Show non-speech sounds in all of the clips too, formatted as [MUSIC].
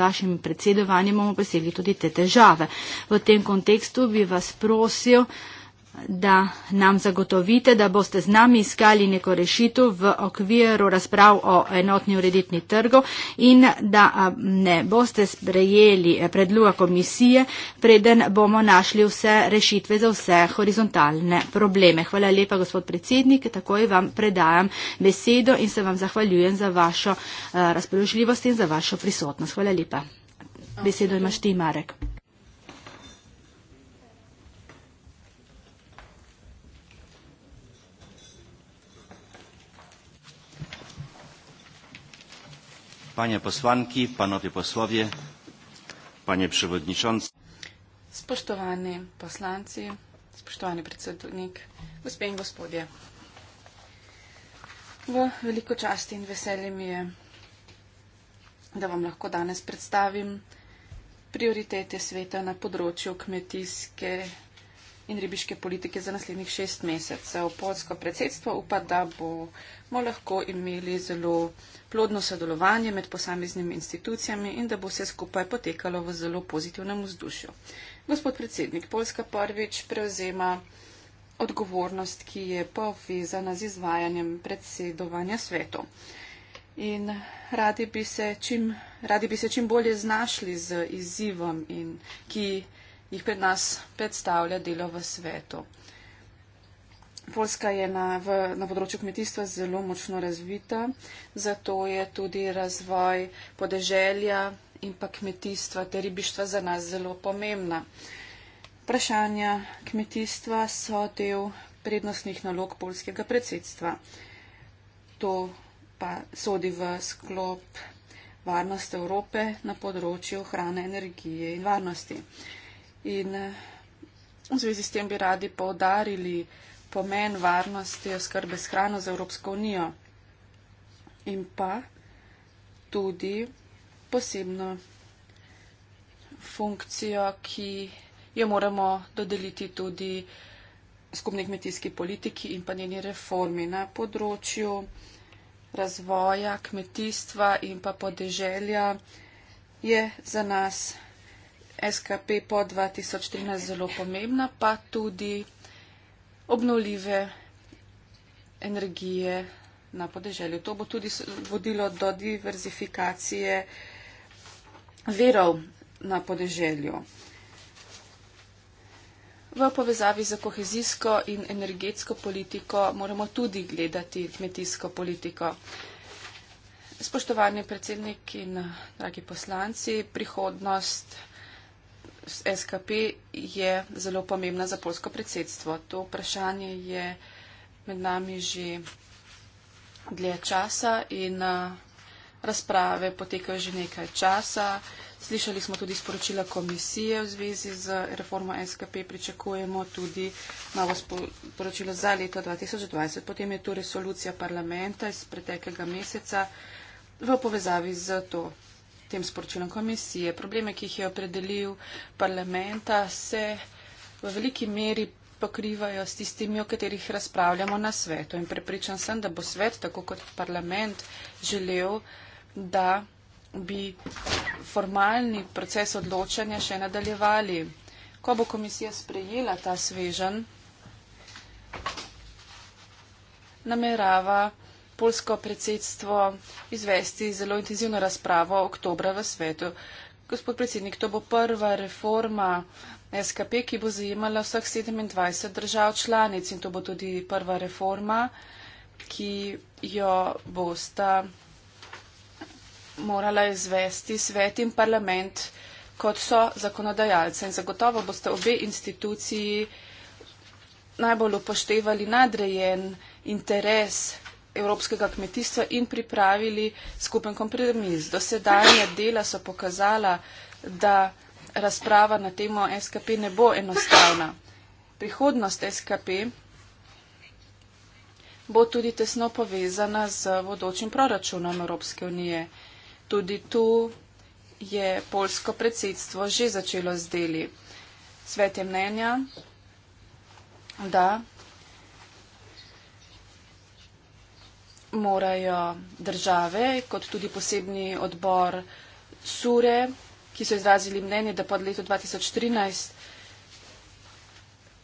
vašim predsedovanjem bomo presegli tudi te težave. V tem kontekstu bi vas prosil, da nam zagotovite, da boste z nami iskali neko rešitev v okviru razprav o enotni ureditni trgu in da ne boste sprejeli eh, predloga komisije, preden bomo našli vse rešitve za vse horizontalne probleme. Hvala lepa, gospod predsednik, takoj vam predajam besedo in se vam zahvaljujem za vašo eh, razpoložljivost in za vašo prisotnost. Hvala lepa. Besedo imaš ti, Marek. Panie posłanki, panowie posłowie, panie przewodniczący. Spoštovani poslanci, spoštovani predsednik, gospe in gospodje. V veliko časti in veselje mi je, da vam lahko danes predstavim prioritete sveta na področju kmetijske in ribiške politike za naslednjih šest mesecev. Polsko predsedstvo upa, da bomo lahko imeli zelo plodno sodelovanje med posameznimi institucijami in da bo vse skupaj potekalo v zelo pozitivnem vzdušju. Gospod predsednik, Poljska prvič prevzema odgovornost, ki je povezana z izvajanjem predsedovanja svetu. In radi bi se čim, radi bi se čim bolje znašli z izzivom, in, ki jih pred nas predstavlja delo v svetu. Poljska je na, v, na področju kmetijstva zelo močno razvita, zato je tudi razvoj podeželja in pa kmetijstva ter ribištva za nas zelo pomembna. Vprašanja kmetijstva so del prednostnih nalog polskega predsedstva. To pa sodi v sklop varnost Evrope na področju hrane, energije in varnosti. In v zvezi s tem bi radi poudarili, pomen varnosti oskrbe s hrano za Evropsko unijo in pa tudi posebno funkcijo, ki jo moramo dodeliti tudi skupni kmetijski politiki in pa njeni reformi na področju razvoja kmetijstva in pa podeželja je za nas SKP po 2013 zelo pomembna, pa tudi obnovljive energije na podeželju. To bo tudi vodilo do diverzifikacije verov na podeželju. V povezavi z kohezijsko in energetsko politiko moramo tudi gledati kmetijsko politiko. Spoštovani predsednik in dragi poslanci, prihodnost SKP je zelo pomembna za polsko predsedstvo. To vprašanje je med nami že dlje časa in razprave potekajo že nekaj časa. Slišali smo tudi sporočila komisije v zvezi z reformo SKP, pričakujemo tudi novo sporočilo za leto 2020. Potem je tu resolucija parlamenta iz preteklega meseca v povezavi z to tem sporočilom komisije. Probleme, ki jih je opredelil parlamenta, se v veliki meri pokrivajo s tistimi, o katerih razpravljamo na svetu. In prepričan sem, da bo svet, tako kot parlament, želel, da bi formalni proces odločanja še nadaljevali. Ko bo komisija sprejela ta svežen, namerava polsko predsedstvo izvesti zelo intenzivno razpravo oktobra v svetu. Gospod predsednik, to bo prva reforma SKP, ki bo zajemala vseh 27 držav članic in to bo tudi prva reforma, ki jo bosta morala izvesti svet in parlament kot so zakonodajalce. In zagotovo boste obe instituciji najbolj upoštevali nadrejen interes evropskega kmetijstva in pripravili skupen kompromis. Dosedanja dela so pokazala, da razprava na temo SKP ne bo enostavna. Prihodnost SKP bo tudi tesno povezana z vodočim proračunom Evropske unije. Tudi tu je polsko predsedstvo že začelo z deli. Svet je mnenja, da morajo države, kot tudi posebni odbor Sure, ki so izrazili mnenje, da pod leto 2013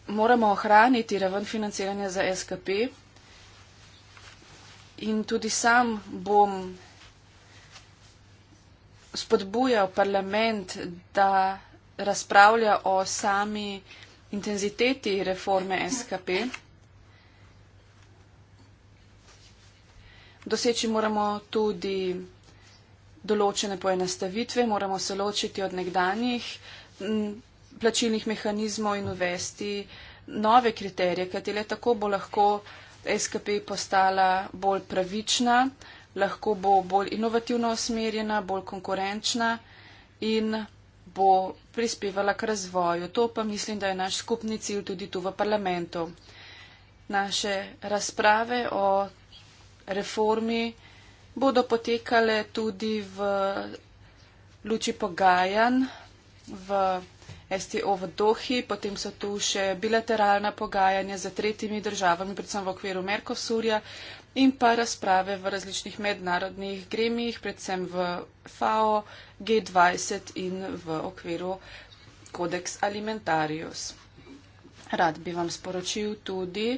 moramo ohraniti raven financiranja za SKP. In tudi sam bom spodbujal parlament, da razpravlja o sami intenziteti reforme SKP. Doseči moramo tudi določene poenastavitve, moramo se ločiti od nekdanjih plačilnih mehanizmov in uvesti nove kriterije, katere tako bo lahko SKP postala bolj pravična, lahko bo bolj inovativno osmerjena, bolj konkurenčna in bo prispevala k razvoju. To pa mislim, da je naš skupni cilj tudi tu v parlamentu. Naše razprave o reformi bodo potekale tudi v luči pogajan v STO v Dohi, potem so tu še bilateralna pogajanja z tretjimi državami, predvsem v okviru Merkosurja in pa razprave v različnih mednarodnih gremijih, predvsem v FAO, G20 in v okviru Codex Alimentarius. Rad bi vam sporočil tudi,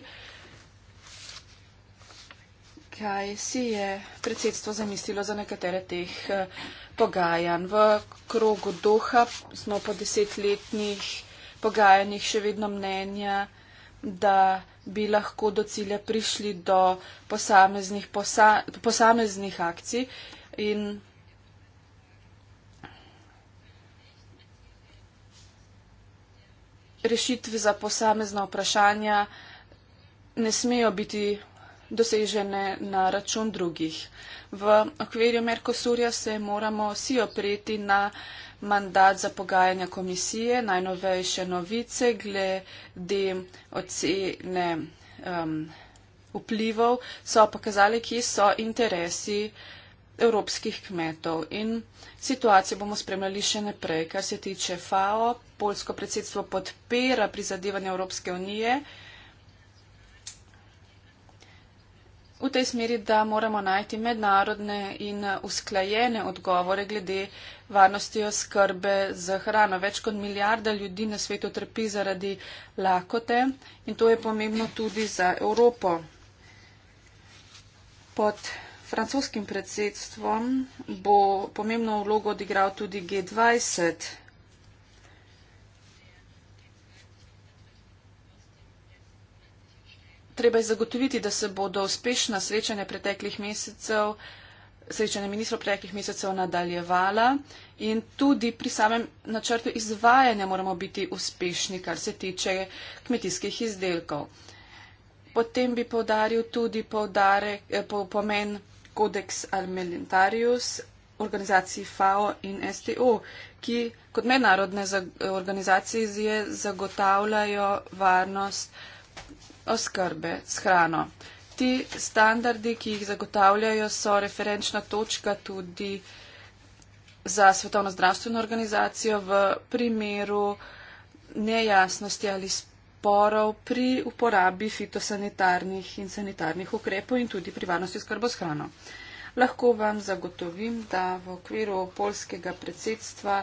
kaj si je predsedstvo zamislilo za nekatere teh eh, pogajanj. V krogu Doha smo po desetletnih pogajanjih še vedno mnenja, da bi lahko do cilja prišli do posameznih, posa, posameznih akcij in rešitve za posamezna vprašanja ne smejo biti dosežene na račun drugih. V okvirju Merkosurja se moramo vsi opreti na mandat za pogajanja komisije, najnovejše novice glede ocene um, vplivov so pokazali, ki so interesi evropskih kmetov in situacijo bomo spremljali še naprej. Kar se tiče FAO, polsko predsedstvo podpira prizadevanje Evropske unije. v tej smeri, da moramo najti mednarodne in usklajene odgovore glede varnosti oskrbe z hrano. Več kot milijarda ljudi na svetu trpi zaradi lakote in to je pomembno tudi za Evropo. Pod francoskim predsedstvom bo pomembno vlogo odigral tudi G20. treba je zagotoviti, da se bodo uspešna srečanja preteklih mesecev, srečanja ministrov preteklih mesecev nadaljevala in tudi pri samem načrtu izvajanja moramo biti uspešni, kar se tiče kmetijskih izdelkov. Potem bi povdaril tudi povdarek, eh, po, pomen Codex Alimentarius organizacij FAO in STO, ki kot mednarodne organizacije zagotavljajo varnost oskrbe s hrano. Ti standardi, ki jih zagotavljajo, so referenčna točka tudi za Svetovno zdravstveno organizacijo v primeru nejasnosti ali sporov pri uporabi fitosanitarnih in sanitarnih ukrepov in tudi pri varnosti skrbo s hrano. Lahko vam zagotovim, da v okviru polskega predsedstva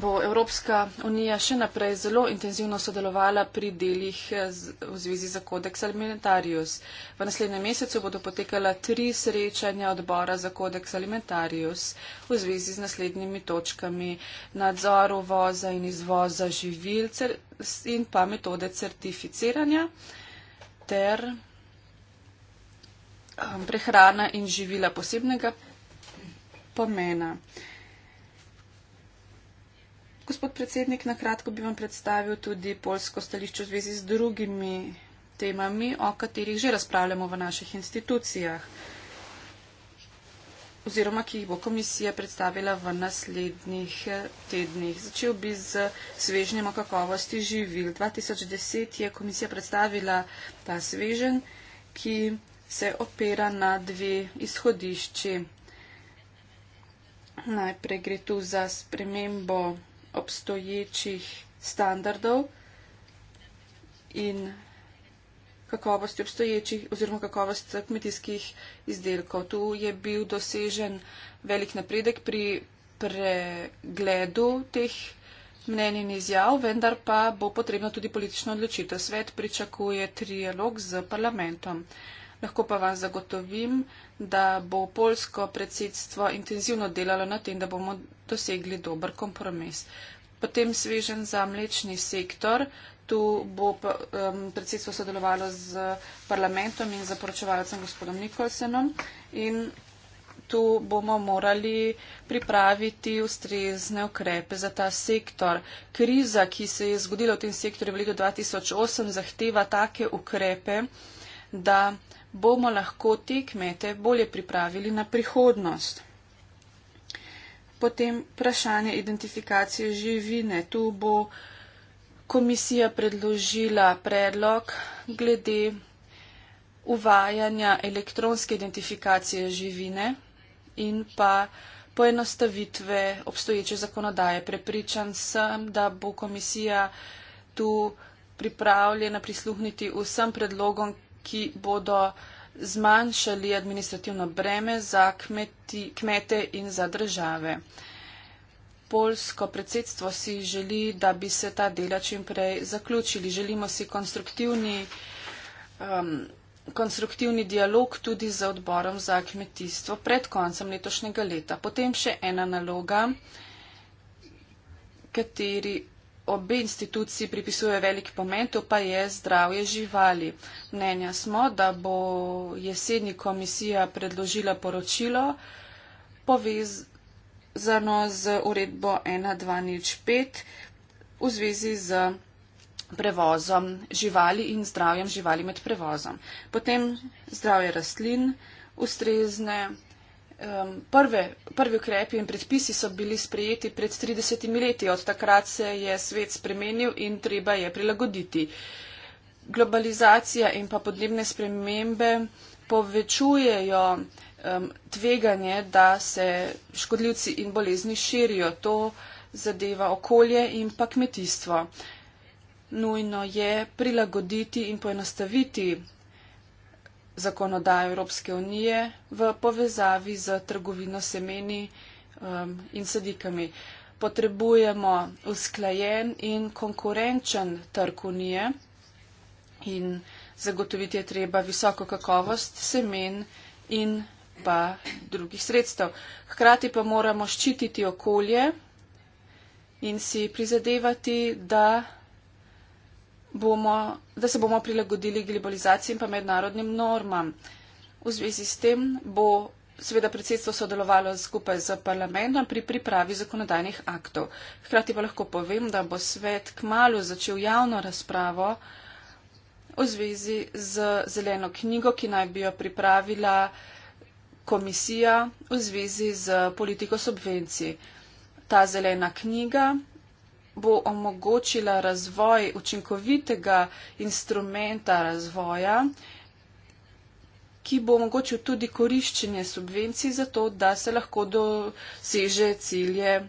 bo Evropska unija še naprej zelo intenzivno sodelovala pri delih eh, v zvezi za kodeks alimentarius. V naslednjem mesecu bodo potekala tri srečanja odbora za kodeks alimentarius v zvezi z naslednjimi točkami nadzoru voza in izvoza živil in pa metode certificiranja ter eh, prehrana in živila posebnega pomena. Gospod predsednik, na kratko bi vam predstavil tudi polsko stališče v zvezi z drugimi temami, o katerih že razpravljamo v naših institucijah oziroma ki jih bo komisija predstavila v naslednjih eh, tednih. Začel bi z svežnjem o kakovosti živil. 2010 je komisija predstavila ta svežen, ki se opera na dve izhodišči. Najprej gre tu za spremembo obstoječih standardov in kakovosti obstoječih oziroma kakovost kmetijskih izdelkov. Tu je bil dosežen velik napredek pri pregledu teh mnen in izjav, vendar pa bo potrebna tudi politična odločitev. Svet pričakuje trialog z parlamentom. Lahko pa vam zagotovim, da bo polsko predsedstvo intenzivno delalo na tem, da bomo dosegli dober kompromis. Potem svežen za mlečni sektor. Tu bo um, predsedstvo sodelovalo z parlamentom in zaporočevalcem gospodom Nikolsenom in tu bomo morali pripraviti ustrezne ukrepe za ta sektor. Kriza, ki se je zgodila v tem sektorju v letu 2008, zahteva take ukrepe, da bomo lahko te kmete bolje pripravili na prihodnost. Potem vprašanje identifikacije živine. Tu bo komisija predložila predlog glede uvajanja elektronske identifikacije živine in pa poenostavitve obstoječe zakonodaje. Prepričan sem, da bo komisija tu pripravljena prisluhniti vsem predlogom, ki bodo zmanjšali administrativno breme za kmeti, kmete in za države. Polsko predsedstvo si želi, da bi se ta dela čim prej zaključili. Želimo si konstruktivni, um, konstruktivni dialog tudi z odborom za kmetijstvo pred koncem letošnjega leta. Potem še ena naloga, kateri obe instituciji pripisuje velik pomen, to pa je zdravje živali. Mnenja smo, da bo jeseni komisija predložila poročilo povezano z uredbo 1205 v zvezi z prevozom živali in zdravjem živali med prevozom. Potem zdravje rastlin, ustrezne Um, prve, prvi ukrepi in predpisi so bili sprejeti pred 30 leti. Od takrat se je svet spremenil in treba je prilagoditi. Globalizacija in pa podnebne spremembe povečujejo um, tveganje, da se škodljivci in bolezni širijo. To zadeva okolje in pa kmetijstvo. Nujno je prilagoditi in poenostaviti zakonodajo Evropske unije v povezavi z trgovino semeni um, in sadikami. Potrebujemo usklajen in konkurenčen trg unije in zagotoviti je treba visoko kakovost semen in pa drugih sredstev. Hkrati pa moramo ščititi okolje in si prizadevati, da bomo, da se bomo prilagodili globalizaciji in pa mednarodnim normam. V zvezi s tem bo seveda predsedstvo sodelovalo skupaj z parlamentom pri pripravi zakonodajnih aktov. Hkrati pa lahko povem, da bo svet kmalo začel javno razpravo v zvezi z zeleno knjigo, ki naj bi jo pripravila komisija v zvezi z politiko subvencij. Ta zelena knjiga bo omogočila razvoj učinkovitega instrumenta razvoja, ki bo omogočil tudi koriščenje subvencij za to, da se lahko doseže cilje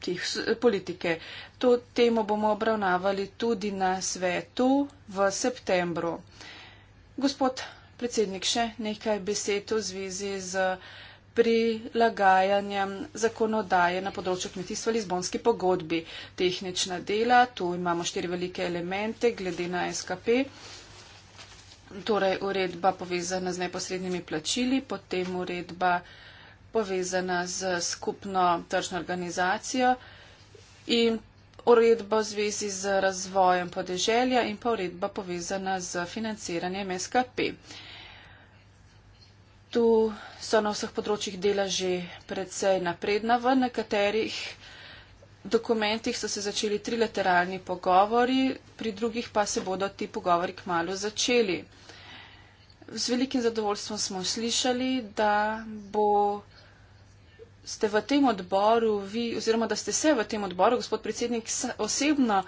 tih politike. To temo bomo obravnavali tudi na svetu v septembru. Gospod predsednik, še nekaj besed v zvezi z prilagajanjem zakonodaje na področju kmetijstva Lizbonski pogodbi. Tehnična dela, tu imamo štiri velike elemente glede na SKP. Torej uredba povezana z neposrednimi plačili, potem uredba povezana z skupno tržno organizacijo in uredba v zvezi z razvojem podeželja in pa uredba povezana z financiranjem SKP. Tu so na vseh področjih dela že predvsej napredna, v nekaterih dokumentih so se začeli trilateralni pogovori, pri drugih pa se bodo ti pogovori k malu začeli. Z velikim zadovoljstvom smo slišali, da bo ste v tem odboru, vi, oziroma da ste se v tem odboru, gospod predsednik, osebno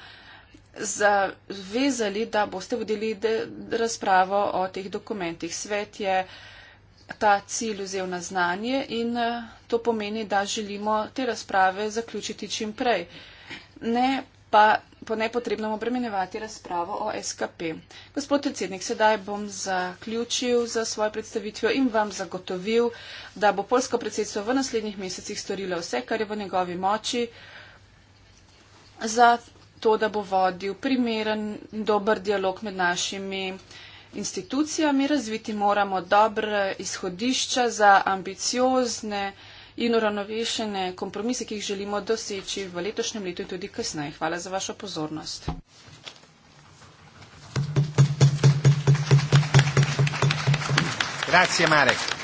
zavezali, da boste vodili de, razpravo o teh dokumentih. Svet je uh, ta cilj vzel na znanje in eh, to pomeni, da želimo te razprave zaključiti čim prej. Ne pa po nepotrebnem obremenevati razpravo o SKP. Gospod predsednik, sedaj bom zaključil za svojo predstavitvijo in vam zagotovil, da bo polsko predsedstvo v naslednjih mesecih storilo vse, kar je v njegovi moči za to, da bo vodil primeren in dober dialog med našimi institucijami razviti moramo dobre izhodišča za ambiciozne in uravnovešene kompromise, ki jih želimo doseči v letošnjem letu in tudi kasneje. Hvala za vašo pozornost. Grazie, Marek.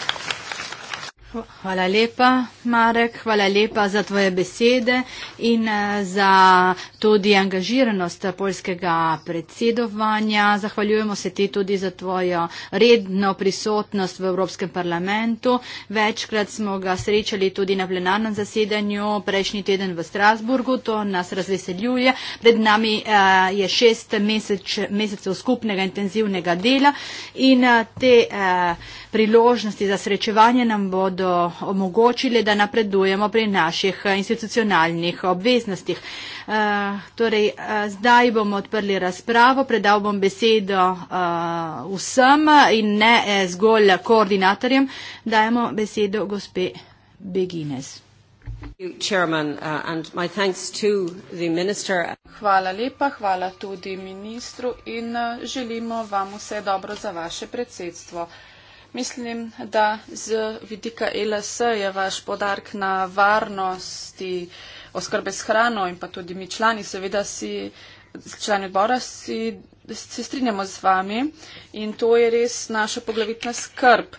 Hvala lepa, Marek, hvala lepa za tvoje besede in eh, za tudi angažiranost polskega predsedovanja. Zahvaljujemo se ti tudi za tvojo redno prisotnost v Evropskem parlamentu. Večkrat smo ga srečali tudi na plenarnem zasedanju prejšnji teden v Strasburgu, to nas razveseljuje. Pred nami eh, je šest mesec, mesecev skupnega intenzivnega dela in eh, te priložnosti za srečevanje nam bodo omogočile, da napredujemo pri naših institucionalnih obveznostih. Eh, torej, eh, zdaj bomo odprli razpravo, predal bom besedo eh, vsem in ne zgolj koordinatorjem. Dajemo besedo gospe Begines. Uh, hvala lepa, hvala tudi ministru in želimo vam vse dobro za vaše predsedstvo. Mislim, da z vidika LS je vaš podark na varnosti oskrbe s hrano in pa tudi mi člani, seveda si člani odbora, si, se strinjamo z vami in to je res naša poglavitna skrb.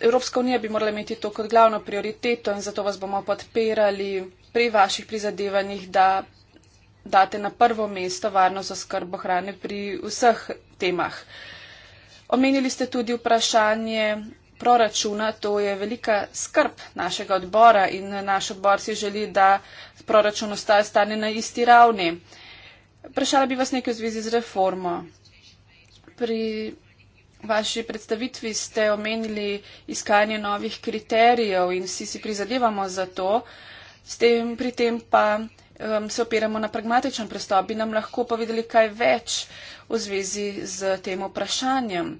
Evropska unija bi morala imeti to kot glavno prioriteto in zato vas bomo podpirali pri vaših prizadevanjih, da date na prvo mesto varnost oskrbo hrane pri vseh temah. Omenili ste tudi vprašanje proračuna, to je velika skrb našega odbora in naš odbor si želi, da proračun ostane na isti ravni. Prešala bi vas nekaj v zvezi z reformo. Pri vaši predstavitvi ste omenili iskanje novih kriterijev in vsi si prizadevamo za to, s tem pri tem pa um, se opiramo na pragmatičen pristop, bi nam lahko povedali kaj več v zvezi z tem vprašanjem.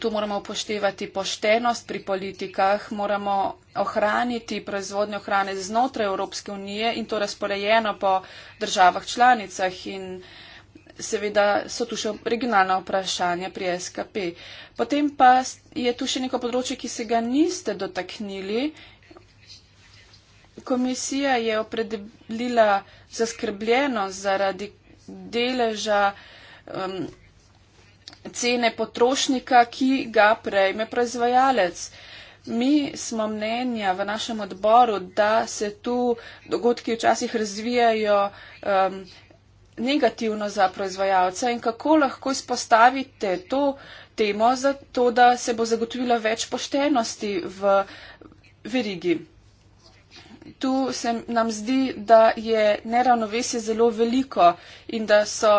Tu moramo upoštevati poštenost pri politikah, moramo ohraniti proizvodnjo hrane znotraj Evropske unije in to razporejeno po državah članicah in seveda so tu še regionalna vprašanja pri SKP. Potem pa je tu še neko področje, ki se ga niste dotaknili Komisija je opredelila zaskrbljeno zaradi deleža um, cene potrošnika, ki ga prejme proizvajalec. Mi smo mnenja v našem odboru, da se tu dogodki včasih razvijajo um, negativno za proizvajalca in kako lahko izpostavite to temo za to, da se bo zagotovila več poštenosti v verigi tu se nam zdi, da je neravnovesje zelo veliko in da so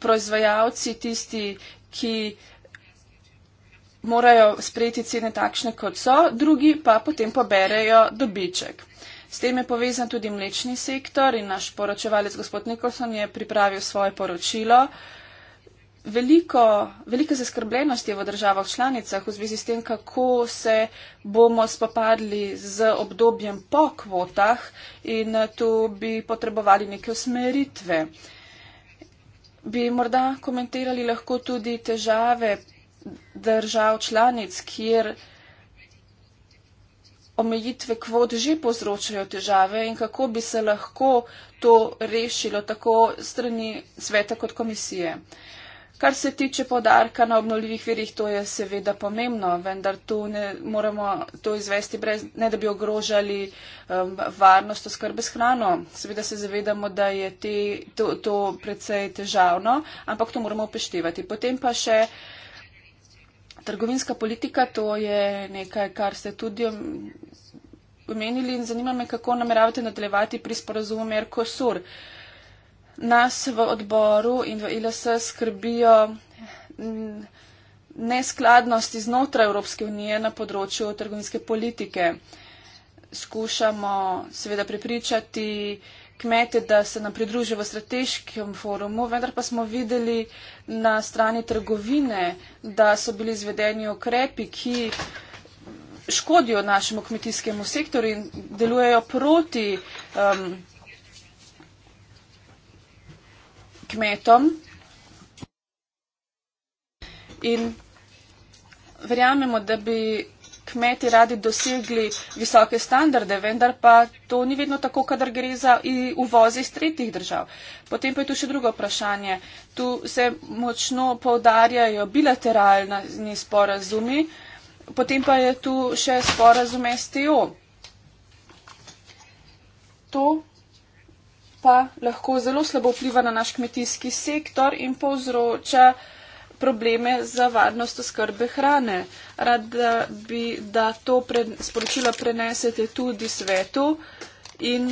proizvajalci tisti, ki morajo sprejeti cene takšne, kot so, drugi pa potem poberejo dobiček. S tem je povezan tudi mlečni sektor in naš poročevalec gospod Nikolson je pripravil svoje poročilo. Uh, veliko, velika zaskrbljenost je v državah članicah v zvezi s tem, kako se bomo spopadli z obdobjem po kvotah in tu bi potrebovali neke usmeritve. Bi morda komentirali lahko tudi težave držav članic, kjer omejitve kvot že povzročajo težave in kako bi se lahko to rešilo tako strani sveta kot komisije. Uh, Kar se tiče podarka na obnovljivih virih, to je seveda pomembno, vendar to ne moramo to izvesti brez, ne da bi ogrožali um, varnost oskrbe s hrano. Seveda se zavedamo, da je te, to, to precej težavno, ampak to moramo upeštevati. Potem pa še trgovinska politika, to je nekaj, kar ste tudi omenili in zanima me, kako nameravate nadaljevati pri sporazumu Mercosur. Uh, nas v odboru in v ILS skrbijo mm, neskladnosti znotraj Evropske unije na področju trgovinske politike. Skušamo seveda prepričati kmete, da se nam pridružijo v strateškem forumu, vendar pa smo videli na strani trgovine, da so bili izvedeni okrepi, ki škodijo našemu kmetijskemu sektorju in delujejo proti um, kmetom. In verjamemo, da bi kmeti radi dosegli visoke standarde, vendar pa to ni vedno tako, kadar gre za uvoz iz tretjih držav. Potem pa je tu še drugo vprašanje. Tu se močno povdarjajo bilateralni sporazumi, potem pa je tu še sporazum STO. To pa lahko zelo slabo vpliva na naš kmetijski sektor in povzroča probleme za varnost oskrbe hrane. Rada bi, da to pre, sporočilo prenesete tudi svetu in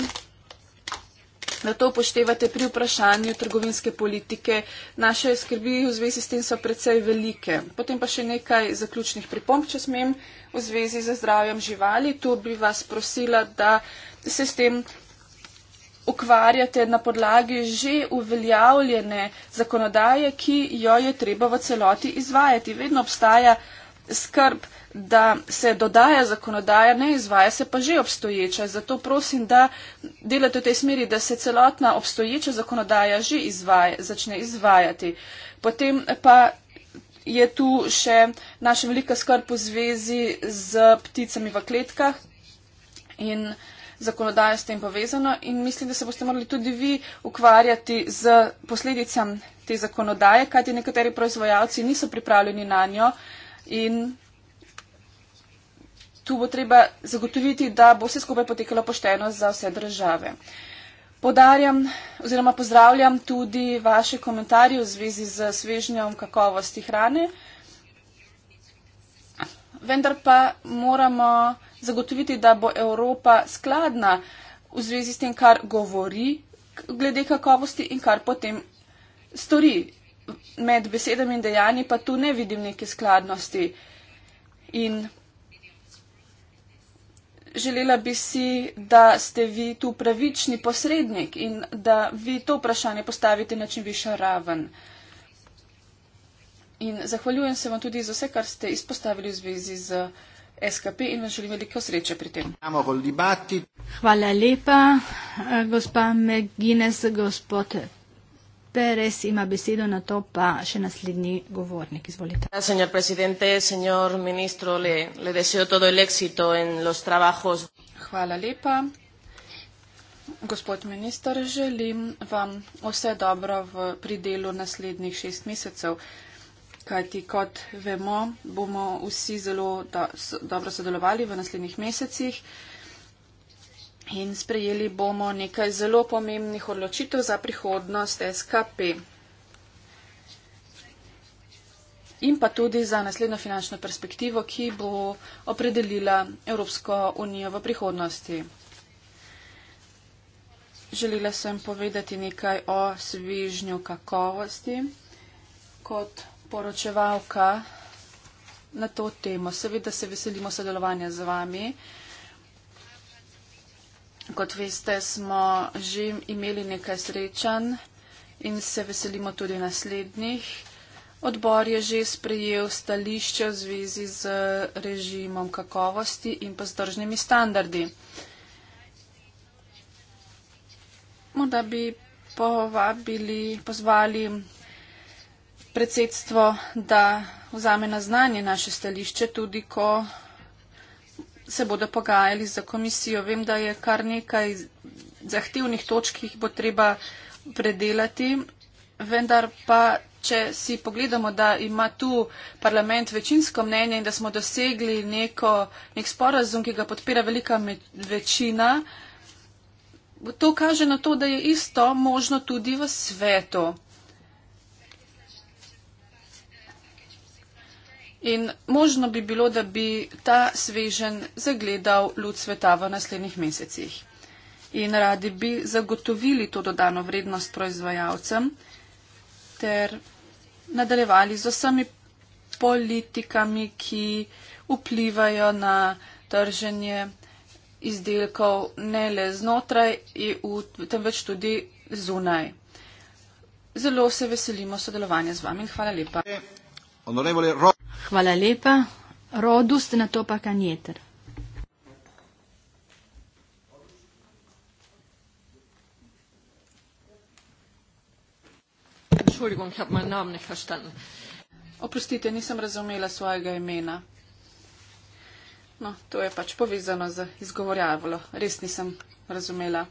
da to upoštevate pri vprašanju trgovinske politike. Naše skrbi v zvezi s tem so precej velike. Potem pa še nekaj zaključnih pripomb, če smem, v zvezi z zdravjem živali. Tu bi vas prosila, da se s tem ukvarjate na podlagi že uveljavljene zakonodaje, ki jo je treba v celoti izvajati. Vedno obstaja skrb, da se dodaja zakonodaja, ne izvaja se pa že obstoječa. Zato prosim, da delate v tej smeri, da se celotna obstoječa zakonodaja že izvaja, začne izvajati. Potem pa je tu še naša velika skrb v zvezi z pticami v kletkah. In uh, zakonodaja s tem povezana in mislim, da se boste morali tudi vi ukvarjati z posledicam te zakonodaje, kajti nekateri proizvajalci niso pripravljeni na njo in tu bo treba zagotoviti, da bo vse skupaj potekalo pošteno za vse države. Podarjam oziroma pozdravljam tudi vaše komentarje v zvezi z svežnjom kakovosti hrane. Vendar pa moramo zagotoviti, da bo Evropa skladna v zvezi s tem, kar govori glede kakovosti in kar potem stori. Med besedami in dejanji pa tu ne vidim neke skladnosti. In želela bi si, da ste vi tu pravični posrednik in da vi to vprašanje postavite na čim višjo raven. In zahvaljujem se vam tudi za vse, kar ste izpostavili v zvezi z. Uh, SKP in vam želim veliko sreče pri tem. Hvala lepa, eh, gospa Megines, gospod. Pérez ima besedo na to, pa še naslednji govornik. Izvolite. Señor presidente, señor ministro, le, le deseo todo el éxito en los trabajos. Hvala lepa. Gospod minister, želim vam vse dobro v, pri delu naslednjih šest mesecev kajti kot vemo, bomo vsi zelo da, so, dobro sodelovali v naslednjih mesecih in sprejeli bomo nekaj zelo pomembnih odločitev za prihodnost SKP in pa tudi za naslednjo finančno perspektivo, ki bo opredelila Evropsko unijo v prihodnosti. Želela sem povedati nekaj o svižnju kakovosti. Kot poročevalka na to temo. Seveda se veselimo sodelovanja z vami. Kot veste, smo že imeli nekaj srečanj in se veselimo tudi naslednjih. Odbor je že sprejel stališče v zvezi z režimom kakovosti in pa zdržnimi standardi. Morda bi povabili, pozvali predsedstvo, da vzame na znanje naše stališče, tudi ko se bodo pogajali za komisijo. Vem, da je kar nekaj zahtevnih točk, ki jih bo treba predelati, vendar pa, če si pogledamo, da ima tu parlament večinsko mnenje in da smo dosegli neko, nek sporazum, ki ga podpira velika večina, to kaže na to, da je isto možno tudi v svetu. In možno bi bilo, da bi ta svežen zagledal luč sveta v naslednjih mesecih. In radi bi zagotovili to dodano vrednost proizvajalcem ter nadaljevali z vsemi politikami, ki vplivajo na trženje izdelkov ne le znotraj EU, temveč tudi zunaj. Zelo se veselimo sodelovanja z vami in hvala lepa. Hvala lepa. Rodust na to pa kanjeter. Oprostite, nisem razumela svojega imena. No, to je pač povezano z izgovorjavlo. Res nisem razumela.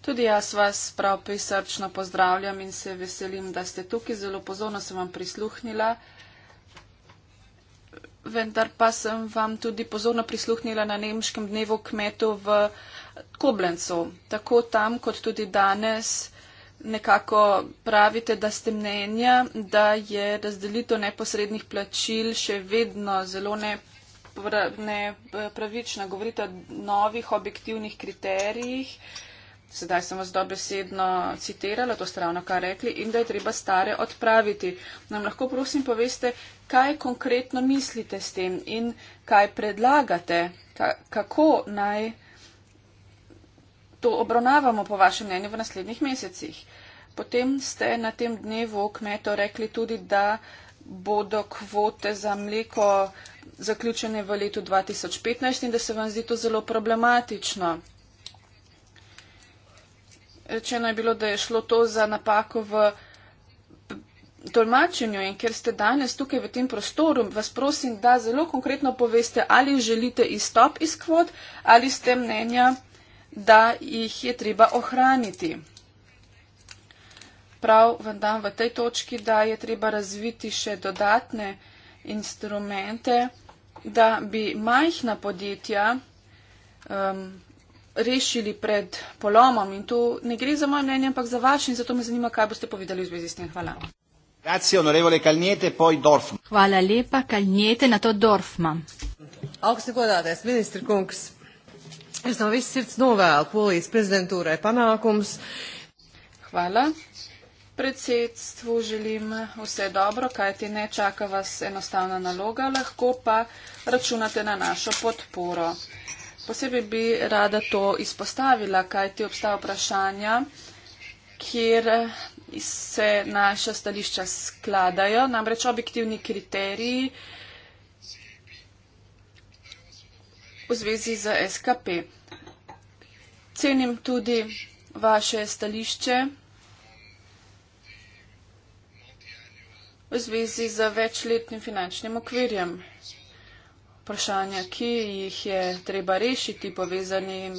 Tudi jaz vas prav prisrčno pozdravljam in se veselim, da ste tukaj. Zelo pozorno sem vam prisluhnila vendar pa sem vam tudi pozorno prisluhnila na nemškem dnevu kmetu v Koblencu. Tako tam, kot tudi danes, nekako pravite, da ste mnenja, da je razdelitev neposrednih plačil še vedno zelo nepravična. Eh, Govorite o novih objektivnih kriterijih. Sedaj sem vas dobesedno citirala, to ste ravno kar rekli, in da je treba stare odpraviti. Nam lahko prosim poveste, kaj konkretno mislite s tem in kaj predlagate, kako naj to obravnavamo po vašem mnenju v naslednjih mesecih. Potem ste na tem dnevu kmeto rekli tudi, da bodo kvote za mleko zaključene v letu 2015 in da se vam zdi to zelo problematično. Rečeno je bilo, da je šlo to za napako v tolmačenju in ker ste danes tukaj v tem prostoru, vas prosim, da zelo konkretno poveste, ali želite izstop iz kvot ali ste mnenja, da jih je treba ohraniti. Prav vam dam v tej točki, da je treba razviti še dodatne instrumente, da bi majhna podjetja um, rešili pred polomom. In tu ne gre za moje mnenje, ampak za vaše in zato me zanima, kaj boste povedali v zvezi s tem. Hvala. Grazie onorevole Calniete, poi Dorfman. Hvala lepa, Calniete, na to Dorfman. Augsti godātais ministri kungs, es no viss sirds novēlu Polijas prezidentūrai panākums. Hvala. Predsedstvu želim vse dobro, kaj ti ne čaka vas enostavna naloga, lahko pa računate na našo podporo. Posebej bi rada to izpostavila, kaj ti obstaja vprašanja, kjer se naša stališča skladajo, namreč objektivni kriteriji v zvezi z SKP. Cenim tudi vaše stališče v zvezi z večletnim finančnim okvirjem. Vprašanja, ki jih je treba rešiti povezanim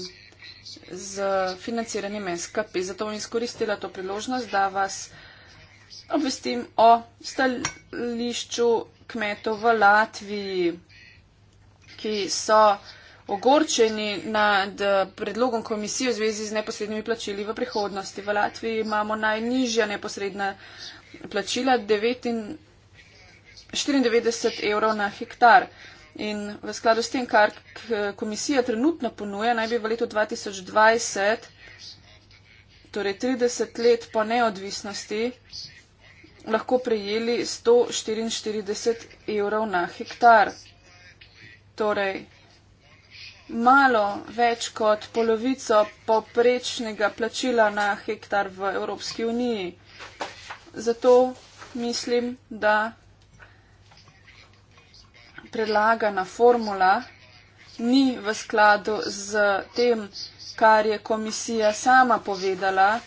z financiranjem SKP. Zato bom izkoristila to priložnost, da vas obvestim o stališču kmetov v Latviji, ki so ogorčeni nad predlogom komisije v zvezi z neposrednimi plačili v prihodnosti. V Latviji imamo najnižja neposredna plačila 94 evrov na hektar. In v skladu s tem, kar komisija trenutno ponuja, naj bi v letu 2020, torej 30 let po neodvisnosti, lahko prejeli 144 evrov na hektar. Torej, malo več kot polovico poprečnega plačila na hektar v Evropski uniji. Zato mislim, da predlagana formula ni v skladu z tem, kar je komisija sama povedala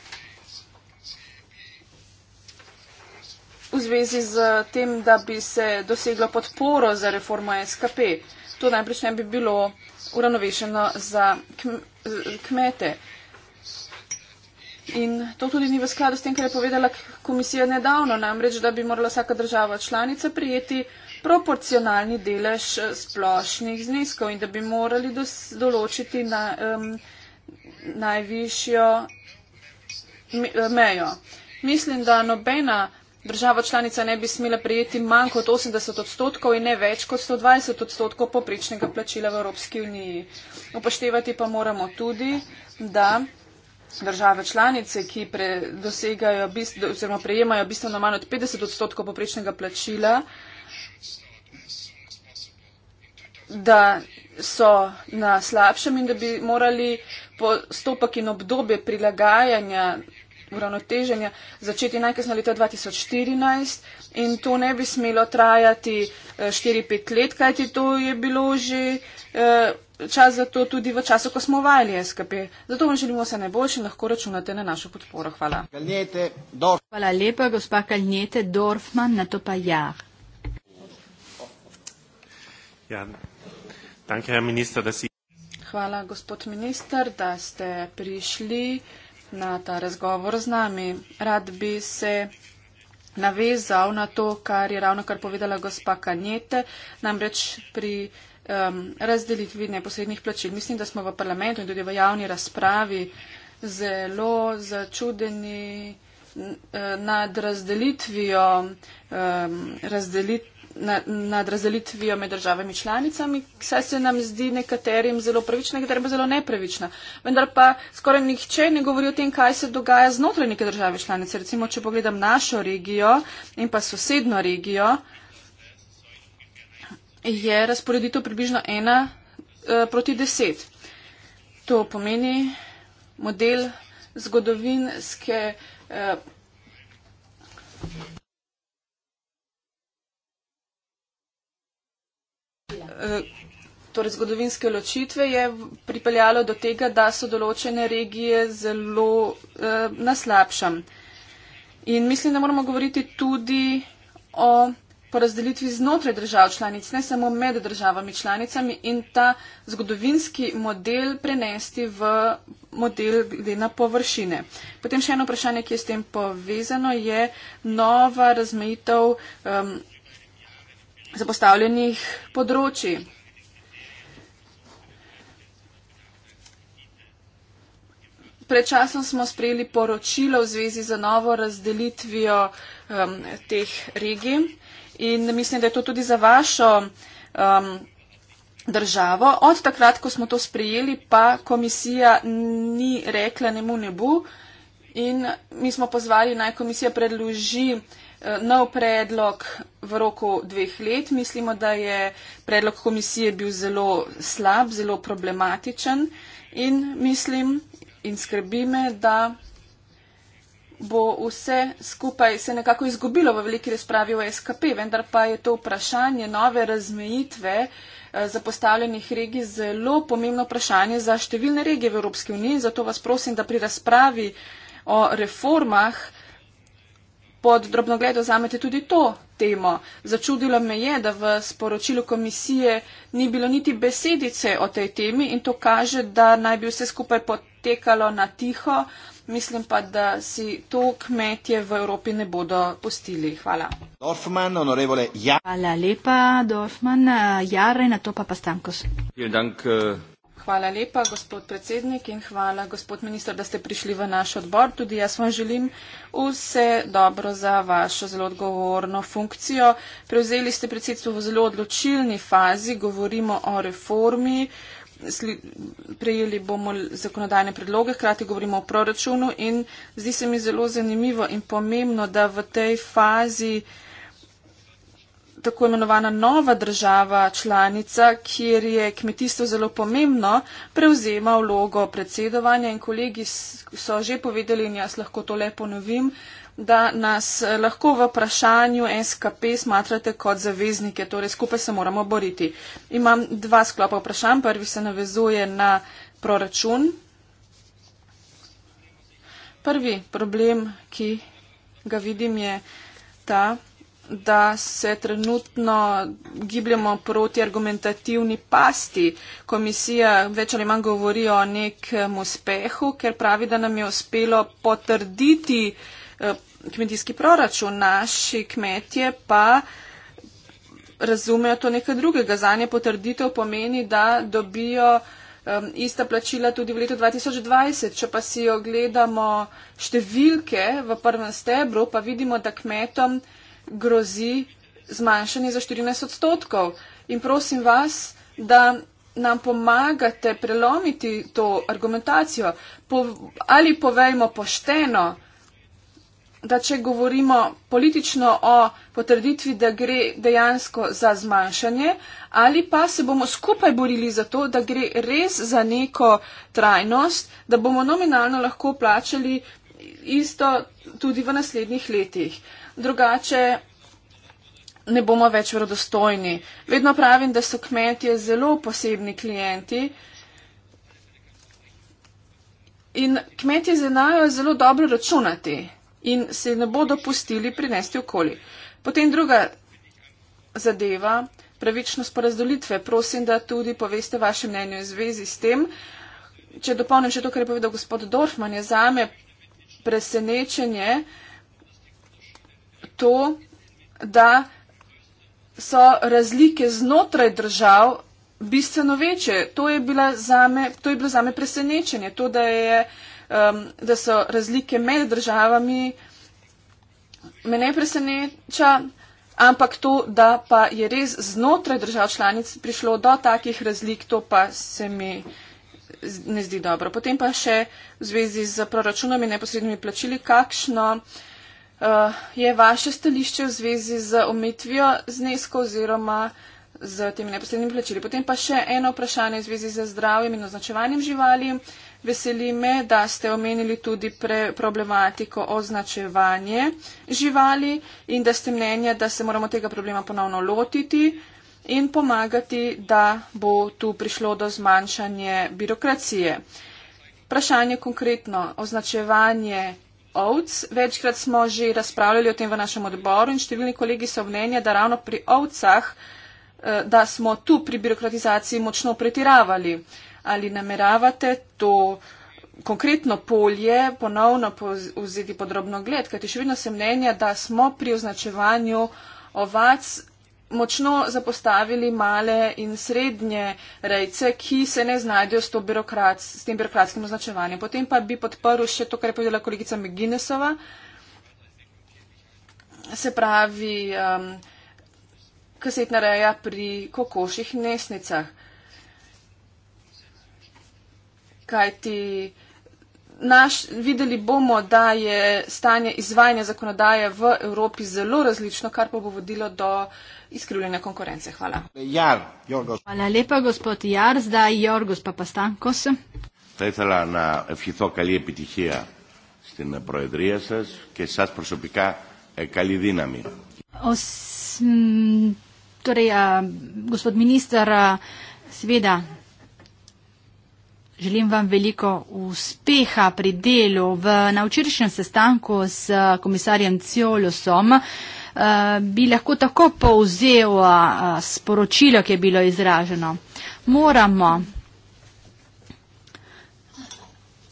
v zvezi z tem, da bi se doseglo podporo za reformo SKP. To najprej ne bi bilo uravnovešeno za kmete. In to tudi ni v skladu s tem, kar je povedala komisija nedavno, namreč, da bi morala vsaka država članica prijeti proporcionalni delež eh, splošnih zneskov in da bi morali določiti na, um, najvišjo me eh, mejo. Mislim, da nobena država članica ne bi smela prijeti manj kot 80 odstotkov in ne več kot 120 odstotkov poprečnega plačila v Evropski uniji. Upoštevati pa moramo tudi, da. Države članice, ki pre, bist, prejemajo bistveno manj od 50 odstotkov poprečnega plačila, uh, da so na slabšem in da bi morali postopek in obdobje prilagajanja, uravnoteženja začeti najkasneje leta 2014 in to ne bi smelo trajati 4-5 eh, let, kajti to je bilo že eh, čas za to tudi v času, ko smo vajali SKP. Zato vam želimo vse najboljše in lahko računate na našo podporo. Hvala. Hvala lepa, gospa Kaljnete Dorfman, na to pa jah. Ja. Danke, Herr Minister, dass Sie Hvala, gospod minister, da ste prišli na ta razgovor z nami. Rad bi se navezal na to, kar je ravno kar povedala gospa Kanjete, namreč pri um, razdelitvi neposrednih plačil. Mislim, da smo v parlamentu in tudi v javni razpravi zelo začudeni eh, nad razdelitvijo, um, razdelitvijo nad razdelitvijo med državami članicami, saj se nam zdi nekaterim zelo pravična, nekaterim pa zelo nepravična. Vendar pa skoraj nihče ne govori o tem, kaj se dogaja znotraj neke države članice. Recimo, če pogledam našo regijo in pa sosedno regijo, je razporeditev približno ena eh, proti deset. To pomeni model zgodovinske. Eh, Eh, torej zgodovinske ločitve je pripeljalo do tega, da so določene regije zelo eh, naslabšam. In mislim, da moramo govoriti tudi o porazdelitvi znotraj držav članic, ne samo med državami članicami in ta zgodovinski model prenesti v model glede na površine. Potem še eno vprašanje, ki je s tem povezano, je nova razmejitev. Eh, zapostavljenih področji. Predčasno smo sprejeli poročilo v zvezi z novo razdelitvijo um, teh regij in mislim, da je to tudi za vašo um, državo. Od takrat, ko smo to sprejeli, pa komisija ni rekla nemu nebu in mi smo pozvali naj komisija predloži uh, Eh, nov predlog v roku dveh let. Mislimo, da je predlog komisije bil zelo slab, zelo problematičen in mislim in skrbi me, da bo vse skupaj se nekako izgubilo v veliki razpravi o SKP, vendar pa je to vprašanje nove razmejitve eh, zapostavljenih regij zelo pomembno vprašanje za številne regije v Evropski uniji. Zato vas prosim, da pri razpravi o reformah pod drobnogled vzamete tudi to temo. Začudilo me je, da v sporočilu komisije ni bilo niti besedice o tej temi in to kaže, da naj bi vse skupaj potekalo na tiho. Mislim pa, da si to kmetje v Evropi ne bodo pustili. Hvala. Dorfman, honorevole, ja. Hvala lepa, Dorfman, Jarre, na to pa pa Stankos. Vielen Dank, äh, Hvala lepa, gospod predsednik, in hvala, gospod minister, da ste prišli v naš odbor. Tudi jaz vam želim vse dobro za vašo zelo odgovorno funkcijo. Prevzeli ste predsedstvo v zelo odločilni fazi, govorimo o reformi, prejeli bomo zakonodajne predloge, hkrati govorimo o proračunu in zdi se mi zelo zanimivo in pomembno, da v tej fazi tako imenovana nova država članica, kjer je kmetijstvo zelo pomembno, prevzema vlogo predsedovanja in kolegi so že povedali in jaz lahko to le ponovim, da nas lahko v vprašanju SKP smatrate kot zaveznike, torej skupaj se moramo boriti. Imam dva sklopa vprašanj. Prvi se navezuje na proračun. Prvi problem, ki ga vidim, je ta da se trenutno gibljamo proti argumentativni pasti. Komisija več ali manj govori o nekem uspehu, ker pravi, da nam je uspelo potrditi eh, kmetijski proračun. Naši kmetje pa razumejo to nekaj drugega. Zanje potrditev pomeni, da dobijo. Um, ista plačila tudi v letu 2020. Če pa si ogledamo številke v prvem stebru, pa vidimo, da kmetom uh, grozi zmanjšanje za 14 odstotkov. In prosim vas, da nam pomagate prelomiti to argumentacijo. Po, ali povejmo pošteno, da če govorimo politično o potrditvi, da gre dejansko za zmanjšanje, ali pa se bomo skupaj borili za to, da gre res za neko trajnost, da bomo nominalno lahko plačali isto tudi v naslednjih letih drugače ne bomo več vrodostojni. Vedno pravim, da so kmetje zelo posebni klienti. In kmetje znajo zelo dobro računati in se ne bodo pustili prinesti okoli. Potem druga zadeva, pravičnost porazdolitve. Prosim, da tudi poveste vaše mnenje v zvezi s tem. Če dopolnim še to, kar je povedal gospod Dorfman, je zame presenečenje, uh, to, da so razlike znotraj držav bistveno večje. To je, zame, to je bilo zame presenečenje, to, da, je, um, da so razlike med državami, me ne preseneča, ampak to, da pa je res znotraj držav članic prišlo do takih razlik, to pa se mi ne zdi dobro. Potem pa še v zvezi z proračunami in neposrednimi plačili, kakšno. Um, Eh, je vaše stališče v zvezi z omitvijo znesko oziroma z temi neposrednimi plačili. Potem pa še eno vprašanje v zvezi z zdravjem in označevanjem živali. Veseli me, da ste omenili tudi pre problematiko označevanje živali in da ste mnenja, da se moramo tega problema ponovno lotiti in pomagati, da bo tu prišlo do zmanjšanje birokracije. Vprašanje konkretno označevanje ovc. Večkrat smo že razpravljali o tem v našem odboru in številni kolegi so mnenja, da ravno pri ovcah, eh, da smo tu pri birokratizaciji močno pretiravali. Ali nameravate to konkretno polje ponovno vzeti podrobno gled, kajti še vedno se mnenja, da smo pri označevanju ovac močno zapostavili male in srednje rejce, ki se ne znajdejo s, birokrat, s tem birokratskim označevanjem. Potem pa bi podprl še to, kar je povedala kolegica McGinnessova, se pravi um, kasetna reja pri kokoših nesnicah. Kaj ti? naš, videli bomo, da je stanje izvajanja zakonodaje v Evropi zelo različno, kar pa bo vodilo do izkrivljanja konkurence. Hvala. Jar, Hvala lepa, gospod Jar, zdaj Jorgos Papastankos. Θα να ευχηθώ καλή επιτυχία στην Προεδρία σας και σας προσωπικά ε, καλή δύναμη. Ο Τώρα, ο Μινίστερ, σβήτα, Želim vam veliko uspeha pri delu. V navčerišnjem sestanku s komisarjem Ciolosom eh, bi lahko tako povzel eh, sporočilo, ki je bilo izraženo. Moramo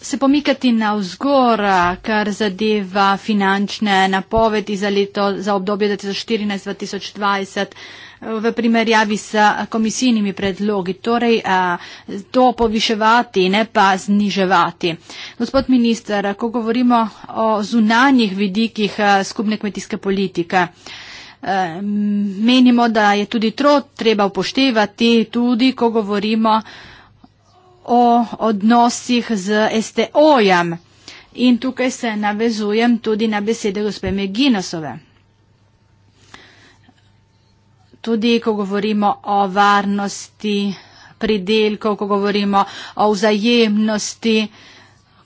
se pomikati na vzgor, kar zadeva finančne napovedi za, leto, za obdobje 2014-2020 v primerjavi s komisijnimi predlogi, torej to poviševati, ne pa zniževati. Gospod minister, ko govorimo o zunanjih vidikih skupne kmetijske politike, menimo, da je tudi tro treba upoštevati, tudi ko govorimo o odnosih z STO-jem. In tukaj se navezujem tudi na besede gospe Meginosove tudi ko govorimo o varnosti pridelkov, ko govorimo o vzajemnosti,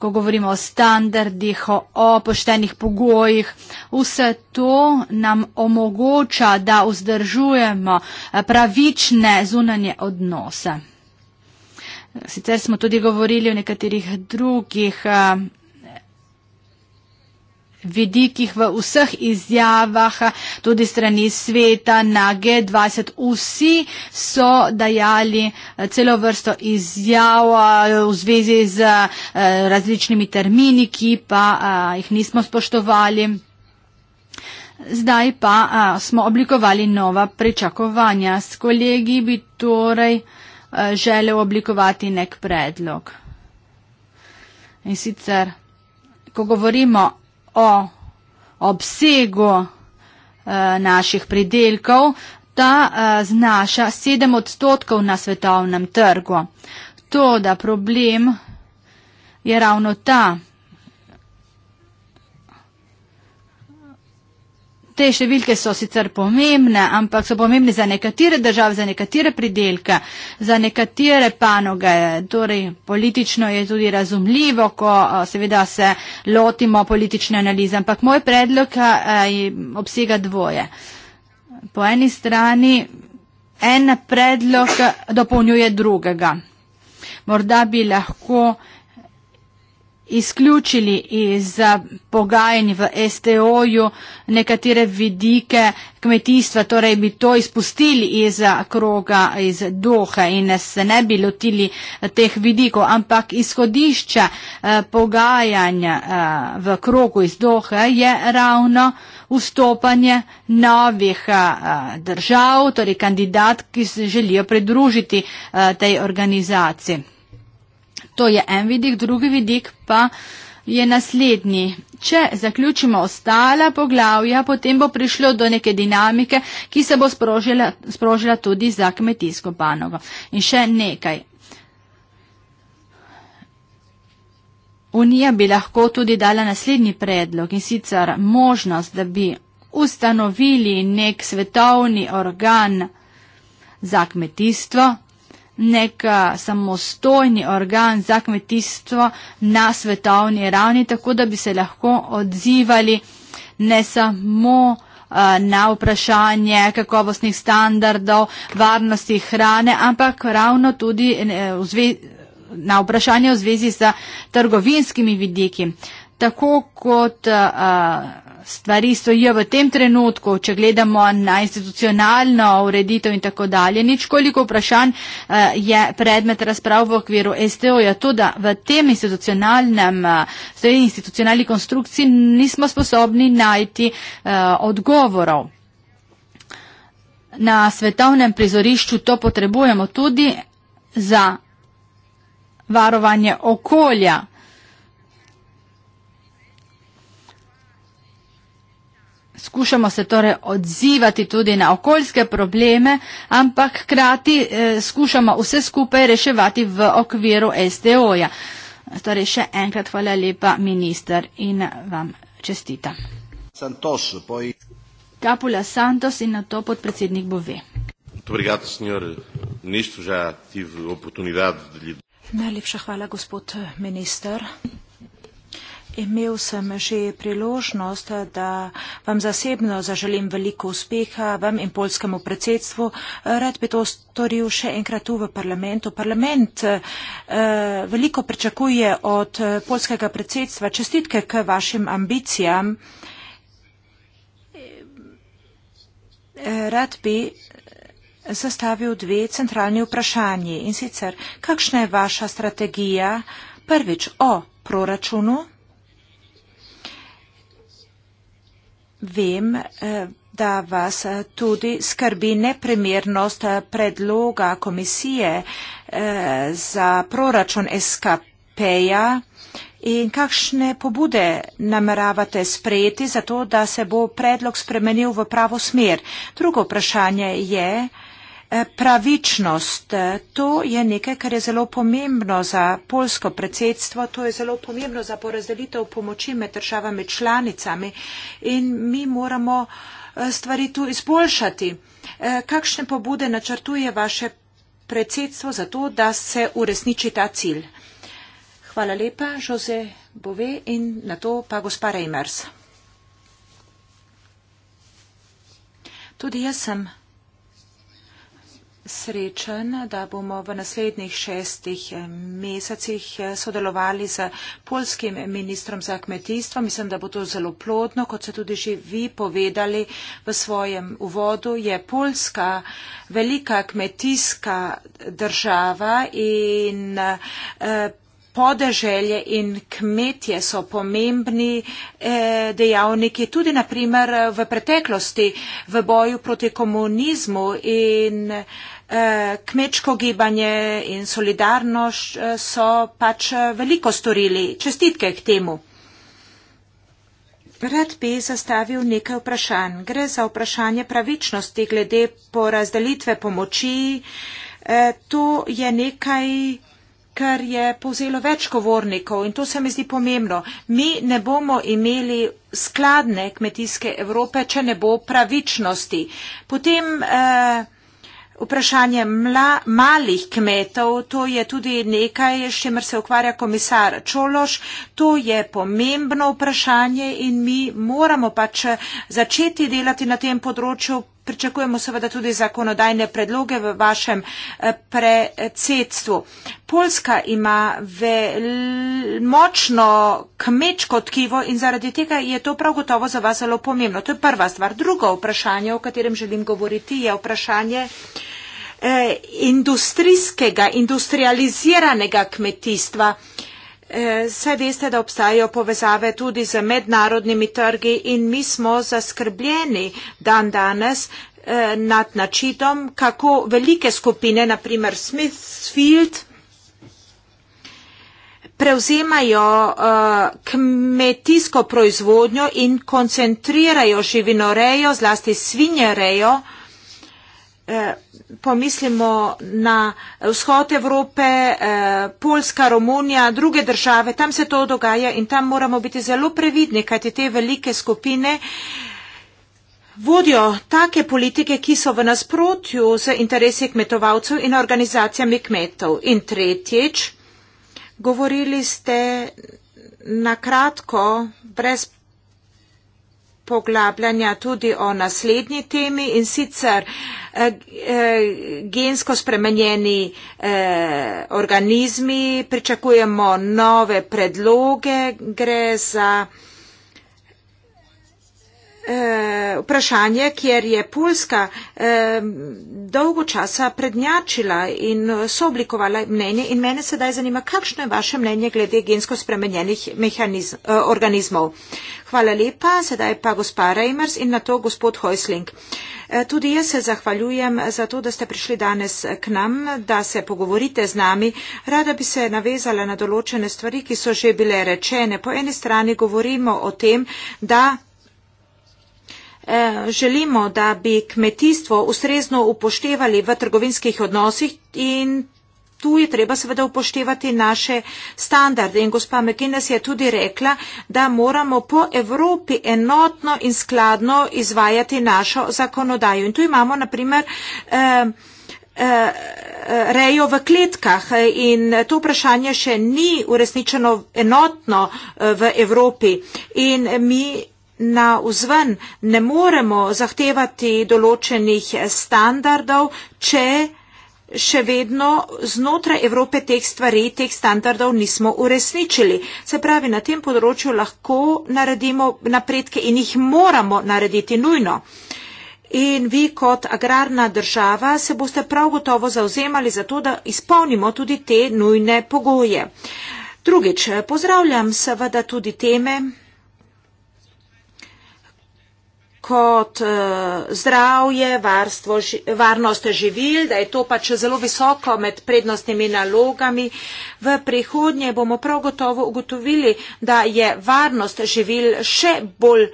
ko govorimo o standardih, o, o poštenih pogojih. Vse to nam omogoča, da vzdržujemo eh, pravične zunanje odnose. Sicer smo tudi govorili o nekaterih drugih. Uh, vidikih, v vseh izjavah, tudi strani sveta na G20. Vsi so dajali eh, celo vrsto izjav eh, v zvezi z eh, različnimi termini, ki pa jih nismo spoštovali. Zdaj pa smo oblikovali nova pričakovanja. S kolegi bi torej želel oblikovati nek predlog. In sicer, ko govorimo o obsegu e, naših pridelkov, ta e, znaša 7 odstotkov na svetovnem trgu. To, da problem je ravno ta, te številke so sicer pomembne, ampak so pomembne za nekatere države, za nekatere pridelke, za nekatere panoge. Torej, politično je tudi razumljivo, ko seveda se lotimo politične analize. Ampak moj predlog obsega dvoje. Po eni strani en predlog dopolnjuje drugega. Morda bi lahko izključili iz eh, pogajanj v STO-ju nekatere vidike kmetijstva, torej bi to izpustili iz eh, kroga, iz duha in se ne bi lotili eh, teh vidikov, ampak izhodišče pogajanja v krogu iz duha je ravno vstopanje novih držav, torej kandidat, ki se želijo pridružiti tej organizaciji. To je en vidik, drugi vidik pa je naslednji. Če zaključimo ostala poglavja, potem bo prišlo do neke dinamike, ki se bo sprožila, sprožila tudi za kmetijsko panogo. In še nekaj. Unija bi lahko tudi dala naslednji predlog in sicer možnost, da bi ustanovili nek svetovni organ za kmetijstvo, neka samostojni organ za kmetijstvo na svetovni ravni, tako da bi se lahko odzivali ne samo eh, na vprašanje kakovostnih standardov, varnosti hrane, ampak ravno tudi eh, na vprašanje v zvezi z trgovinskimi vidiki. Tako kot uh, stvari stojijo v tem trenutku, če gledamo na institucionalno ureditev in tako dalje. Nič koliko vprašanj eh, je predmet razprav v okviru STO-ja. To, da v tem institucionalnem, stoji eh, institucionalni konstrukciji, nismo sposobni najti eh, odgovorov. Na svetovnem prizorišču to potrebujemo tudi za varovanje okolja. skušamo se torej odzivati tudi na okoljske probleme, ampak krati eh, skušamo vse skupaj reševati v okviru STO-ja. Torej še enkrat hvala lepa, minister, in vam čestita. Santos, poi... Kapula Santos in na to podpredsednik Bove. Najlepša hvala, gospod minister. Imel sem že priložnost, da vam zasebno zaželim veliko uspeha, vam in polskemu predsedstvu. Rad bi to storil še enkrat tu v parlamentu. Parlament eh, veliko pričakuje od eh, polskega predsedstva. Čestitke k vašim ambicijam. Rad bi eh, zastavil dve centralni vprašanje. In sicer, kakšna je vaša strategija prvič o proračunu? Vem, eh, da vas eh, tudi skrbi nepremernost eh, predloga komisije za proračun SKP-ja in kakšne pobude nameravate sprejeti za to, da se bo predlog spremenil v pravo smer. Drugo vprašanje je, Eh, pravičnost. Eh, to je nekaj, kar je zelo pomembno za polsko predsedstvo, to je zelo pomembno za porazdelitev pomoči med državami članicami in mi moramo eh, stvari tu izboljšati. Kakšne pobude načrtuje vaše predsedstvo za to, da se uresniči ta cilj? Hvala lepa, Jose Bove in na to pa gospa Reimers. Tudi jaz sem srečen, da bomo v naslednjih šestih eh, mesecih eh, sodelovali z polskim ministrom za kmetijstvo. Mislim, da bo to zelo plodno, kot ste tudi že vi povedali v svojem uvodu. Je Polska velika kmetijska država in eh, podeželje in kmetje so pomembni dejavniki tudi naprimer v preteklosti v boju proti komunizmu in kmečko gibanje in solidarnost eh, so pač eh, veliko storili. Čestitke k temu. Rad bi zastavil nekaj vprašanj. Gre za vprašanje pravičnosti glede porazdelitve pomoči. Eh, to je nekaj, kar je povzelo več govornikov in to se mi zdi pomembno. Mi ne bomo imeli skladne kmetijske Evrope, če ne bo pravičnosti. Potem eh, Vprašanje mla, malih kmetov, to je tudi nekaj, s čimer se ukvarja komisar Čološ. To je pomembno vprašanje in mi moramo pač začeti delati na tem področju, pričakujemo seveda tudi zakonodajne predloge v vašem eh, predsedstvu. Polska ima močno kmečko tkivo in zaradi tega je to prav gotovo za vas zelo pomembno. To je prva stvar. Drugo vprašanje, o katerem želim govoriti, je vprašanje eh, industrijskega, industrializiranega kmetijstva. Eh, saj veste, da obstajajo povezave tudi z mednarodnimi trgi in mi smo zaskrbljeni dan danes eh, nad načitom, kako velike skupine, naprimer Smithfield, prevzemajo eh, kmetijsko proizvodnjo in koncentrirajo živinorejo, zlasti svinjerejo, Eh, pomislimo na vzhod Evrope, eh, Poljska, Romunija, druge države, tam se to dogaja in tam moramo biti zelo previdni, kajti te velike skupine vodijo take politike, ki so v nasprotju z interesi kmetovalcev in organizacijami kmetov. In tretjič, govorili ste na kratko, brez poglabljanja tudi o naslednji temi in sicer eh, eh, gensko spremenjeni eh, organizmi, pričakujemo nove predloge, gre za Eh, vprašanje, kjer je Poljska eh, dolgo časa prednjačila in sooblikovala mnenje in mene sedaj zanima, kakšno je vaše mnenje glede gensko spremenjenih eh, organizmov. Hvala lepa, sedaj pa gospa Reimers in na to gospod Hojsling. Tudi jaz se zahvaljujem za to, da ste prišli danes k nam, da se pogovorite z nami. Rada bi se navezala na določene stvari, ki so že bile rečene. Po eni strani govorimo o tem, da Eh, želimo, da bi kmetijstvo ustrezno upoštevali v trgovinskih odnosih in tu je treba seveda upoštevati naše standarde. In gospa McGinnis je tudi rekla, da moramo po Evropi enotno in skladno izvajati našo zakonodajo. In tu imamo na primer eh, eh, rejo v kletkah in to vprašanje še ni uresničeno enotno v Evropi. In mi na vzven ne moremo zahtevati določenih standardov, če še vedno znotraj Evrope teh stvari, teh standardov nismo uresničili. Se pravi, na tem področju lahko naredimo napredke in jih moramo narediti nujno. In vi kot agrarna država se boste prav gotovo zauzemali za to, da izpolnimo tudi te nujne pogoje. Drugič, pozdravljam seveda tudi teme, kot uh, zdravje, varstvo, ži, varnost živil, da je to pač zelo visoko med prednostnimi nalogami. V prihodnje bomo prav gotovo ugotovili, da je varnost živil še bolj,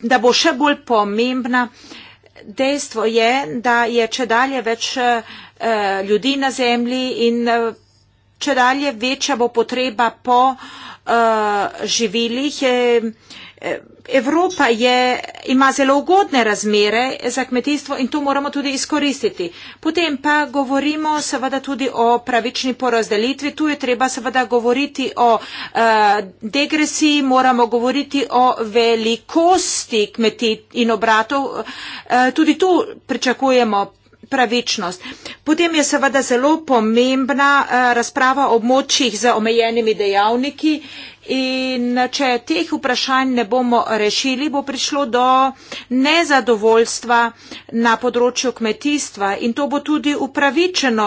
da bo še bolj pomembna. Dejstvo je, da je če dalje več uh, ljudi na zemlji in uh, če dalje večja bo potreba po uh, živilih. Eh, eh, Evropa je, ima zelo ugodne razmere za kmetijstvo in to moramo tudi izkoristiti. Potem pa govorimo seveda tudi o pravični porazdelitvi. Tu je treba seveda govoriti o uh, degresiji, moramo govoriti o velikosti kmetij in obratov. Uh, tudi tu pričakujemo. Pravičnost. Potem je seveda zelo pomembna uh, razprava o območjih z omejenimi dejavniki. Uh, In če teh vprašanj ne bomo rešili, bo prišlo do nezadovoljstva na področju kmetijstva in to bo tudi upravičeno.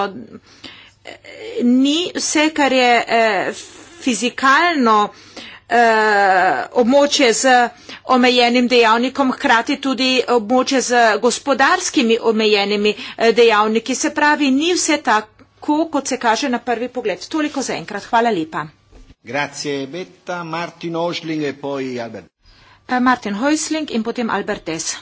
Ni vse, kar je eh, fizikalno eh, območje z omejenim dejavnikom, hkrati tudi območje z gospodarskimi omejenimi eh, dejavniki. Se pravi, ni vse tako, kot se kaže na prvi pogled. Toliko za enkrat. Hvala lepa. Grazie Betta, Martin Hosling e poi Albert. Eh, Martin Hosling in potem Albertes.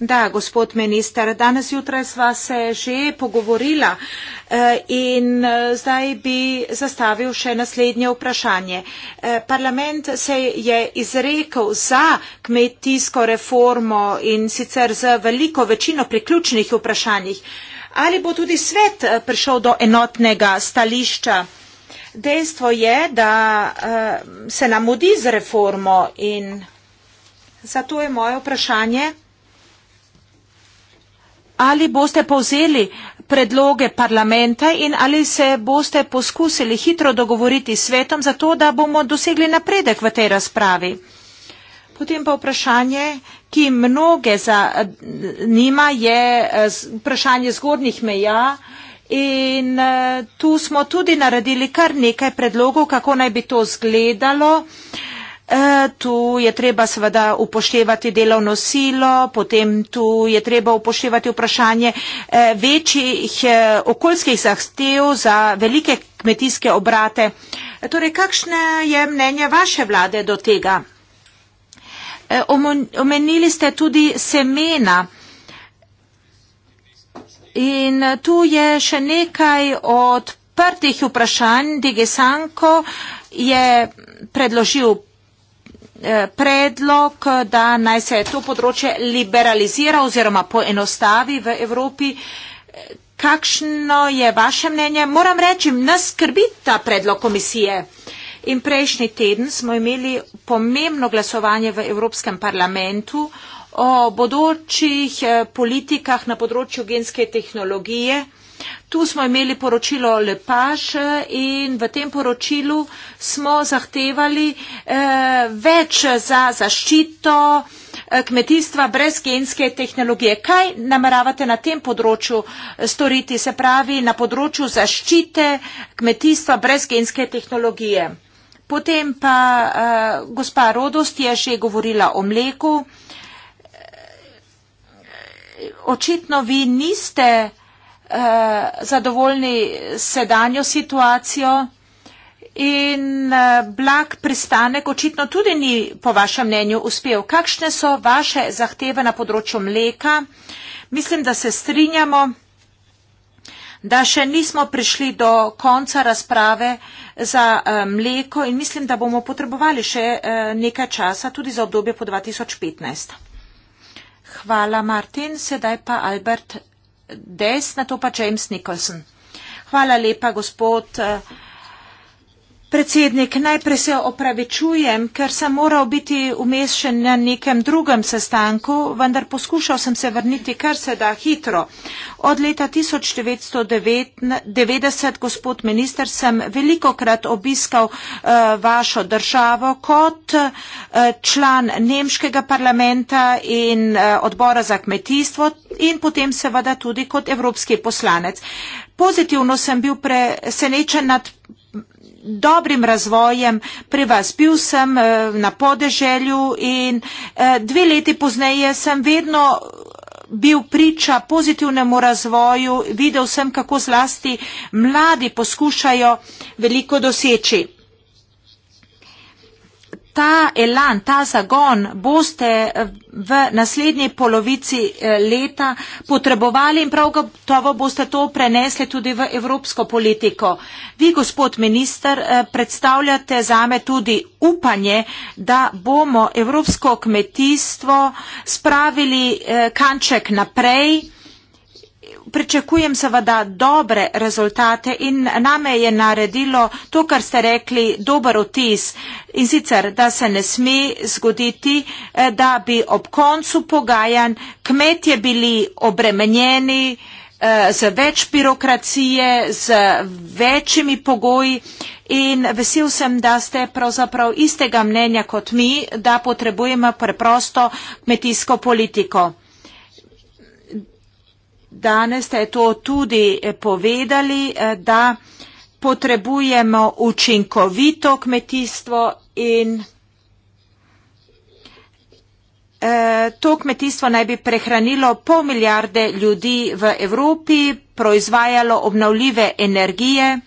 Da, gospod minister, danes jutraj sva se že pogovorila eh, in eh, zdaj bi zastavil še naslednje vprašanje. Parlament se je izrekel za kmetijsko reformo in sicer z veliko večino priključnih vprašanjih. Ali bo tudi svet prišel do enotnega stališča? dejstvo je, da uh, se nam udi z reformo in zato je moje vprašanje, ali boste povzeli predloge parlamenta in ali se boste poskusili hitro dogovoriti s svetom za to, da bomo dosegli napredek v tej razpravi. Potem pa vprašanje, ki mnoge zanima, je eh, vprašanje zgodnih meja. Uh, In uh, tu smo tudi naredili kar nekaj predlogov, kako naj bi to zgledalo. Eh, tu je treba seveda upoštevati delovno silo, potem tu je treba upoštevati vprašanje eh, večjih okoljskih zahtev za velike kmetijske obrate. Torej, kakšne je mnenje vaše vlade do tega? Omenili ste tudi semena. In eh, tu je še nekaj odprtih vprašanj. Digesanko je predložil eh, predlog, da naj se to področje liberalizira oziroma poenostavi v Evropi. Kakšno je vaše mnenje? Moram reči, nas skrbi ta predlog komisije. In prejšnji teden smo imeli pomembno glasovanje v Evropskem parlamentu o bodočih eh, politikah na področju genske tehnologije. Tu smo imeli poročilo Lepaš in v tem poročilu smo zahtevali eh, več za zaščito eh, kmetijstva brez genske tehnologije. Kaj nameravate na tem področju eh, storiti, se pravi na področju zaščite kmetijstva brez genske tehnologije? Potem pa eh, gospa Rodost je še govorila o mleku očitno vi niste eh, zadovoljni sedanjo situacijo in eh, blag pristanek očitno tudi ni po vašem mnenju uspel. Kakšne so vaše zahteve na področju mleka? Mislim, da se strinjamo, da še nismo prišli do konca razprave za eh, mleko in mislim, da bomo potrebovali še eh, nekaj časa tudi za obdobje po 2015. Hvala, Martin. Sedaj pa Albert Des, na to pa James Nicholson. Hvala lepa, gospod. Uh, Predsednik, najprej se opravičujem, ker sem moral biti umešen na nekem drugem sestanku, vendar poskušal sem se vrniti kar se da hitro. Od leta 1990, gospod minister, sem veliko krat obiskal uh, vašo državo kot uh, član Nemškega parlamenta in uh, odbora za kmetijstvo in potem seveda tudi kot evropski poslanec. Pozitivno sem bil presenečen nad dobrim razvojem pri vas. Bil sem eh, na podeželju in eh, dve leti pozneje sem vedno bil priča pozitivnemu razvoju, videl sem, kako zlasti mladi poskušajo veliko doseči ta elan, ta zagon boste eh, v naslednji polovici eh, leta potrebovali in prav gotovo boste to prenesli tudi v evropsko politiko. Vi, gospod minister, eh, predstavljate zame tudi upanje, da bomo evropsko kmetijstvo spravili kanček naprej pričakujem seveda dobre rezultate in name je naredilo to, kar ste rekli, dober otis in sicer, da se ne sme zgoditi, eh, da bi ob koncu pogajan kmetje bili obremenjeni eh, z več birokracije, z večjimi pogoji in vesel sem, da ste pravzaprav istega mnenja kot mi, da potrebujemo preprosto kmetijsko politiko danes ste to tudi eh, povedali, eh, da potrebujemo učinkovito kmetijstvo in eh, to kmetijstvo naj bi prehranilo pol milijarde ljudi v Evropi, proizvajalo obnovljive energije,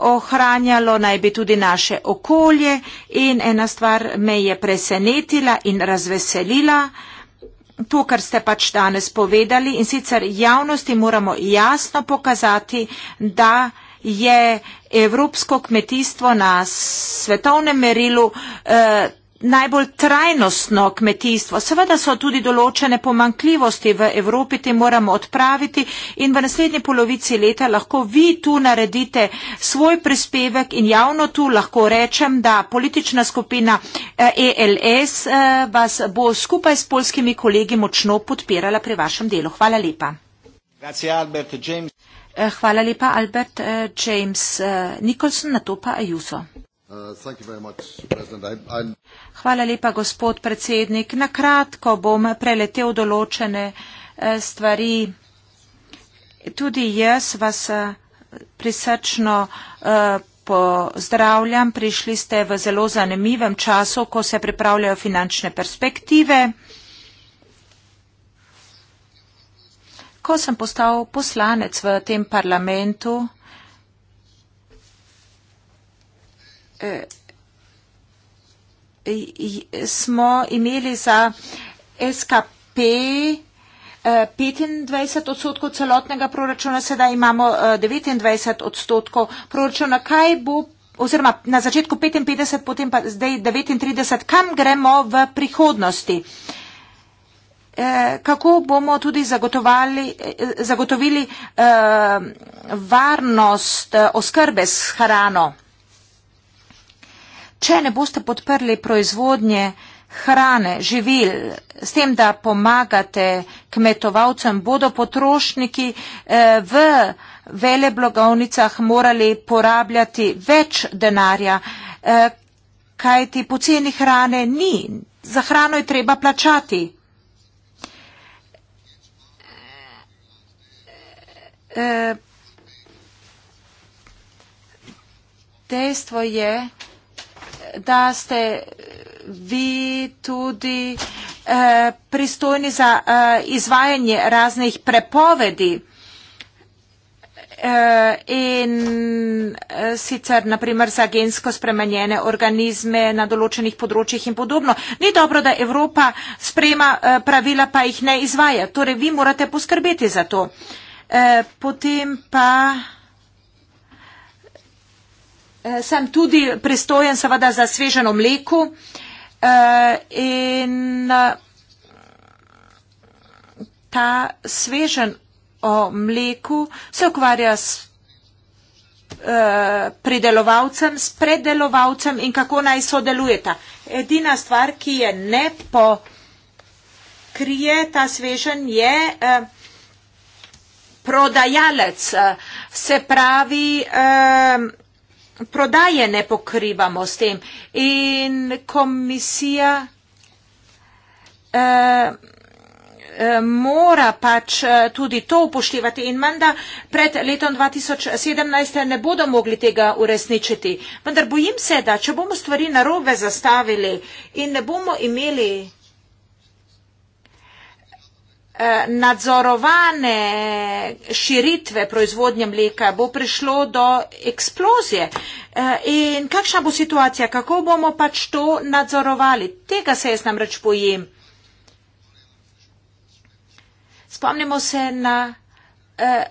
ohranjalo naj bi tudi naše okolje in ena stvar me je presenetila in razveselila, to, kar ste pač danes povedali in sicer javnosti moramo jasno pokazati, da je evropsko kmetijstvo na svetovnem merilu eh, najbolj trajnostno kmetijstvo. Seveda so tudi določene pomankljivosti v Evropi, te moramo odpraviti in v naslednji polovici leta lahko vi tu naredite svoj prispevek in javno tu lahko rečem, da politična skupina ELS eh, e eh, vas bo skupaj s polskimi kolegi močno podpirala pri vašem delu. Hvala lepa. Grazie, Albert, eh, Hvala lepa, Albert James Nicholson, na to pa Ajuso. Hvala lepa, gospod predsednik. Na kratko bom preletel določene eh, stvari. Tudi jaz vas eh, prisrčno eh, pozdravljam. Prišli ste v zelo zanimivem času, ko se pripravljajo finančne perspektive. Ko sem postal poslanec v tem parlamentu, Eh, smo imeli za SKP 25 eh, odstotkov celotnega proračuna, sedaj imamo 29 eh, odstotkov proračuna. Kaj bo, oziroma na začetku 55, potem pa zdaj 39, kam gremo v prihodnosti? Kako bomo tudi zagotovili varnost oskrbe s hrano? če ne boste podprli proizvodnje hrane, živil, s tem, da pomagate kmetovalcem, bodo potrošniki eh, v veleblogovnicah morali porabljati več denarja, eh, kajti poceni hrane ni. Za hrano je treba plačati. Eh, dejstvo je, da ste vi tudi eh, pristojni za eh, izvajanje raznih prepovedi eh, in eh, sicer naprimer za gensko spremenjene organizme na določenih področjih in podobno. Ni dobro, da Evropa sprema eh, pravila, pa jih ne izvaja. Torej, vi morate poskrbeti za to. Eh, potem pa. Eh, sem tudi prestojen seveda za sveženo mleko eh, in eh, ta svežen o mleku se ukvarja s pridelovalcem, s predelovalcem in kako naj sodelujeta. Edina stvar, ki je ne pokrije ta svežen, je prodajalec, se pravi, prodaje ne pokrivamo s tem. In komisija uh, mora pač eh, tudi to upoštevati in menda pred letom 2017 ne bodo mogli tega uresničiti. Vendar bojim se, da če bomo stvari narobe zastavili in ne bomo imeli Eh, nadzorovane širitve proizvodnje mleka bo prišlo do eksplozije. Eh, in kakšna bo situacija, kako bomo pač to nadzorovali? Tega se jaz namreč bojim. Spomnimo se na eh,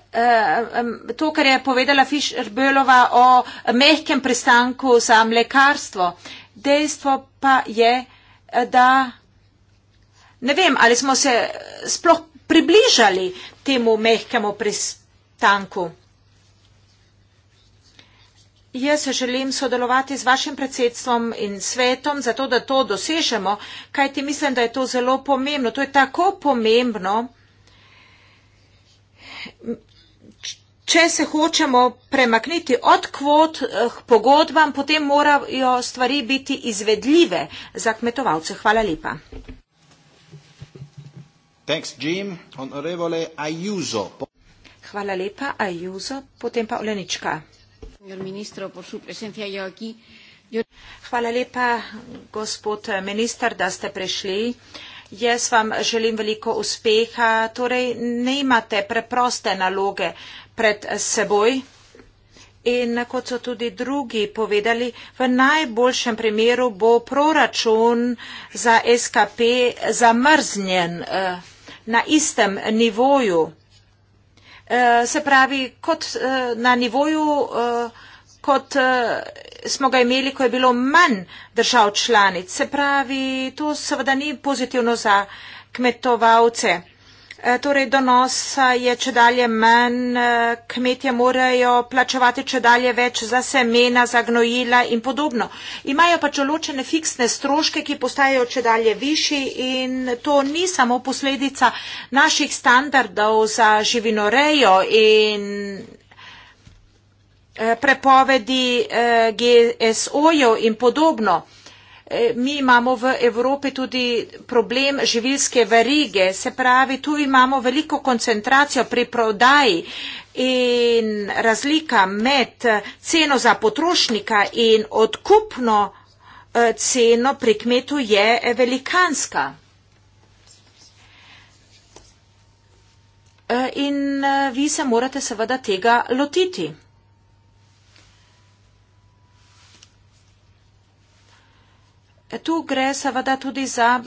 to, kar je povedala Fischer-Bölova o mehkem pristanku za mlekarstvo. Dejstvo pa je, da ne vem, ali smo se sploh približali temu mehkemu pristanku. Jaz se želim sodelovati z vašim predsedstvom in svetom, zato da to dosežemo, kajti mislim, da je to zelo pomembno. To je tako pomembno, če se hočemo premakniti od kvot k eh, pogodbam, potem morajo stvari biti izvedljive za kmetovalce. Hvala lepa. Thanks, Jim. Honorable Ayuso. Hvala lepa, Ayuso. Potem pa Olenička. Hvala lepa, gospod minister, da ste prišli. Jaz vam želim veliko uspeha. Torej, ne imate preproste naloge pred seboj. In kot so tudi drugi povedali, v najboljšem primeru bo proračun za SKP zamrznjen. Uh, na istem nivoju, eh, se pravi, kot eh, na nivoju, eh, kot smo ga imeli, ko je bilo manj držav članic. Se pravi, to seveda ni pozitivno za kmetovalce. E, torej donosa je če dalje manj, e, kmetje morajo plačevati če dalje več za semena, za gnojila in podobno. Imajo pač določene fiksne stroške, ki postajajo če dalje višji in to ni samo posledica naših standardov za živinorejo in e, prepovedi GSO-jev in podobno. E, mi imamo v Evropi tudi problem živilske verige, se pravi, tu imamo veliko koncentracijo pri prodaji in razlika med ceno za potrošnika in odkupno e, ceno pri kmetu je e, velikanska. In vi se morate seveda tega lotiti. tu gre seveda tudi za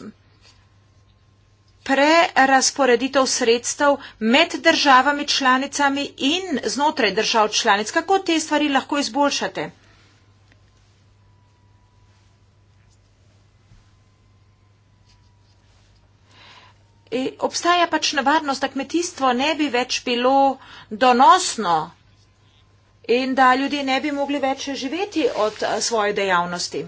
prerasporeditev sredstev med državami članicami in znotraj držav članic. Kako te stvari lahko izboljšate? E, obstaja pač nevarnost, da kmetijstvo ne bi več bilo donosno in da ljudje ne bi mogli več živeti od eh, svoje dejavnosti.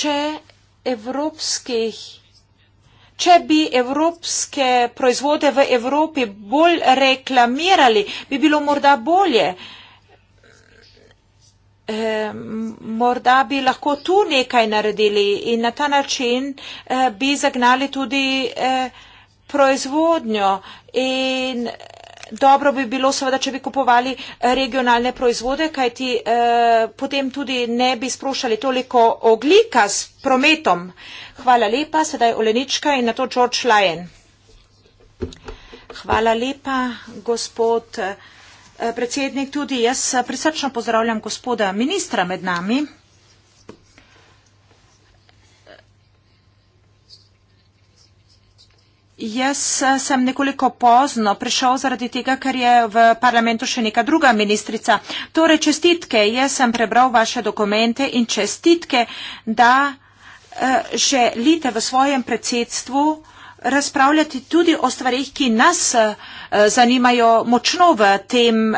če, evropskih, če bi evropske proizvode v Evropi bolj reklamirali, bi bilo morda bolje. E, morda bi lahko tu nekaj naredili in na ta način e, bi zagnali tudi e, proizvodnjo in dobro bi bilo seveda, če bi kupovali eh, regionalne proizvode, kajti eh, potem tudi ne bi sprošali toliko oglika s prometom. Hvala lepa, sedaj Olenička in na to George Lyon. Hvala lepa, gospod eh, predsednik. Tudi jaz eh, prisrčno pozdravljam gospoda ministra med nami. Jaz eh, sem nekoliko pozno prišel zaradi tega, ker je v parlamentu še neka druga ministrica. Torej, čestitke, jaz sem prebral vaše dokumente in čestitke, da eh, želite v svojem predsedstvu razpravljati tudi o stvarih, ki nas eh, zanimajo močno v tem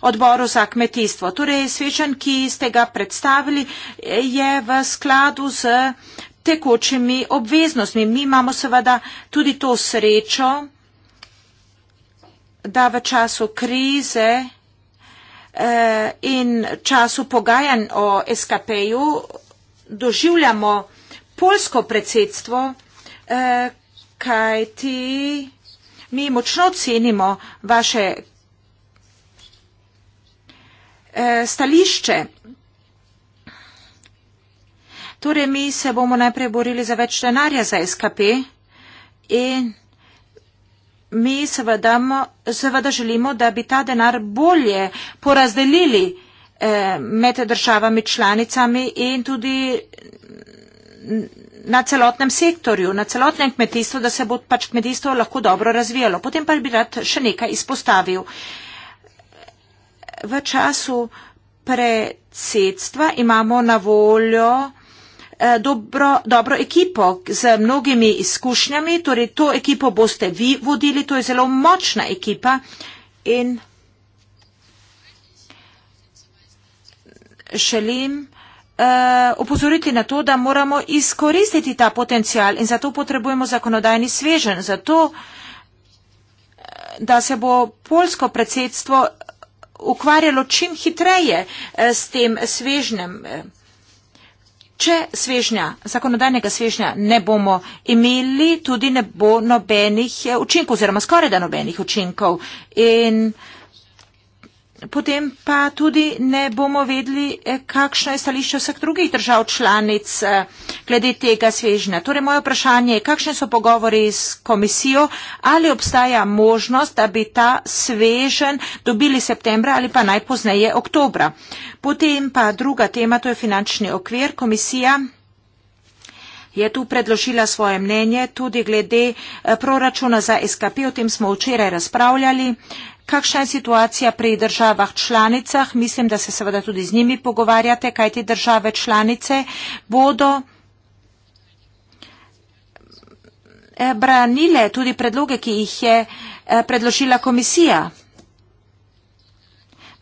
odboru za kmetijstvo. Torej, svečan, ki ste ga predstavili, je v skladu z tekočimi obveznostmi. Mi imamo seveda tudi to srečo, da v času krize eh, in času pogajan o SKP-ju doživljamo polsko predsedstvo, eh, kajti mi močno cenimo vaše eh, stališče. Torej, mi se bomo najprej borili za več denarja za SKP in mi seveda, seveda želimo, da bi ta denar bolje porazdelili eh, med državami članicami in tudi na celotnem sektorju, na celotnem kmetijstvu, da se bo pač kmetijstvo lahko dobro razvijalo. Potem pa bi rad še nekaj izpostavil. V času predsedstva imamo na voljo Eh, dobro, dobro ekipo z mnogimi izkušnjami, torej to ekipo boste vi vodili, to je zelo močna ekipa in želim uh, eh, upozoriti na to, da moramo izkoristiti ta potencial in zato potrebujemo zakonodajni svežen, zato eh, da se bo polsko predsedstvo ukvarjalo čim hitreje s tem svežnem. Uh, Če svežnja, zakonodajnega svežnja ne bomo imeli, tudi ne bo nobenih eh, učinkov oziroma skoraj da nobenih učinkov. In potem pa tudi ne bomo vedli, eh, kakšno je stališče vseh drugih držav članic eh, glede tega svežnja. Torej, moje vprašanje je, kakšne so pogovori s komisijo, ali obstaja možnost, da bi ta svežen dobili septembra ali pa najpozneje oktobra. Potem pa druga tema, to je finančni okvir. Komisija je tu predložila svoje mnenje tudi glede eh, proračuna za SKP, o tem smo včeraj razpravljali. Kakšna je situacija pri državah članicah? Mislim, da se seveda tudi z njimi pogovarjate, kaj te države članice bodo eh, branile tudi predloge, ki jih je eh, predložila komisija.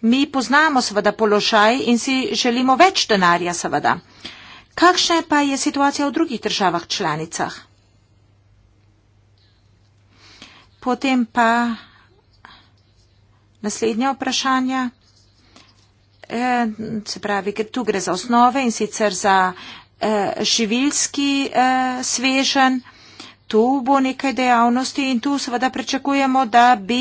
Mi poznamo seveda položaj in si želimo več denarja seveda. Kakšna pa je situacija v drugih državah članicah? Potem pa. Naslednja vprašanja. E, se pravi, ker tu gre za osnove in sicer za e, živilski e, svežen. Tu bo nekaj dejavnosti in tu seveda pričakujemo, da bi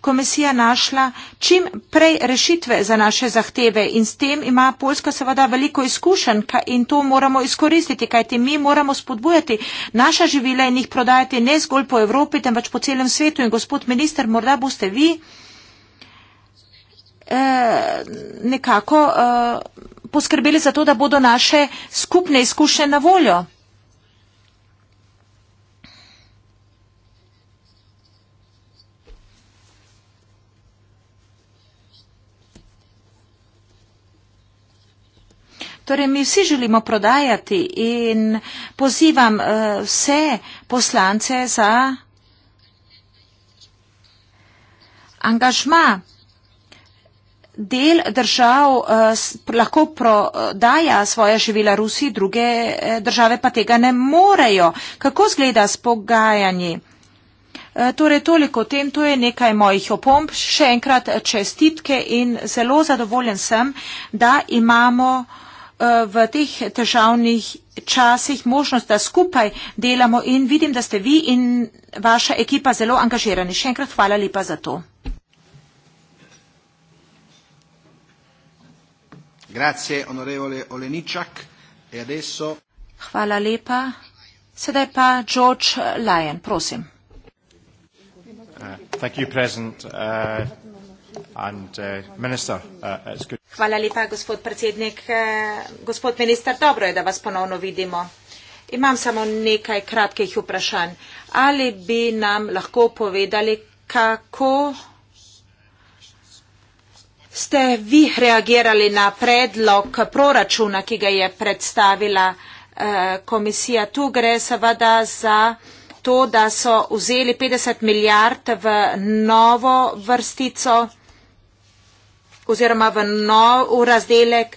komisija našla čim prej rešitve za naše zahteve in s tem ima Poljska seveda veliko izkušenj in to moramo izkoristiti, kajti mi moramo spodbujati naša živila in jih prodajati ne zgolj po Evropi, temveč po celem svetu in gospod minister, morda boste vi. Eh, nekako eh, poskrbeli za to, da bodo naše skupne izkušnje na voljo. Torej, mi vsi želimo prodajati in pozivam uh, vse poslance za angažma del držav eh, lahko prodaja svoje živila Rusi, druge eh, države pa tega ne morejo. Kako zgleda s pogajanji? Eh, torej, toliko o tem, to je nekaj mojih opomb. Še enkrat eh, čestitke in zelo zadovoljen sem, da imamo eh, v teh težavnih časih možnost, da skupaj delamo in vidim, da ste vi in vaša ekipa zelo angažirani. Še enkrat hvala lepa za to. Grazie, onorevole Oleničak. E adesso... Hvala lepa. Sedaj pa George Lyon, prosim. Uh, thank you, President, uh, and, uh, minister, uh, good... Hvala lepa, gospod predsednik. Uh, gospod minister, dobro je, da vas ponovno vidimo. Imam samo nekaj kratkih vprašanj. Ali bi nam lahko povedali, kako ste vi reagirali na predlog proračuna, ki ga je predstavila eh, komisija. Tu gre seveda za to, da so vzeli 50 milijard v novo vrstico oziroma v nov razdelek.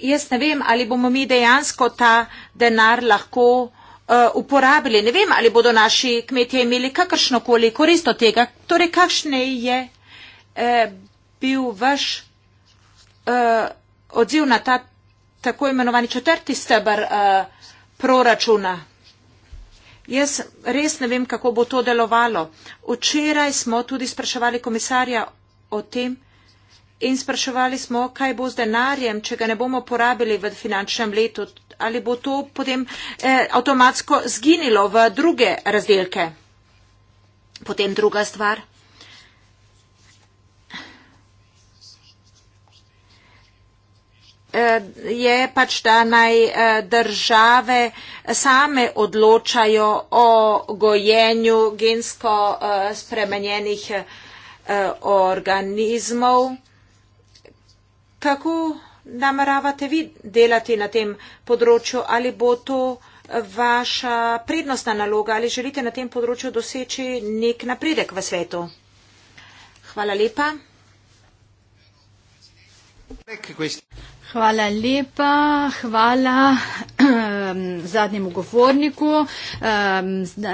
Jaz ne vem, ali bomo mi dejansko ta denar lahko eh, uporabili. Ne vem, ali bodo naši kmetje imeli kakršnokoli korist od tega. Torej, kakšne je eh, bil vaš uh, odziv na ta tako imenovani četrti stebr uh, eh, proračuna? Jaz res ne vem, kako bo to delovalo. Včeraj smo tudi spraševali komisarja o tem in spraševali smo, kaj bo z denarjem, če ga ne bomo porabili v finančnem letu, ali bo to potem eh, avtomatsko zginilo v druge razdelke. Potem druga stvar. Eh, je pač, da naj eh, države same odločajo o gojenju gensko eh, spremenjenih organizmov. Kako nameravate vi delati na tem področju? Ali bo to vaša prednostna naloga? Ali želite na tem področju doseči nek napredek v svetu? Hvala lepa. Hvala lepa, hvala um, zadnjemu govorniku. Um,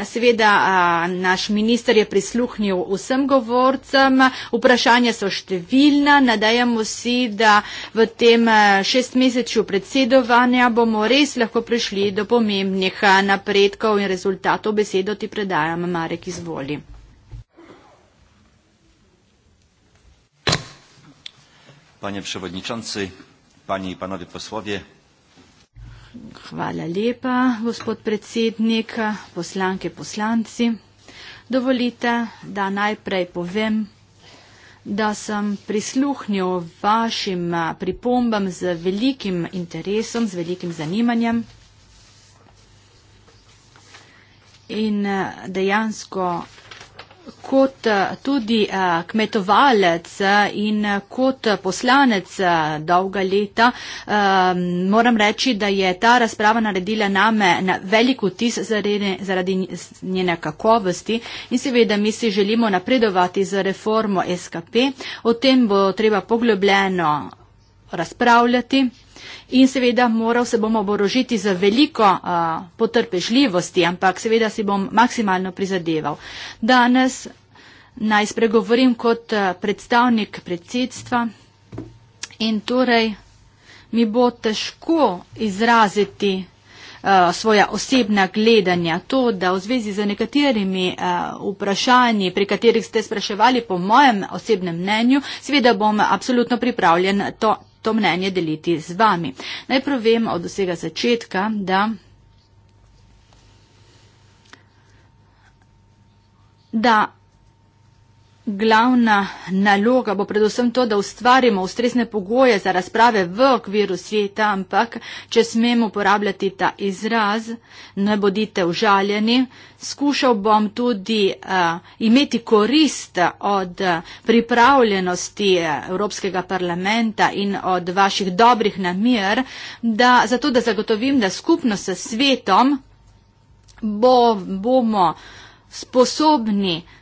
seveda, a, naš minister je prisluhnil vsem govorcem. Vprašanja so številna. Nadajamo si, da v tem e, šest mesečju predsedovanja bomo res lahko prišli do pomembnih napredkov in rezultatov. Besedo ti predajam, Marek, izvoli. Panie Przewodniczący, Panje in panovi poslovje. Hvala lepa, gospod predsednik, poslanke, poslanci. Dovolite, da najprej povem, da sem prisluhnil vašim pripombam z velikim interesom, z velikim zanimanjem in dejansko kot eh, tudi eh, kmetovalec eh, in kot poslanec dolga leta, moram reči, da je ta razprava naredila name na velik vtis zaradi njene kakovosti in seveda mi si želimo napredovati z reformo SKP. O tem bo treba poglobljeno razpravljati. In seveda moral se bom oborožiti z veliko uh, potrpežljivosti, ampak seveda si bom maksimalno prizadeval. Danes naj spregovorim kot uh, predstavnik predsedstva in torej mi bo težko izraziti svoja osebna gledanja. To, da v zvezi z nekaterimi uh, vprašanji, pri katerih ste spraševali po mojem osebnem mnenju, seveda bom absolutno pripravljen to, to mnenje deliti z vami. Naj provem od vsega začetka, da, da glavna naloga bo predvsem to, da ustvarimo ustrezne pogoje za razprave v okviru sveta, ampak če smemo uporabljati ta izraz, ne bodite užaljeni. Skušal bom tudi uh, imeti korist od eh, pripravljenosti eh, Evropskega parlamenta in od vaših dobrih namir, da zato, da zagotovim, da skupno s svetom bo, bomo sposobni uh,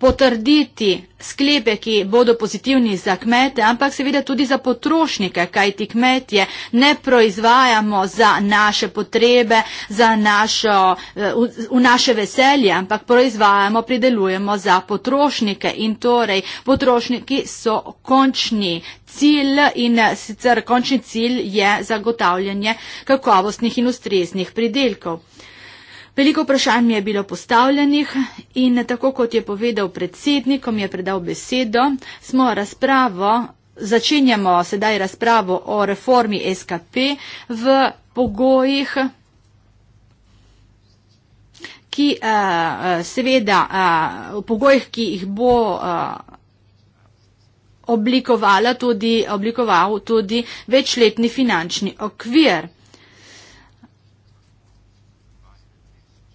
potrditi sklepe, ki bodo pozitivni za kmete, ampak seveda tudi za potrošnike, kajti kmetje ne proizvajamo za naše potrebe, za našo, eh, v, v naše veselje, ampak proizvajamo, pridelujemo za potrošnike in torej potrošniki so končni cilj in eh, sicer končni cilj je zagotavljanje kakovostnih in ustreznih pridelkov. Veliko vprašanj mi je bilo postavljenih in tako kot je povedal predsednik, ko mi je predal besedo, smo razpravo, začenjamo sedaj razpravo o reformi SKP v pogojih, ki eh, eh, seveda eh, v pogojih, ki jih bo oblikoval tudi večletni finančni okvir.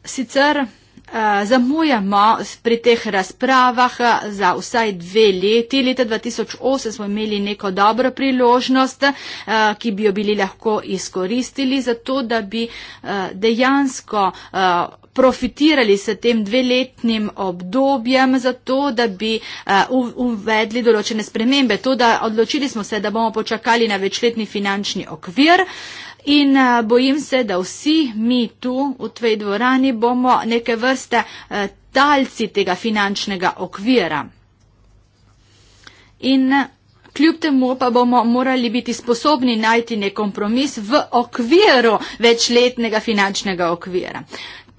sicer uh, zamujamo pri teh razpravah eh, za vsaj dve leti. Leta 2008 smo imeli neko dobro priložnost, uh, ki bi jo bili lahko izkoristili za to, da bi uh, dejansko. Uh, profitirali se tem dveletnim obdobjem za to, da bi uh, uvedli določene spremembe. To, da odločili smo se, da bomo počakali na večletni finančni okvir. Uh, In eh, bojim se, da vsi mi tu v tvej dvorani bomo neke vrste eh, talci tega finančnega okvira. In eh, kljub temu pa bomo morali biti sposobni najti nek kompromis v okviru večletnega finančnega okvira.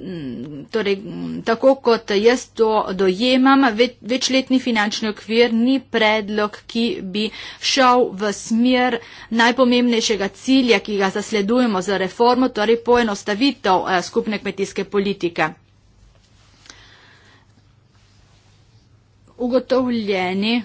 Mm, torej, mm, tako kot jaz to dojemam, večletni finančni okvir ni predlog, ki bi šel v smer najpomembnejšega cilja, ki ga zasledujemo za reformo, torej poenostavitev eh, skupne kmetijske politike. Ugotovljeni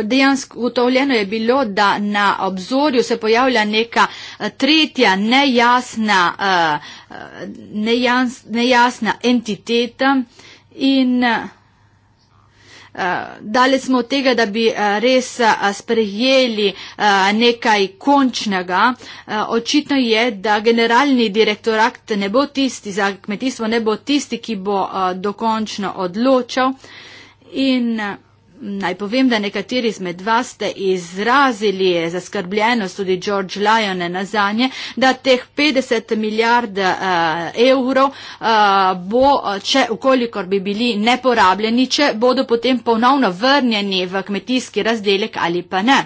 dejansko gotovljeno je bilo, da na obzorju se pojavlja neka eh, tretja nejasna, eh, eh, nejas, nejasna entiteta in dali smo od tega, da bi res sprejeli nekaj končnega. Očitno je, da generalni direktorat ne bo tisti za kmetijstvo, ne bo tisti, ki bo dokončno odločal. In uh, Naj povem, da nekateri izmed vas ste izrazili zaskrbljenost, tudi George Lyon je nazanje, da teh 50 milijard uh, evrov uh, bo, če ukolikor bi bili neporabljeni, če bodo potem ponovno vrnjeni v kmetijski razdelek ali pa ne.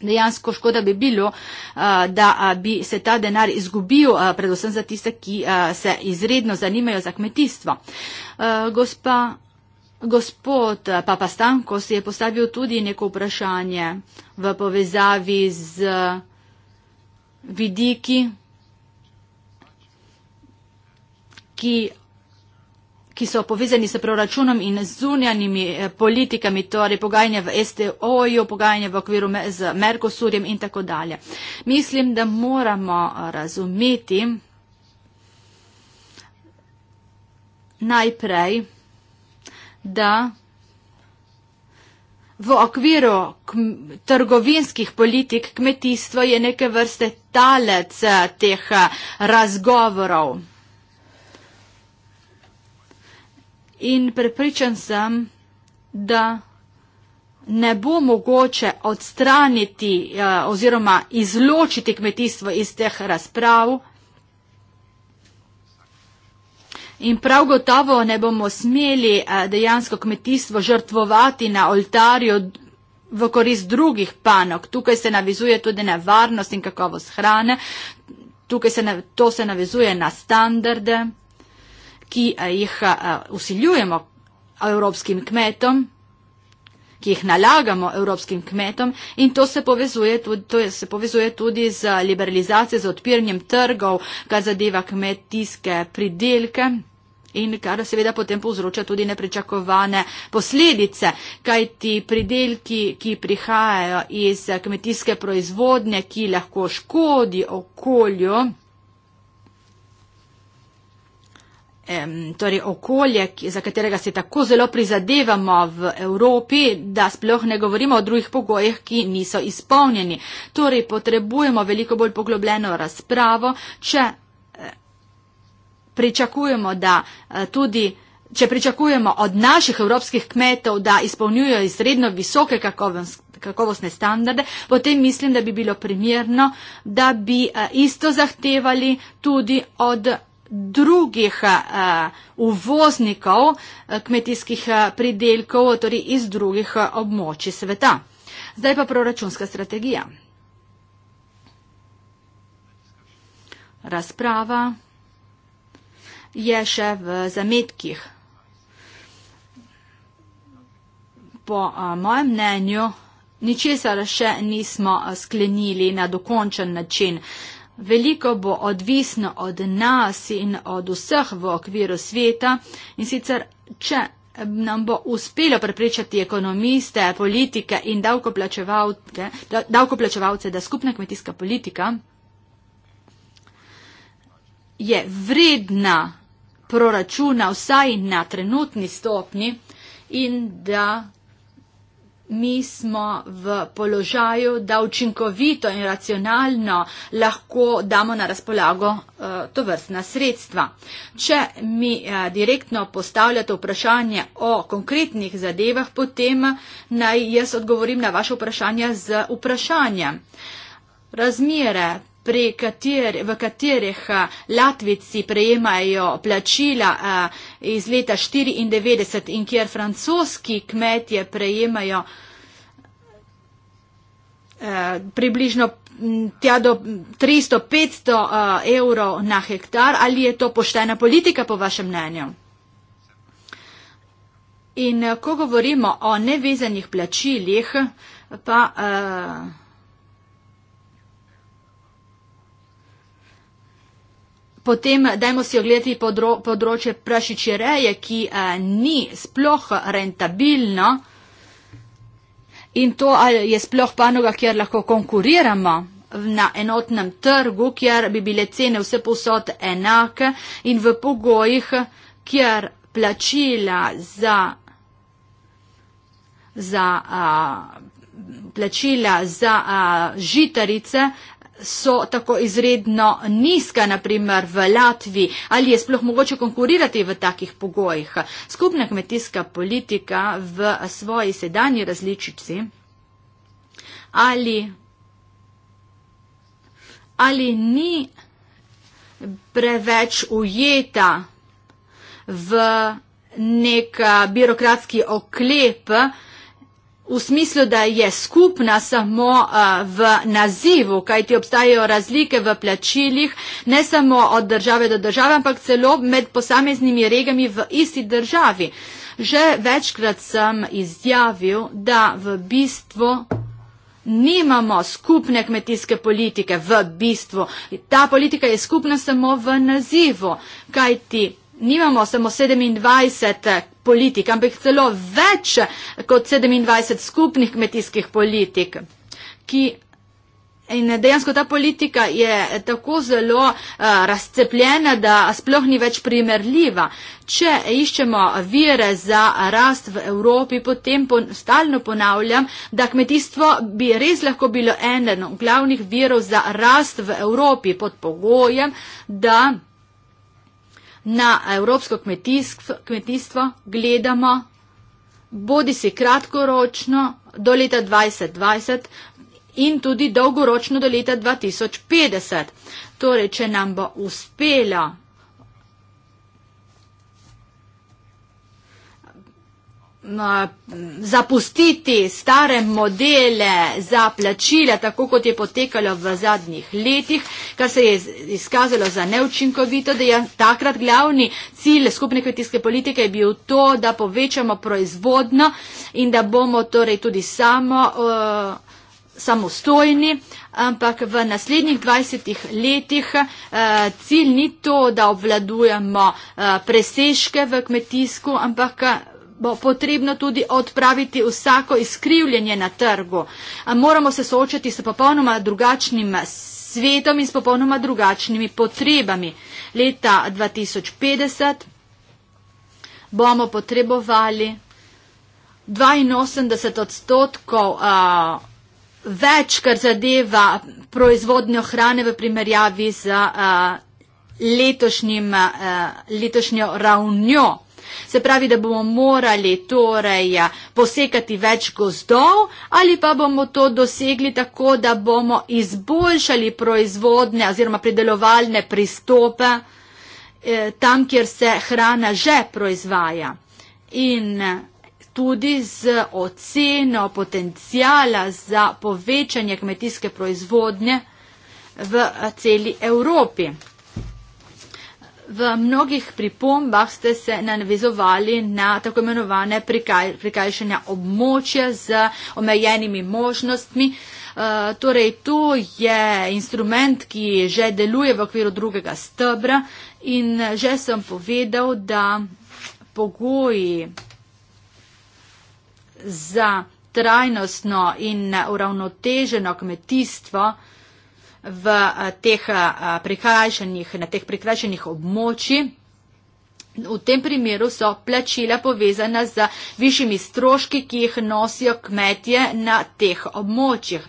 Dejansko škoda bi bilo, eh, da bi se ta denar izgubil, predvsem za tiste, ki se izredno zanimajo za kmetijstvo. Gospa Gospod Papa Stanko si je postavil tudi neko vprašanje v povezavi z vidiki, ki, ki so povezani s proračunom in z zunjanimi eh, politikami, torej pogajanje v STO-ju, pogajanje v okviru me, z Merkosurjem in tako dalje. Mislim, da moramo eh, razumeti najprej, da v okviru trgovinskih politik kmetijstvo je neke vrste talec eh, teh eh, razgovorov. In prepričan sem, da ne bo mogoče odstraniti eh, oziroma izločiti kmetijstvo iz teh razprav. In prav gotovo ne bomo smeli eh, dejansko kmetijstvo žrtvovati na oltarju v korist drugih panok. Tukaj se navizuje tudi na varnost in kakovost hrane. Tukaj se, to se navizuje na standarde, ki eh, jih eh, usiljujemo evropskim kmetom ki jih nalagamo evropskim kmetom in to se povezuje tudi, to se povezuje tudi z liberalizacijo, z odpiranjem trgov, kar zadeva kmetijske pridelke. In kar seveda potem povzroča tudi nepričakovane posledice, kaj ti pridelki, ki prihajajo iz kmetijske proizvodnje, ki lahko škodi okolju. torej okolje, za katerega se tako zelo prizadevamo v Evropi, da sploh ne govorimo o drugih pogojih, ki niso izpolnjeni. Torej potrebujemo veliko bolj poglobljeno razpravo, če eh, pričakujemo, da eh, tudi. Če pričakujemo od naših evropskih kmetov, da izpolnjujejo izredno visoke kakovostne standarde, potem mislim, da bi bilo primerno, da bi eh, isto zahtevali tudi od drugih eh, uvoznikov eh, kmetijskih eh, pridelkov, torej iz drugih območij sveta. Zdaj pa proračunska strategija. Razprava je še v zametkih. Po mojem mnenju ničesar še nismo sklenili na dokončen način veliko bo odvisno od nas in od vseh v okviru sveta in sicer, če nam bo uspelo prepričati ekonomiste, politike in davkoplačevalce, da, davkoplačevalce, da skupna kmetijska politika je vredna proračuna vsaj na trenutni stopni in da mi smo v položaju, da učinkovito in racionalno lahko damo na razpolago eh, to vrstna sredstva. Če mi eh, direktno postavljate vprašanje o konkretnih zadevah, potem naj jaz odgovorim na vaše vprašanje z vprašanjem. Razmere, katere, v katerih eh, Latvici prejemajo plačila, eh, iz leta 94 in kjer francoski kmetje prejemajo eh, približno tja do 300-500 eh, evrov na hektar, ali je to poštena politika po vašem mnenju? In eh, ko govorimo o nevezanih plačilih, pa. Eh, Potem dajmo si ogledati podro, področje prašiče reje, ki a, eh, ni sploh rentabilno in to je sploh panoga, kjer lahko konkuriramo na enotnem trgu, kjer bi bile cene vse posod enake in v pogojih, kjer plačila za, za a, eh, plačila za a, eh, žitarice so tako izredno nizka, naprimer v Latviji, ali je sploh mogoče konkurirati v takih pogojih. Skupna kmetijska politika v svoji sedanji različici ali, ali ni preveč ujeta v nek eh, birokratski oklep, v smislu, da je skupna samo uh, v nazivu, kajti obstajajo razlike v plačilih, ne samo od države do države, ampak celo med posameznimi regami v isti državi. Že večkrat sem izjavil, da v bistvu nimamo skupne kmetijske politike v bistvu. Ta politika je skupna samo v nazivu, kajti nimamo samo 27 politik, ampak celo več kot 27 skupnih kmetijskih politik, ki. In dejansko ta politika je tako zelo uh, razcepljena, da sploh ni več primerljiva. Če iščemo vire za rast v Evropi, potem pon stalno ponavljam, da kmetijstvo bi res lahko bilo eno glavnih virov za rast v Evropi pod pogojem, da na evropsko kmetijstvo gledamo bodi si kratkoročno do leta 2020 in tudi dolgoročno do leta 2050. Torej, če nam bo uspelo zapustiti stare modele za plačile, tako kot je potekalo v zadnjih letih, kar se je izkazalo za neučinkovito, da je takrat glavni cilj skupne kmetijske politike je bil to, da povečamo proizvodno in da bomo torej tudi samo uh, samostojni, ampak v naslednjih 20 letih eh, cilj ni to, da obvladujemo eh, presežke v kmetijsku, ampak bo potrebno tudi odpraviti vsako izkrivljenje na trgu. Moramo se soočati s popolnoma drugačnim svetom in s popolnoma drugačnimi potrebami. Leta 2050 bomo potrebovali 82 odstotkov a, več, kar zadeva proizvodnjo hrane v primerjavi z a, letošnjim, a, letošnjo ravnjo se pravi, da bomo morali torej ja, posekati več gozdov ali pa bomo to dosegli tako, da bomo izboljšali proizvodne oziroma predelovalne pristope eh, tam, kjer se hrana že proizvaja. In eh, tudi z oceno potencijala za povečanje kmetijske proizvodnje v eh, celi Evropi. V mnogih pripombah ste se navezovali na tako imenovane prikrajšanja območja z omejenimi možnostmi. Eh, torej, to je instrument, ki že deluje v okviru drugega stebra in že sem povedal, da pogoji za trajnostno in uravnoteženo kmetijstvo v eh, teh eh, prikrajšanih, na teh prikrajšanih območjih. V tem primeru so plačila povezana z višjimi stroški, ki jih nosijo kmetje na teh območjih.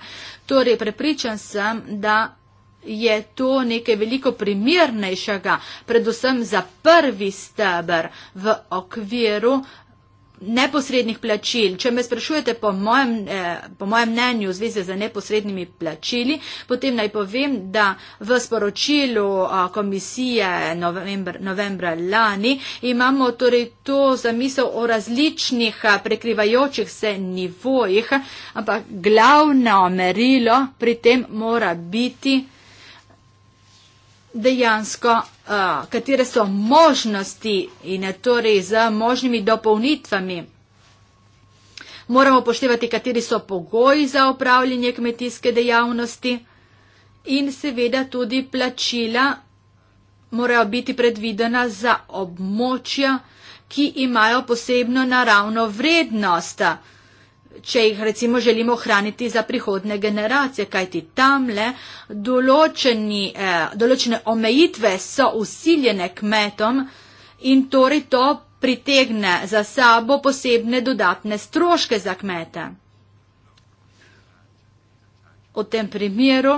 Torej, prepričan sem, da je to nekaj veliko primernejšega, predvsem za prvi stebr v okviru uh, neposrednih plačil. Če me sprašujete po mojem, eh, po mojem mnenju v zvezi z neposrednimi plačili, potem naj povem, da v sporočilu eh, komisije novembra, novembra lani imamo torej to zamisel o različnih eh, prekrivajočih se nivojih, ampak glavno merilo pri tem mora biti dejansko, katere so možnosti in torej z možnimi dopolnitvami. Moramo poštevati, kateri so pogoji za upravljanje kmetijske dejavnosti in seveda tudi plačila morajo biti predvidena za območja, ki imajo posebno naravno vrednost če jih recimo želimo hraniti za prihodne generacije, kajti tamle določeni, eh, določene omejitve so usiljene kmetom in torej to pritegne za sabo posebne dodatne stroške za kmete. V tem primeru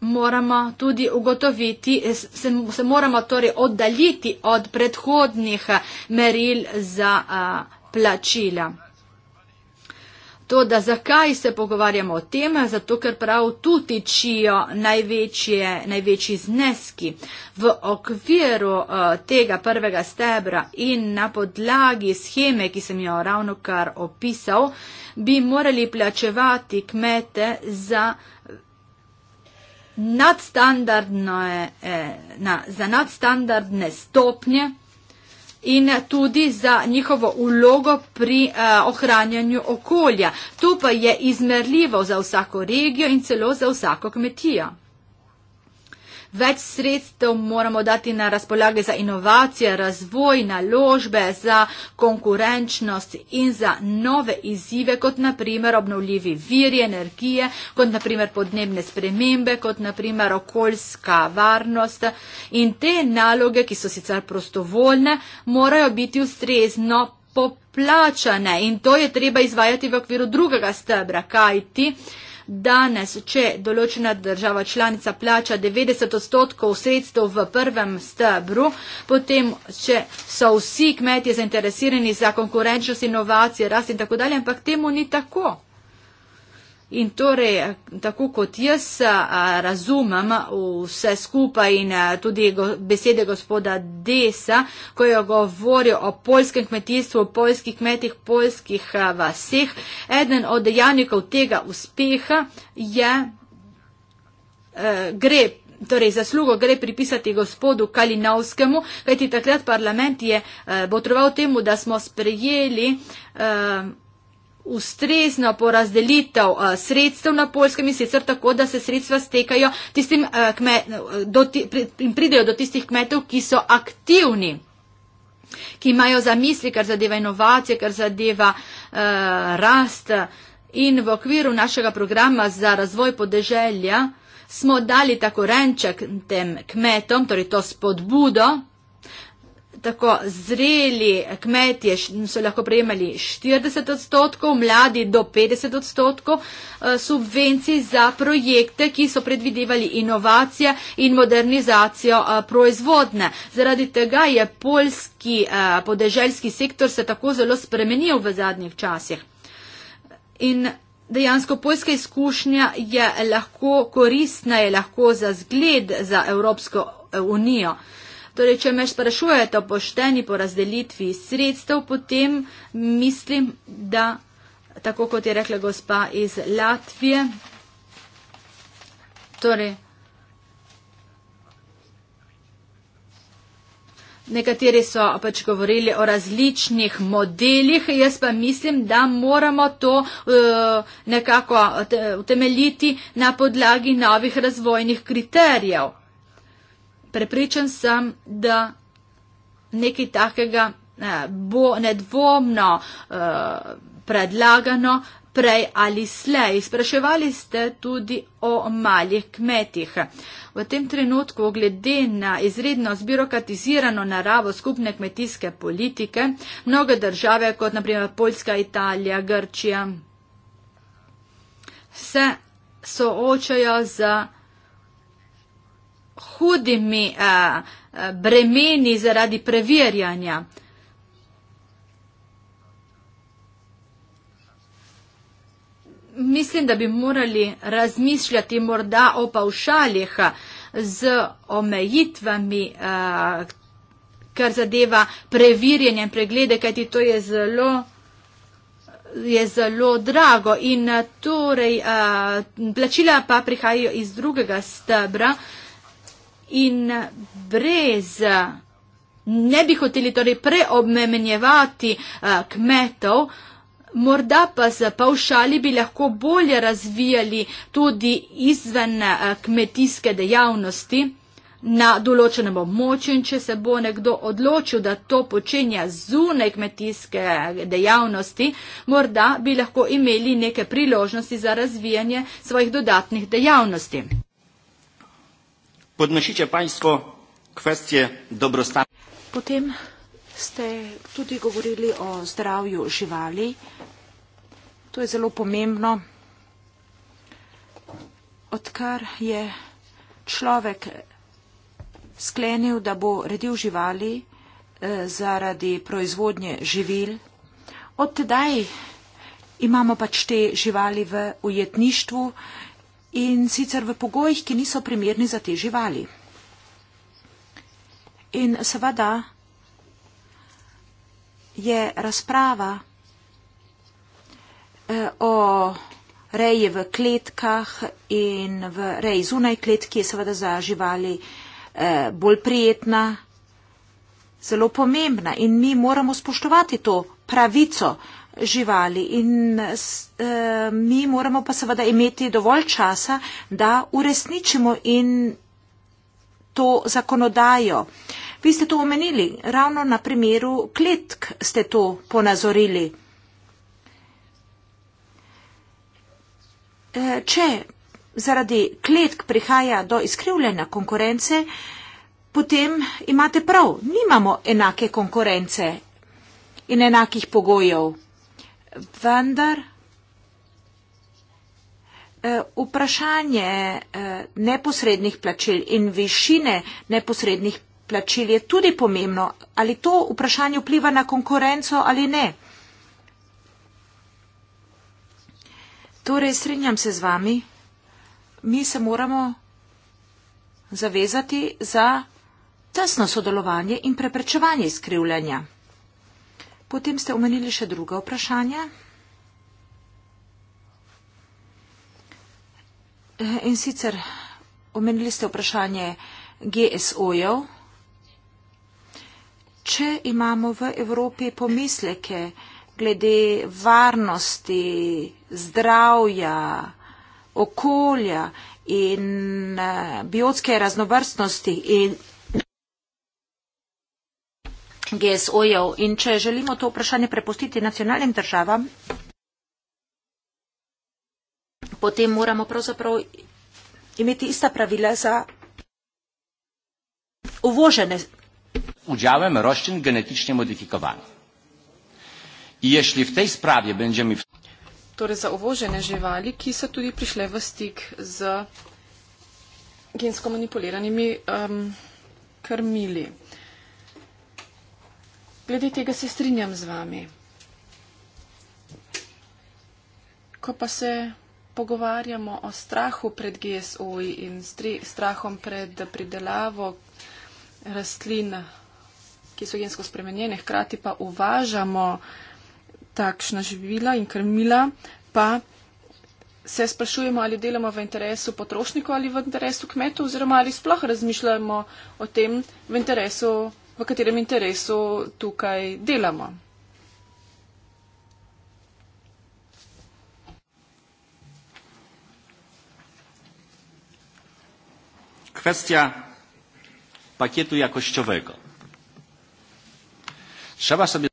moramo tudi ugotoviti, se, se moramo torej oddaljiti od predhodnih eh, meril za a, eh, plačila. To, da zakaj se pogovarjamo o tem, zato ker prav tu tičijo največje, največji zneski. V okviru uh, tega prvega stebra in na podlagi scheme, ki sem jo ravno kar opisal, bi morali plačevati kmete za uh, nadstandardne, eh, na, za nadstandardne stopnje in tudi za njihovo ulogo pri eh, ohranjanju okolja. To pa je izmerljivo za vsako regijo in celo za vsako kmetijo več sredstev moramo dati na razpolage za inovacije, razvoj, naložbe, za konkurenčnost in za nove izzive, kot naprimer obnovljivi viri energije, kot naprimer podnebne spremembe, kot naprimer okoljska varnost. In te naloge, ki so sicer prostovoljne, morajo biti ustrezno poplačane in to je treba izvajati v okviru drugega stebra, kajti. Danes, če določena država članica plača 90 odstotkov sredstev v prvem stebru, potem, če so vsi kmetje zainteresirani za konkurenčnost, inovacije, rast in tako dalje, ampak temu ni tako. In torej, tako kot jaz razumem vse skupaj in tudi besede gospoda Desa, ko je govoril o polskem kmetijstvu, polskih kmetih, polskih vaseh, eden od dejavnikov tega uspeha je e, gre. Torej, zaslugo gre pripisati gospodu Kalinovskemu, kajti takrat parlament je eh, botroval temu, da smo sprejeli eh, ustrezno porazdelitev eh, sredstev na polskem in sicer tako, da se sredstva stekajo tistim, eh, kme, do, in pridejo do tistih kmetov, ki so aktivni, ki imajo za misli, kar zadeva inovacije, kar zadeva eh, rast in v okviru našega programa za razvoj podeželja smo dali tako renček tem kmetom, torej to spodbudo, tako zreli kmetje so lahko prejemali 40 odstotkov, mladi do 50 odstotkov eh, subvencij za projekte, ki so predvidevali inovacije in modernizacijo eh, proizvodne. Zaradi tega je polski eh, podeželjski sektor se tako zelo spremenil v zadnjih časih. In Dejansko poljska izkušnja je lahko koristna, je lahko za zgled za Evropsko unijo. Torej, če me sprašujete o pošteni porazdelitvi sredstev, potem mislim, da tako kot je rekla gospa iz Latvije, torej, nekateri so pač govorili o različnih modelih, jaz pa mislim, da moramo to uh, nekako utemeljiti na podlagi novih razvojnih kriterijev. Prepričan sem, da nekaj takega eh, bo nedvomno eh, predlagano prej ali slej. Spraševali ste tudi o malih kmetih. V tem trenutku, glede na izredno zbirokratizirano naravo skupne kmetijske politike, mnoge države, kot naprimer Poljska, Italija, Grčija, se soočajo z hudimi eh, eh, bremeni zaradi preverjanja. Mislim, da bi morali razmišljati morda o paušaljih eh, z omejitvami, eh, kar zadeva preverjanje in preglede, kajti to je zelo je zelo drago in eh, torej uh, plačila pa prihajajo iz drugega stebra, uh, in brez ne bi hoteli torej preobmemenjevati eh, kmetov, morda pa z pavšali bi lahko bolje razvijali tudi izven eh, kmetijske dejavnosti na določenem območju in če se bo nekdo odločil, da to počenja zunaj kmetijske dejavnosti, morda bi lahko imeli neke priložnosti za razvijanje svojih dodatnih dejavnosti podnosite Państwo kwestie dobrostanu. Potem ste tudi govorili o zdravju živali. To je zelo pomembno. Odkar je človek sklenil, da bo redil živali eh, zaradi proizvodnje živil, od tedaj imamo pač te živali v ujetništvu, in sicer v pogojih, ki niso primerni za te živali. In seveda je razprava eh, o reji v kletkah in v reji zunaj kletki je seveda za živali eh, bolj prijetna, zelo pomembna in mi moramo spoštovati to pravico, živali. In e, mi moramo pa seveda imeti dovolj časa, da uresničimo in to zakonodajo. Vi ste to omenili, ravno na primeru kletk ste to ponazorili. E, če zaradi kletk prihaja do izkrivljanja konkurence, potem imate prav, nimamo enake konkurence in enakih pogojev vendar eh, vprašanje eh, neposrednih plačil in višine neposrednih plačil je tudi pomembno, ali to vprašanje vpliva na konkurenco ali ne. Torej, strinjam se z vami, mi se moramo zavezati za tesno sodelovanje in preprečevanje skrivljanja. Potem ste omenili še druga vprašanja. Eh, in sicer omenili ste vprašanje GSO-jev. Če imamo v Evropi pomisleke glede varnosti, zdravja, okolja in eh, biotske raznovrstnosti in GSO-jev. In če želimo to vprašanje prepustiti nacionalnim državam, potem moramo pravzaprav imeti ista pravila za uvožene. Udjave meroščin genetično modifikovane. Ješli v tej spravi, Benjamin. Torej za uvožene živali, ki so tudi prišle v stik z gensko manipuliranimi um, krmili. Glede tega se strinjam z vami. Ko pa se pogovarjamo o strahu pred GSO in strahom pred pridelavo rastlin, ki so gensko spremenjene, hkrati pa uvažamo takšna živila in krmila, pa se sprašujemo, ali delamo v interesu potrošnikov ali v interesu kmetov, oziroma ali sploh razmišljamo o tem v interesu v katerem interesu tukaj delamo. Kwestia pakietu jakościowego. Trzeba sobie.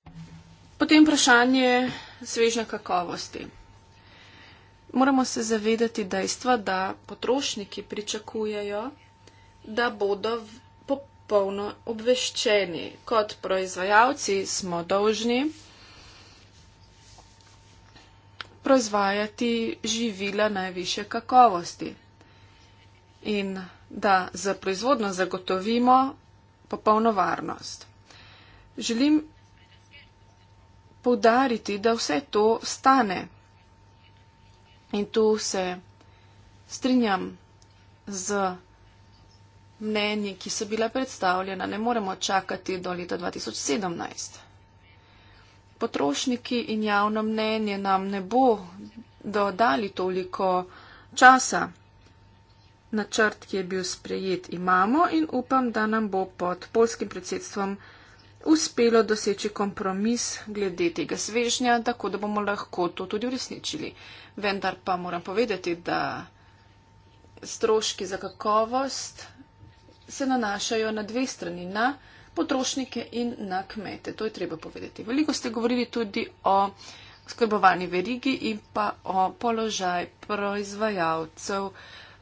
Potem wprašanje svežne kakovosti. Moramo se zavedati dejstva, da potrošniki pričakujejo, da bodo polno obveščeni. Kot proizvajalci smo dolžni proizvajati živila najviše kakovosti. In da za proizvodno zagotovimo popolno varnost. Želim povdariti, da vse to stane. In tu se strinjam z mnenji, ki so bile predstavljena, ne moremo čakati do leta 2017. Potrošniki in javno mnenje nam ne bo dodali toliko časa. Načrt, ki je bil sprejet, imamo in upam, da nam bo pod polskim predsedstvom uspelo doseči kompromis glede tega svežnja, tako da bomo lahko to tudi uresničili. Vendar pa moram povedati, da stroški za kakovost se nanašajo na dve strani, na potrošnike in na kmete. To je treba povedati. Veliko ste govorili tudi o skrbovani verigi in pa o položaj proizvajalcev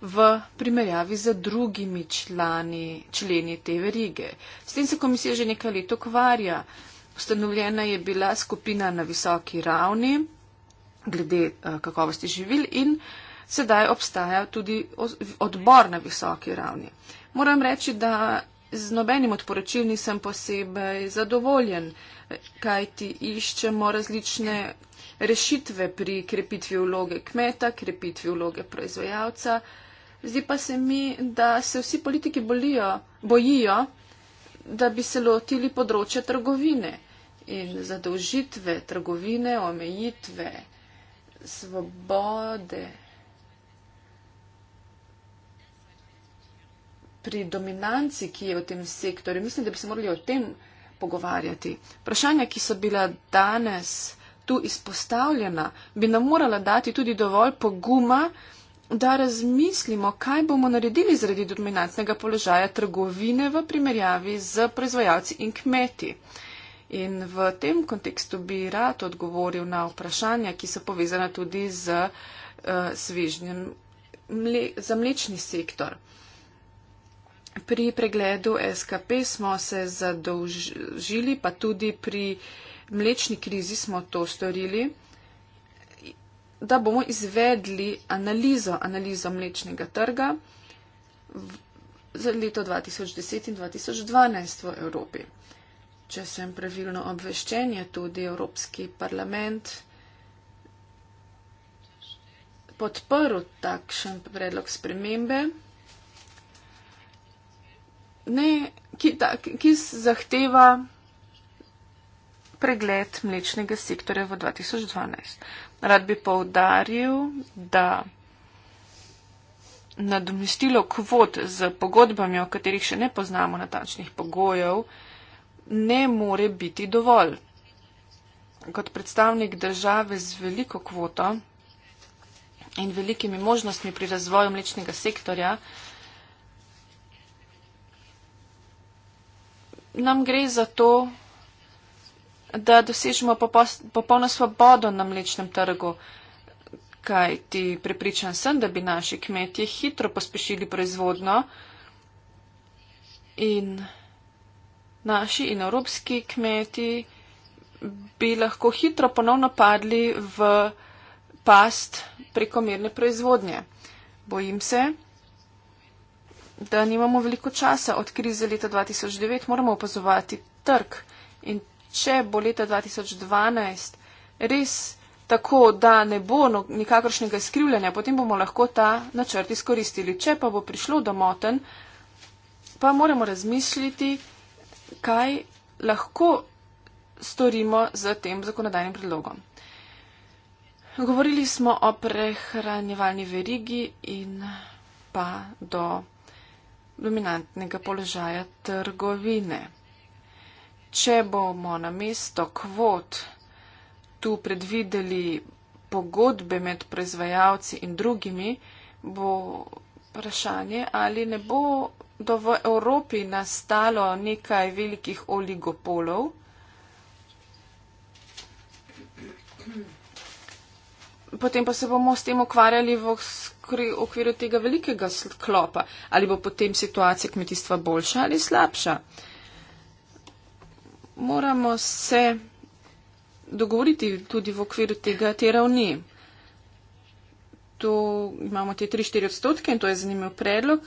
v primerjavi z drugimi člani, členi te verige. S tem se komisija že nekaj let ukvarja. Ustanovljena je bila skupina na visoki ravni glede eh, kakovosti živil in sedaj obstaja tudi odbor na visoki ravni. Moram reči, da z nobenim od poročil nisem posebej zadovoljen, kaj ti iščemo različne rešitve pri krepitvi vloge kmeta, krepitvi vloge proizvajalca. Zdi pa se mi, da se vsi politiki bolijo, bojijo, da bi se lotili področja trgovine in zadolžitve trgovine, omejitve, svobode. pri dominanci, ki je v tem sektorju. Mislim, da bi se morali o tem pogovarjati. Vprašanja, ki so bila danes tu izpostavljena, bi nam morala dati tudi dovolj poguma, da razmislimo, kaj bomo naredili zaradi dominantnega položaja trgovine v primerjavi z proizvajalci in kmeti. In v tem kontekstu bi rad odgovoril na vprašanja, ki so povezana tudi z uh, svežnjem mle za mlečni sektor. Pri pregledu SKP smo se zadolžili, pa tudi pri mlečni krizi smo to storili, da bomo izvedli analizo, analizo mlečnega trga za leto 2010 in 2012 v Evropi. Če sem pravilno obveščen, je tudi Evropski parlament podprl takšen predlog spremembe ne, ki, ta, ki zahteva pregled mlečnega sektorja v 2012. Rad bi poudaril, da nadomestilo kvot z pogodbami, o katerih še ne poznamo natančnih pogojev, ne more biti dovolj. Kot predstavnik države z veliko kvoto in velikimi možnostmi pri razvoju mlečnega sektorja, nam gre za to, da dosežemo popolno svobodo na mlečnem trgu, kaj ti prepričan sem, da bi naši kmetje hitro pospešili proizvodno in naši in evropski kmeti bi lahko hitro ponovno padli v past prekomerne proizvodnje. Bojim se, da nimamo veliko časa od krize leta 2009, moramo opazovati trg. In če bo leta 2012 res tako, da ne bo no, nikakršnega skrivljanja, potem bomo lahko ta načrt izkoristili. Če pa bo prišlo do moten, pa moramo razmisliti, kaj lahko storimo z tem zakonodajnim predlogom. Govorili smo o prehranjevalni verigi in pa do dominantnega položaja trgovine. Če bomo na mesto kvot tu predvideli pogodbe med proizvajalci in drugimi, bo vprašanje, ali ne bo do v Evropi nastalo nekaj velikih oligopolov. Potem pa se bomo s tem ukvarjali v v okviru tega velikega sklopa, ali bo potem situacija kmetijstva boljša ali slabša. Moramo se dogovoriti tudi v okviru tega, te ravni. To imamo te 3-4 odstotke in to je zanimiv predlog.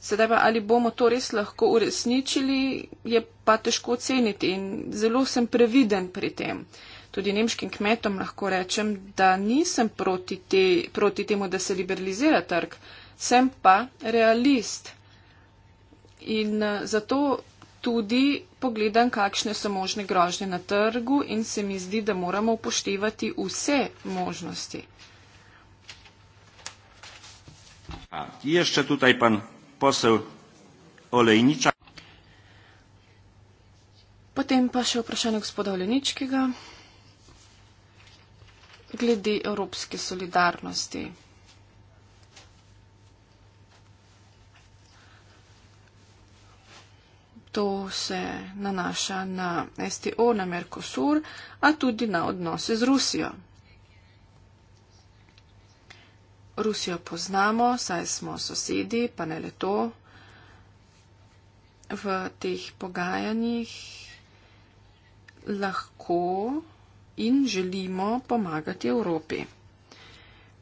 Sedaj pa, ali bomo to res lahko uresničili, je pa težko oceniti in zelo sem previden pri tem. Uh, tudi nemškim kmetom lahko rečem, da nisem proti, te, proti temu, da se liberalizira trg, sem pa realist. In eh, zato tudi pogledam, kakšne so možne grožnje na trgu in se mi zdi, da moramo upoštevati vse možnosti. A, je še tukaj pan posel Olejniča? Potem pa še vprašanje gospoda Olejničkega glede evropske solidarnosti. To se nanaša na STO, na Merkosur, a tudi na odnose z Rusijo. Rusijo poznamo, saj smo sosedi, pa ne le to. V teh pogajanjih lahko in želimo pomagati Evropi.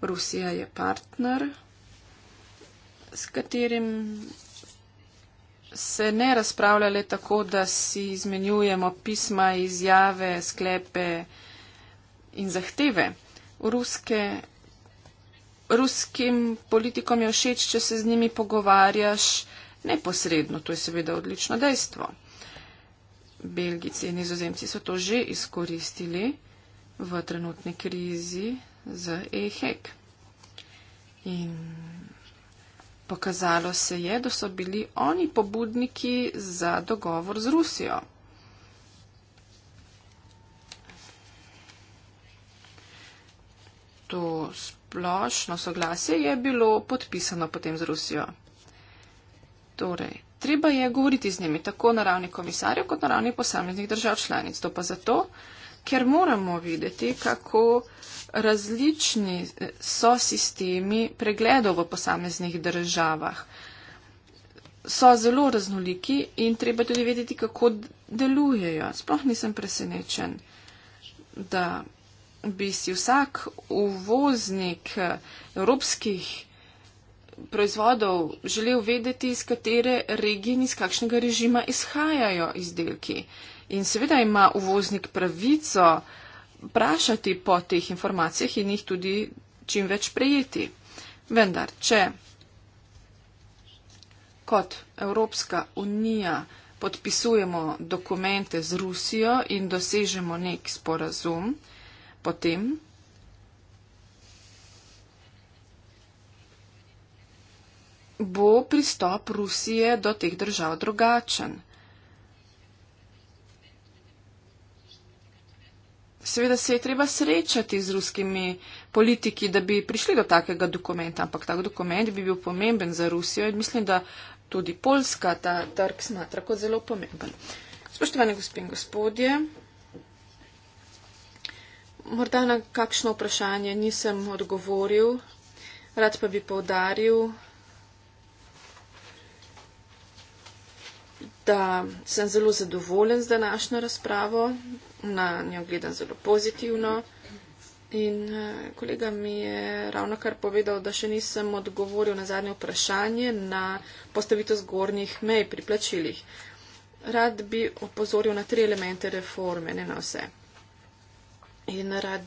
Rusija je partner, s katerim se ne razpravlja le tako, da si izmenjujemo pisma, izjave, sklepe in zahteve. Ruske, ruskim politikom je všeč, če se z njimi pogovarjaš neposredno. To je seveda odlično dejstvo. Belgici in Nizozemci so to že izkoristili v trenutni krizi za EHEC. In pokazalo se je, da so bili oni pobudniki za dogovor z Rusijo. To splošno soglasje je bilo podpisano potem z Rusijo. Torej, treba je govoriti z njimi, tako na ravni komisarjev, kot na ravni posameznih držav članic. To pa zato, ker moramo videti, kako različni eh, so sistemi pregledov v posameznih državah. So zelo raznoliki in treba tudi vedeti, kako delujejo. Sploh nisem presenečen, da bi si vsak uvoznik eh, evropskih proizvodov želel vedeti, iz katere regije in iz kakšnega režima izhajajo izdelki. In seveda ima uvoznik pravico vprašati po teh informacijah in jih tudi čim več prejeti. Vendar, če kot Evropska unija podpisujemo dokumente z Rusijo in dosežemo nek sporazum, potem bo pristop Rusije do teh držav drugačen. Seveda se je treba srečati z ruskimi politiki, da bi prišli do takega dokumenta, ampak tak dokument bi bil pomemben za Rusijo in mislim, da tudi Poljska ta trg smatra kot zelo pomemben. Spoštovane gospe in gospodje, morda na kakšno vprašanje nisem odgovoril, rad pa bi povdaril, da sem zelo zadovoljen z današnjo razpravo, na njo gledam zelo pozitivno. In eh, kolega mi je ravno kar povedal, da še nisem odgovoril na zadnje vprašanje na postavitev zgornjih mej pri plačilih. Rad bi opozoril na tri elemente reforme, ne na vse. In rad,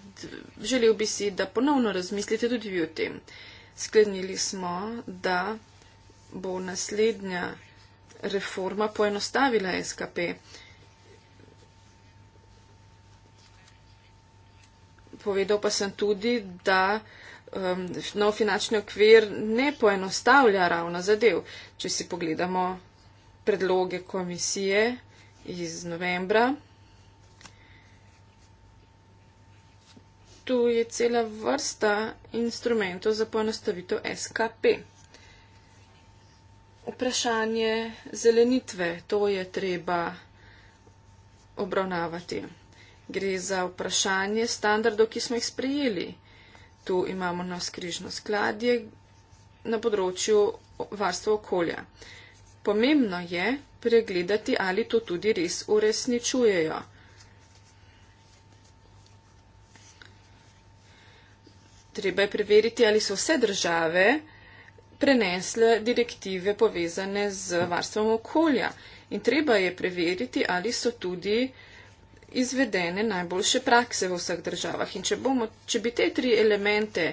želel bi si, da ponovno razmislite tudi vi o tem. Sklenili smo, da bo naslednja reforma poenostavila SKP. Povedal pa sem tudi, da um, nov finančni okvir ne poenostavlja ravno zadev. Če si pogledamo predloge komisije iz novembra, tu je cela vrsta instrumentov za poenostavitev SKP vprašanje zelenitve, to je treba obravnavati. Gre za vprašanje standardov, ki smo jih sprejeli. Tu imamo na skrižno skladje na področju varstva okolja. Pomembno je pregledati, ali to tudi res uresničujejo. Treba je preveriti, ali so vse države, prenesle direktive povezane z varstvom okolja in treba je preveriti, ali so tudi izvedene najboljše prakse v vseh državah. In če, bomo, če bi te tri elemente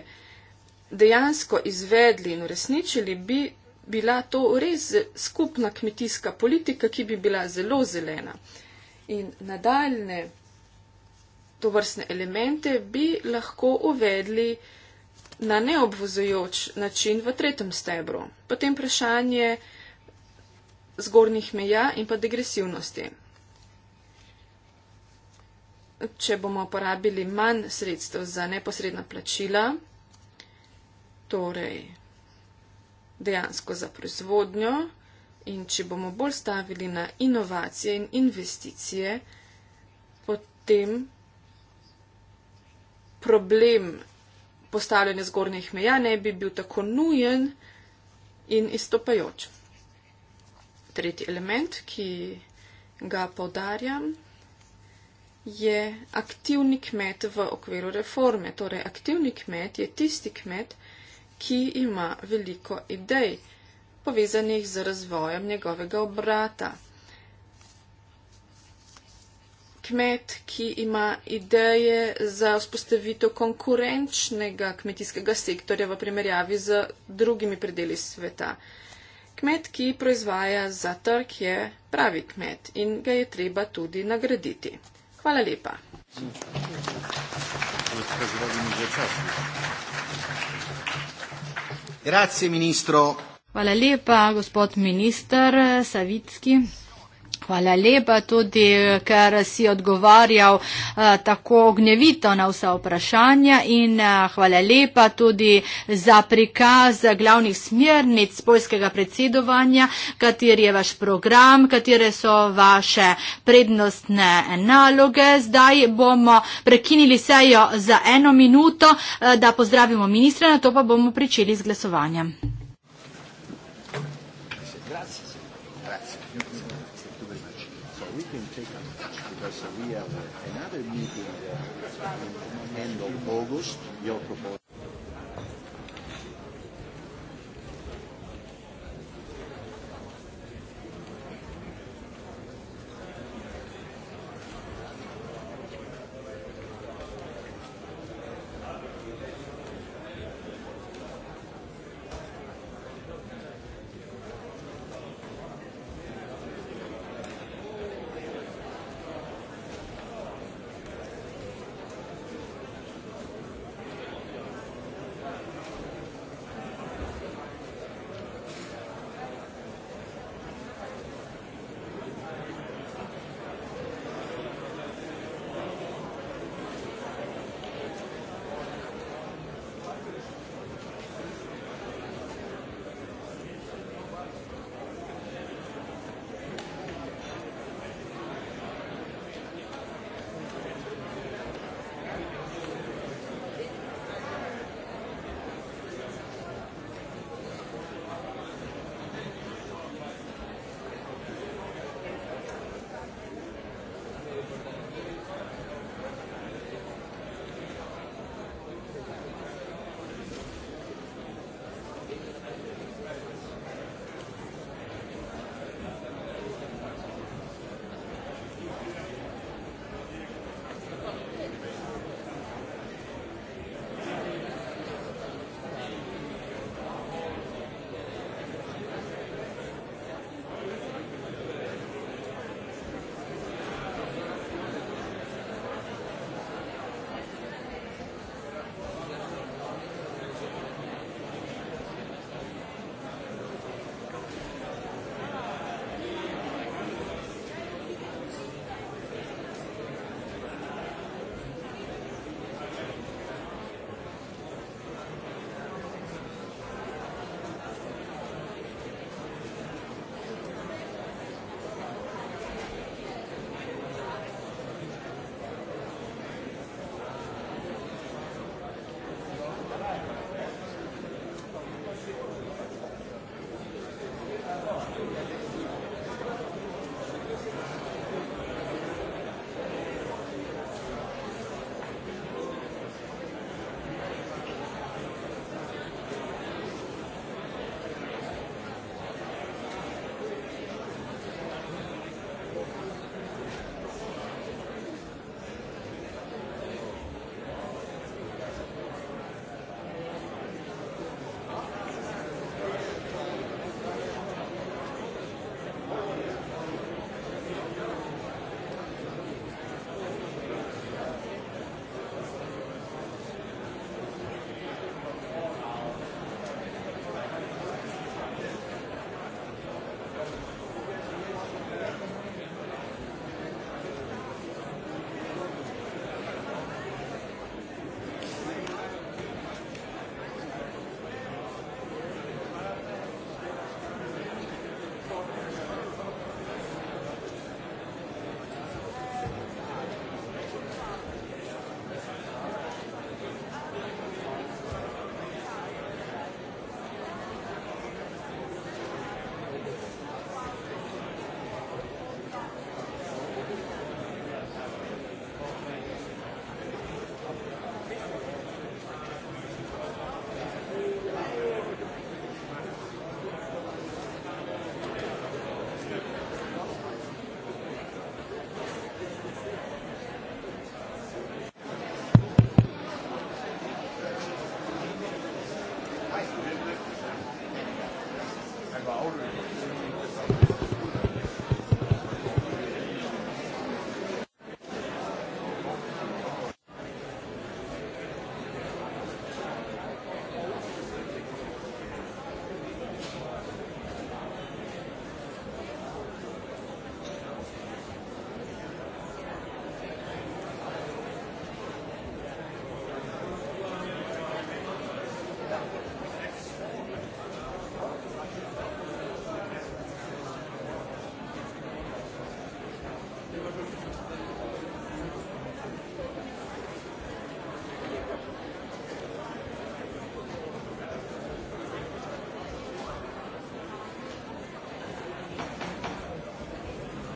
dejansko izvedli in uresničili, bi bila to res skupna kmetijska politika, ki bi bila zelo zelena. In nadaljne to vrstne elemente bi lahko uvedli na neobvozujoč način v tretjem stebru. Potem vprašanje zgornjih meja in pa degresivnosti. Če bomo uporabili manj sredstev za neposredna plačila, torej dejansko za proizvodnjo, in če bomo bolj stavili na inovacije in investicije, potem problem postavljanje zgornjih meja ne bi bil tako nujen in izstopajoč. Tretji element, ki ga povdarjam, je aktivni kmet v okviru reforme. Torej, aktivni kmet je tisti kmet, ki ima veliko idej povezanih z razvojem njegovega obrata, kmet, ki ima ideje za vzpostavitev konkurenčnega kmetijskega sektorja v primerjavi z drugimi predeli sveta. Kmet, ki proizvaja za trg, je pravi kmet in ga je treba tudi nagraditi. Hvala lepa. Grazie, ministro. Hvala lepa, gospod minister Savitski. Hvala lepa tudi, ker si odgovarjal eh, tako ognjevito na vsa vprašanja in eh, hvala lepa tudi za prikaz glavnih smernic poljskega predsedovanja, kater je vaš program, katere so vaše prednostne naloge. Zdaj bomo prekinili sejo za eno minuto, eh, da pozdravimo ministra, na to pa bomo pričeli z glasovanjem.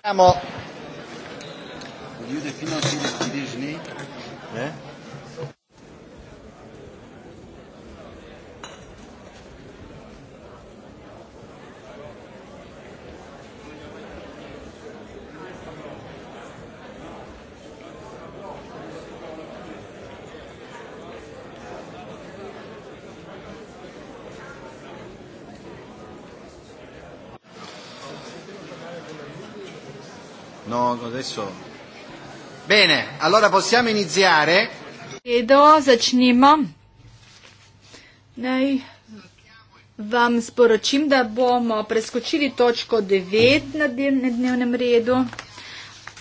Siamo no, adesso. Bene, allora possiamo iniziare. Chiedo, začnimo. Naj vam sporočim, da bomo preskočili točko 9 na dnevnem redu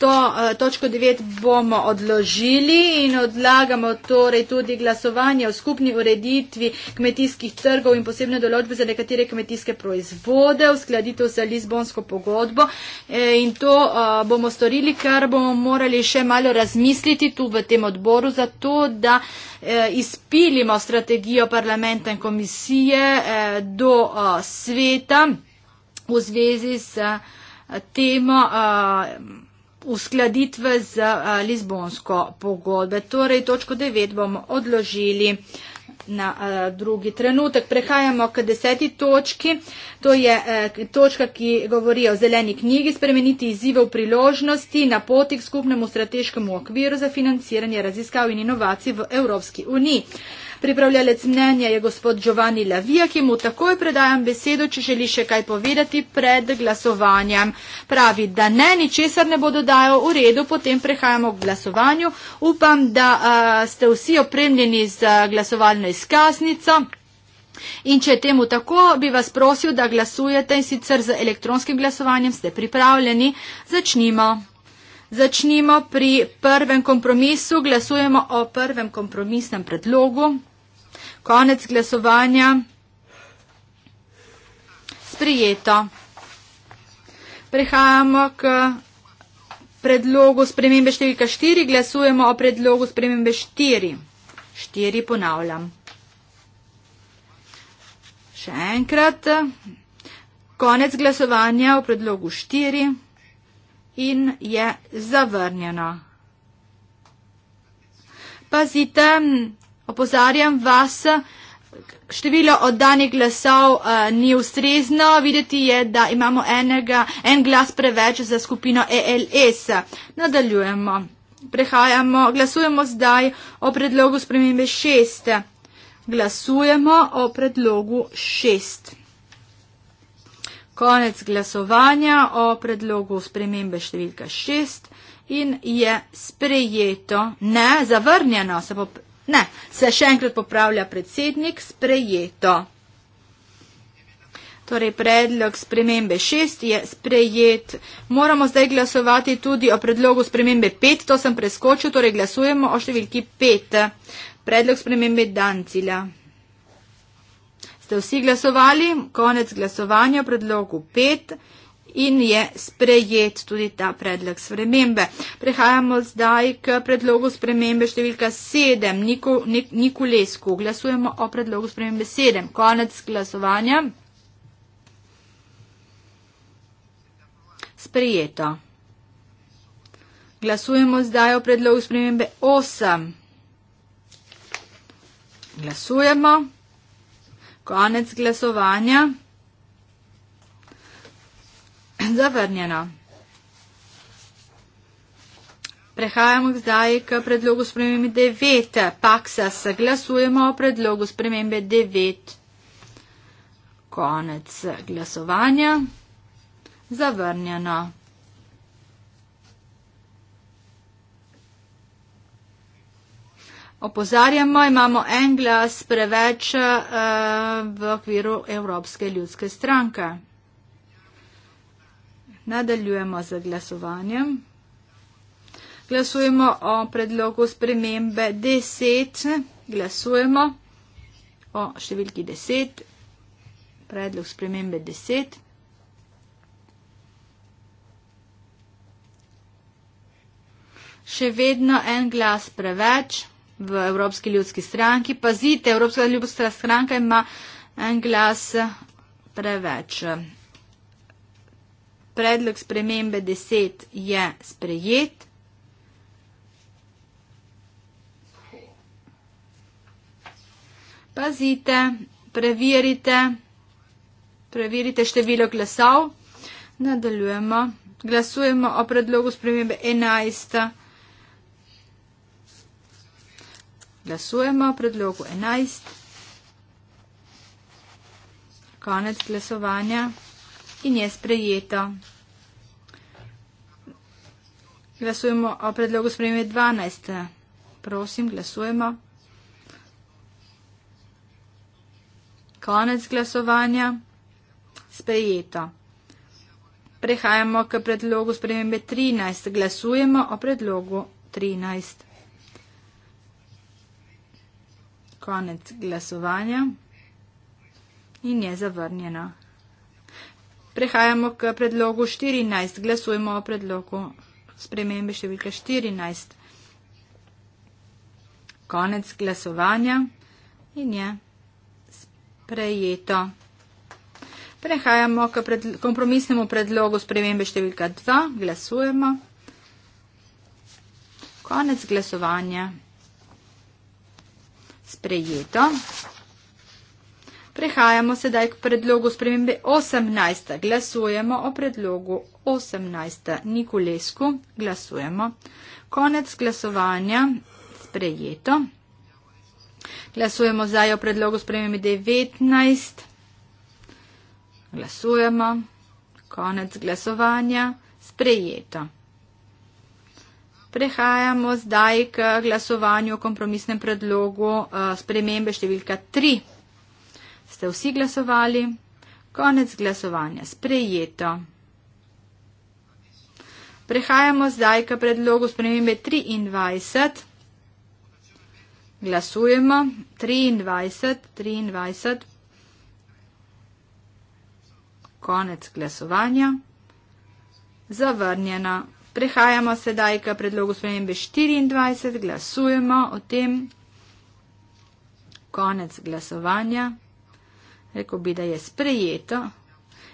to eh, točko 9 bomo odložili in odlagamo torej tudi glasovanje o skupni ureditvi kmetijskih trgov in posebne določbe za nekatere kmetijske proizvode, uskladitev za Lizbonsko pogodbo eh, in to eh, bomo storili, kar bomo morali še malo razmisliti tu v tem odboru za to, da izpilimo strategijo parlamenta in komisije do sveta v zvezi s temo uskladitve z eh, Lizbonsko pogodbe. Torej, točko 9 bomo odložili na eh, drugi trenutek. Prehajamo k deseti točki. To je eh, točka, ki govori o zeleni knjigi, spremeniti izzive v priložnosti na poti k skupnemu strateškemu okviru za financiranje raziskav in inovacij v Evropski uniji. Pripravljalec mnenja je gospod Giovanni Lavija, ki mu takoj predajam besedo, če želi še kaj povedati pred glasovanjem. Pravi, da ne, ničesar ne bo dodajal v redu, potem prehajamo k glasovanju. Upam, da a, ste vsi opremljeni z glasovalno izkaznico. In če je temu tako, bi vas prosil, da glasujete in sicer z elektronskim glasovanjem ste pripravljeni. Začnimo. Začnimo pri prvem kompromisu. Glasujemo o prvem kompromisnem predlogu. Konec glasovanja. Sprijeto. Prehajamo k predlogu spremembe številka 4. Glasujemo o predlogu spremembe 4. 4 ponavljam. Še enkrat. Konec glasovanja o predlogu 4 in je zavrnjeno. Pazite, opozarjam vas, število oddanih glasov uh, ni ustrezno. Videti je, da imamo enega, en glas preveč za skupino ELS. Nadaljujemo. Prehajamo, glasujemo zdaj o predlogu spremembe 6. Glasujemo o predlogu 6. Konec glasovanja o predlogu spremembe številka 6 in je sprejeto, ne, zavrnjeno, se, pop, ne, se še enkrat popravlja predsednik, sprejeto. Torej, predlog spremembe 6 je sprejet. Moramo zdaj glasovati tudi o predlogu spremembe 5, to sem preskočil, torej glasujemo o številki 5. Predlog spremembe Dancila. Ste vsi glasovali? Konec glasovanja o predlogu 5 in je sprejet tudi ta predlog spremembe. Prehajamo zdaj k predlogu spremembe številka 7. Niku, Nik, Nikulesku glasujemo o predlogu spremembe 7. Konec glasovanja. Sprejeto. Glasujemo zdaj o predlogu spremembe 8. Glasujemo. Konec glasovanja. Zavrnjeno. Prehajamo zdaj k predlogu spremembe 9. Paksa se glasujemo o predlogu spremembe 9. Konec glasovanja. Zavrnjeno. opozarjamo, imamo en glas preveč uh, v okviru Evropske ljudske stranke. Nadaljujemo z glasovanjem. Glasujemo o predlogu spremembe 10. Glasujemo o številki 10. Predlog spremembe 10. Še vedno en glas preveč v Evropski ljudski stranki. Pazite, Evropska ljudska stranka ima en glas preveč. Predlog spremembe 10 je sprejet. Pazite, preverite, preverite število glasov. Nadaljujemo. Glasujemo o predlogu spremembe 11. Glasujemo o predlogu 11. Konec glasovanja in je sprejeto. Glasujemo o predlogu spremembe 12. Prosim, glasujemo. Konec glasovanja. Sprejeto. Prehajamo k predlogu spremembe 13. Glasujemo o predlogu 13. konec glasovanja in je zavrnjeno. Prehajamo k predlogu 14. Glasujemo o predlogu spremembe številka 14. Konec glasovanja in je sprejeto. Prehajamo k predlo kompromisnemu predlogu spremembe številka 2. Glasujemo. Konec glasovanja sprejeto. Prehajamo sedaj k predlogu spremembe 18. Glasujemo o predlogu 18. Nikolesku. Glasujemo. Konec glasovanja. Sprejeto. Glasujemo zdaj o predlogu spremembe 19. Glasujemo. Konec glasovanja. Sprejeto. Prehajamo zdaj k glasovanju o kompromisnem predlogu eh, spremembe številka 3. Ste vsi glasovali? Konec glasovanja. Sprejeto. Prehajamo zdaj k predlogu spremembe 23. Glasujemo. 23. 23. Konec glasovanja. Zavrnjena. Prehajamo sedaj k predlogu spremembe 24, glasujemo o tem. Konec glasovanja. Rekl bi, da je sprejeto.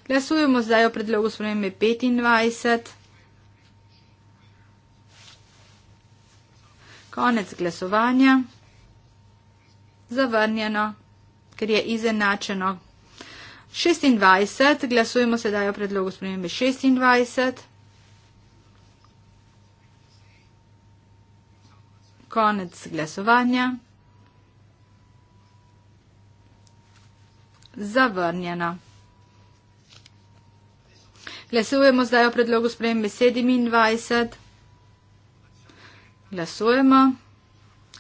Glasujemo zdaj o predlogu spremembe 25. Konec glasovanja. Zavrnjeno, ker je izenačeno. 26. Glasujemo sedaj o predlogu spremembe 26. konec glasovanja. Zavrnjeno. Glasujemo zdaj o predlogu sprejem B27. Glasujemo.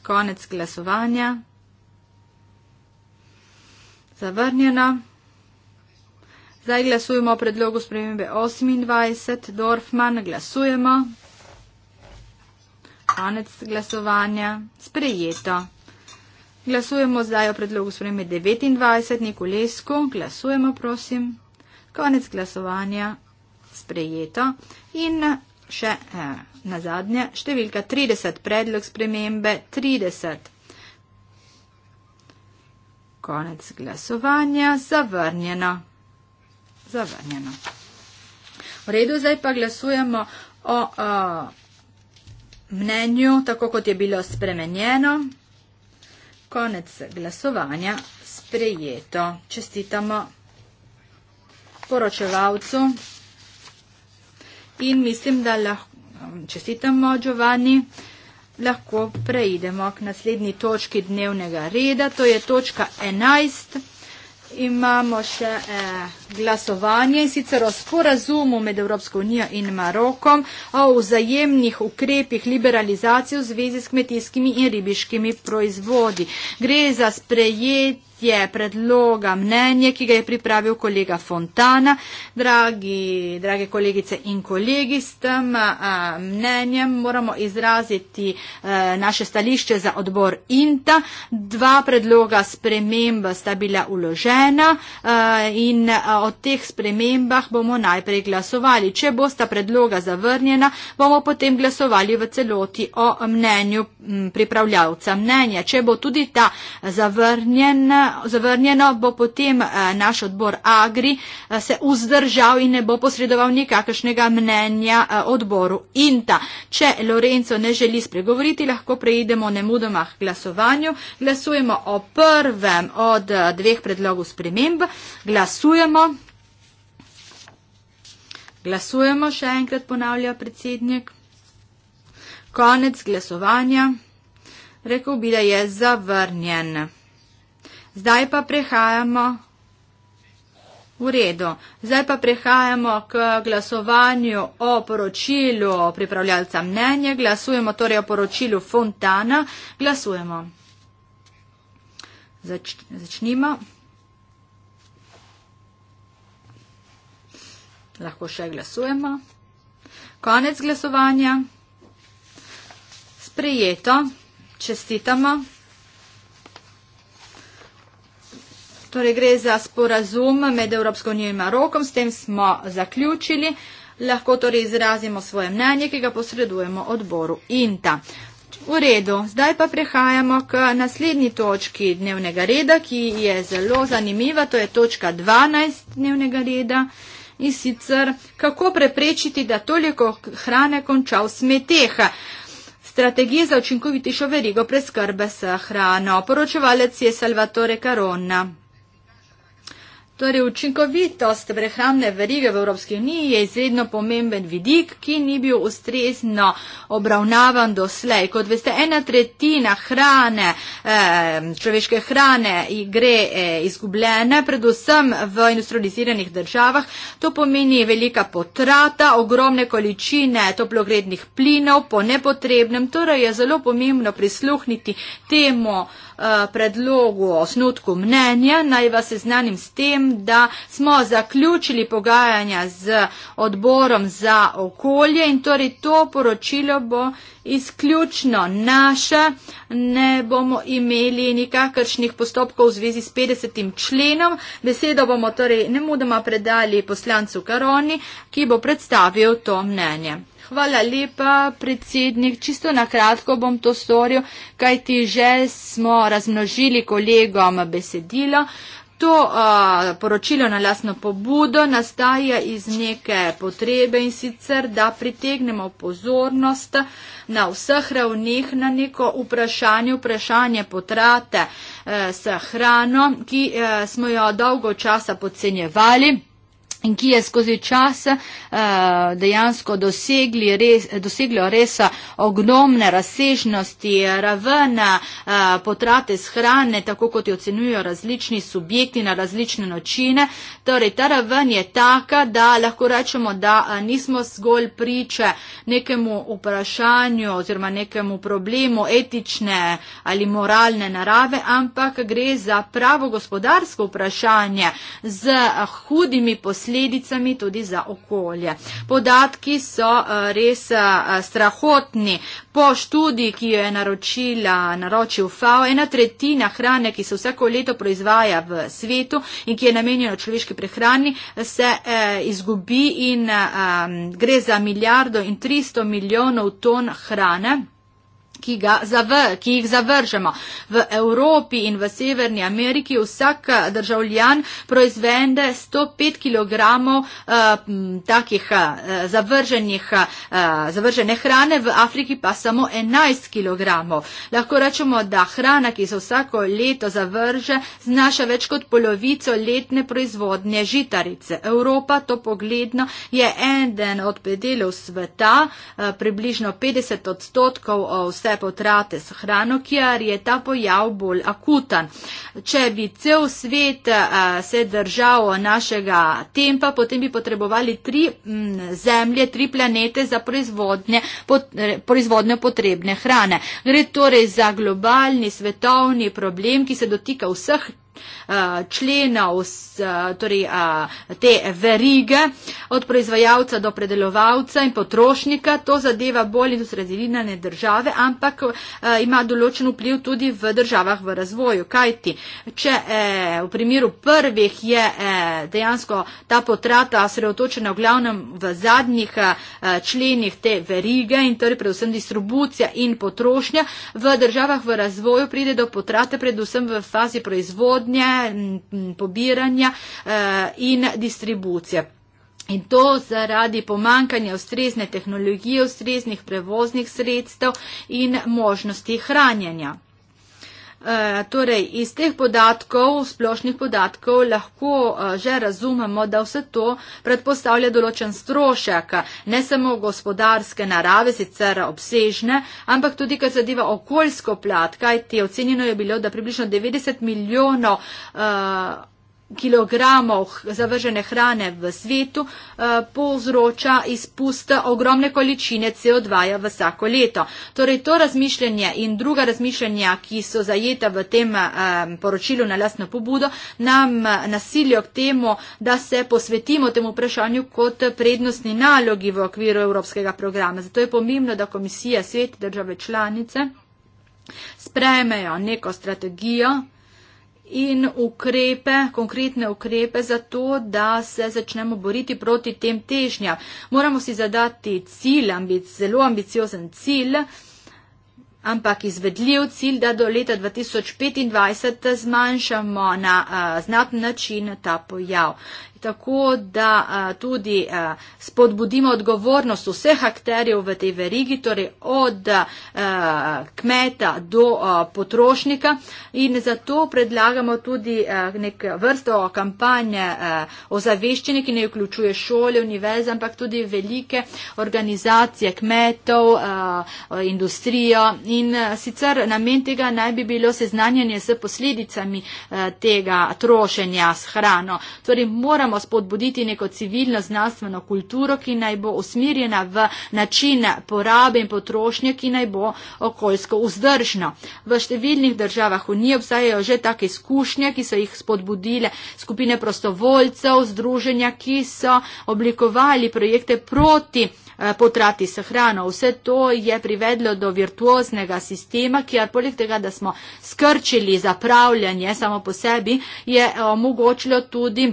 Konec glasovanja. Zavrnjeno. Zdaj glasujemo o predlogu sprejem B28. Dorfman, glasujemo. Konec glasovanja. Sprejeto. Glasujemo zdaj o predlogu spremembe 29. Nikolesku. Glasujemo, prosim. Konec glasovanja. Sprejeto. In še eh, na zadnje. Številka 30. Predlog spremembe 30. Konec glasovanja. Zavrnjeno. Zavrnjeno. V redu, zdaj pa glasujemo o. Uh, mnenju, tako kot je bilo spremenjeno. Konec glasovanja sprejeto. Čestitamo poročevalcu in mislim, da lahko čestitamo Giovanni. Lahko preidemo k naslednji točki dnevnega reda, to je točka 11. Imamo še. Eh, glasovanje in sicer o sporazumu med Evropsko unijo in Marokom o vzajemnih ukrepih liberalizacije v zvezi s kmetijskimi in ribiškimi proizvodi. Gre za sprejetje predloga mnenje, ki ga je pripravil kolega Fontana. Dragi, drage kolegice in kolegi, s tem a, mnenjem moramo izraziti a, naše stališče za odbor INTA. Dva predloga sprememb sta bila uložena a, in a, o teh spremembah bomo najprej glasovali. Če bosta predloga zavrnjena, bomo potem glasovali v celoti o mnenju pripravljavca mnenja. Če bo tudi ta zavrnjen, zavrnjeno, bo potem e, naš odbor Agri e, se vzdržal in ne bo posredoval nikakršnega mnenja e, odboru Inta. Če Lorenzo ne želi spregovoriti, lahko preidemo nemudoma k glasovanju. Glasujemo o prvem od dveh predlogov sprememb. Glasujemo. Glasujemo še enkrat, ponavlja predsednik. Konec glasovanja. Rekl bi, da je zavrnjen. Zdaj pa prehajamo. V redu. Zdaj pa prehajamo k glasovanju o poročilu pripravljalca mnenja. Glasujemo torej o poročilu Fontana. Glasujemo. Zač, začnimo. Lahko še glasujemo. Konec glasovanja. Sprejeto. Čestitamo. Torej gre za sporazum med Evropsko unijo in Marokom. S tem smo zaključili. Lahko torej izrazimo svoje mnenje, ki ga posredujemo odboru INTA. V redu, zdaj pa prehajamo k naslednji točki dnevnega reda, ki je zelo zanimiva, to je točka 12 dnevnega reda in sicer kako preprečiti, da toliko hrane konča v smeteh. Strategije za učinkovitejšo verigo preskrbe s hrano. Poročevalec je Salvatore Caronna. Torej, učinkovitost prehrambne verige v Evropski uniji je izredno pomemben vidik, ki ni bil ustrezno obravnavan doslej. Kot veste, ena tretjina hrane, eh, človeške hrane gre eh, izgubljene, predvsem v industrializiranih državah. To pomeni velika potrata, ogromne količine toplogrednih plinov po nepotrebnem. Torej, je zelo pomembno prisluhniti temu eh, predlogu osnutku mnenja. Naj vas seznanim s tem, da smo zaključili pogajanja z odborom za okolje in torej to poročilo bo izključno naše. Ne bomo imeli nikakršnih postopkov v zvezi s 50. členom. Besedo bomo torej nemudoma predali poslancu Karoni, ki bo predstavil to mnenje. Hvala lepa, predsednik. Čisto na kratko bom to storil, kajti že smo razmnožili kolegom besedilo. Uh, to uh, poročilo na lasno pobudo nastaja iz neke potrebe in sicer, da pritegnemo pozornost na vseh ravnih na neko vprašanje, vprašanje potrate eh, s hrano, ki eh, smo jo dolgo časa podcenjevali in ki je skozi čas uh, dejansko doseglo res, res eh, ogromne razsežnosti, raven uh, potrate z hrane, tako kot jo ocenjujo različni subjekti na različne načine. Torej, ta raven je taka, da lahko rečemo, da uh, nismo zgolj priče nekemu vprašanju oziroma nekemu problemu etične ali moralne narave, ampak gre za pravo gospodarsko vprašanje z uh, hudimi posledicami, posledicami tudi za okolje. Podatki so eh, res eh, strahotni. Po študiji, ki jo je naročila, naročil FAO, ena tretjina hrane, ki se vsako leto proizvaja v svetu in ki je namenjena človeški prehrani, se eh, izgubi in gre za milijardo in 300 milijonov ton hrane ki, zavr, ki jih zavržemo. V Evropi in v Severni Ameriki vsak eh, državljan proizvende 105 kg uh, eh, takih uh, zavrženih, uh, zavržene hrane, v Afriki pa samo 11 kg. Lahko rečemo, da hrana, ki se vsako leto zavrže, znaša več kot polovico letne proizvodnje žitarice. Evropa to pogledno je eden od predelov sveta, uh, približno 50 odstotkov vse saj potrate s hrano, kjer je ta pojav bolj akutan. Če bi cel svet eh, se držal našega tempa, potem bi potrebovali tri mm, zemlje, tri planete za proizvodnje, proizvodnje potrebne hrane. Gre torej za globalni svetovni problem, ki se dotika vseh Eh, členov eh, torej, eh, te verige od proizvajalca do predelovalca in potrošnika. To zadeva bolj industrializirane države, ampak ima določen vpliv tudi v državah v razvoju. Kajti, če v primeru prvih je dejansko ta potrata sredotočena v glavnem v zadnjih členih te verige in torej predvsem distribucija in potrošnja, v državah v razvoju pride do potrate predvsem v fazi proizvodnje proizvodnje, pobiranja eh, in distribucije. In to zaradi pomankanja ustrezne tehnologije, ustreznih prevoznih sredstev in možnosti hranjenja. Eh, torej iz teh podatkov, splošnih podatkov, lahko eh, že razumemo, da vse to predpostavlja določen strošek, ne samo gospodarske narave, sicer obsežne, ampak tudi, kar zadeva okoljsko plat, kajti ocenjeno je bilo, da približno 90 milijonov. Uh, kilogramov zavržene hrane v svetu eh, povzroča izpust ogromne količine CO2 -ja vsako leto. Torej to razmišljanje in druga razmišljanja, ki so zajeta v tem eh, poročilu na lastno pobudo, nam eh, nasilijo k temu, da se posvetimo temu vprašanju kot prednostni nalogi v okviru Evropskega programa. Zato je pomembno, da komisija, svet, države članice sprejmejo neko strategijo, in ukrepe, konkretne ukrepe za to, da se začnemo boriti proti tem težnjam. Moramo si zadati cilj, ambic, zelo ambiciozen cilj, ampak izvedljiv cilj, da do leta 2025 zmanjšamo na a, eh, znatni način ta pojav tako da a, tudi a, spodbudimo odgovornost vseh akterjev v tej verigi, torej od a, kmeta do a, potrošnika in zato predlagamo tudi a, nek vrsto kampanje o zaveščenju, ki ne vključuje šole, univerze, ampak tudi velike organizacije kmetov, a, industrijo in a, sicer namen tega naj bi bilo seznanjanje s posledicami a, tega trošenja s hrano. Torej, moramo moramo spodbuditi neko civilno znanstveno kulturo, ki naj bo usmirjena v način porabe in potrošnje, ki naj bo okoljsko vzdržno. V številnih državah Unije obstajajo že take izkušnje, ki so jih spodbudile skupine prostovoljcev, združenja, ki so oblikovali projekte proti eh, potrati s hrano. Vse to je privedlo do virtuoznega sistema, ki je poleg tega, da smo skrčili zapravljanje samo po sebi, je omogočilo tudi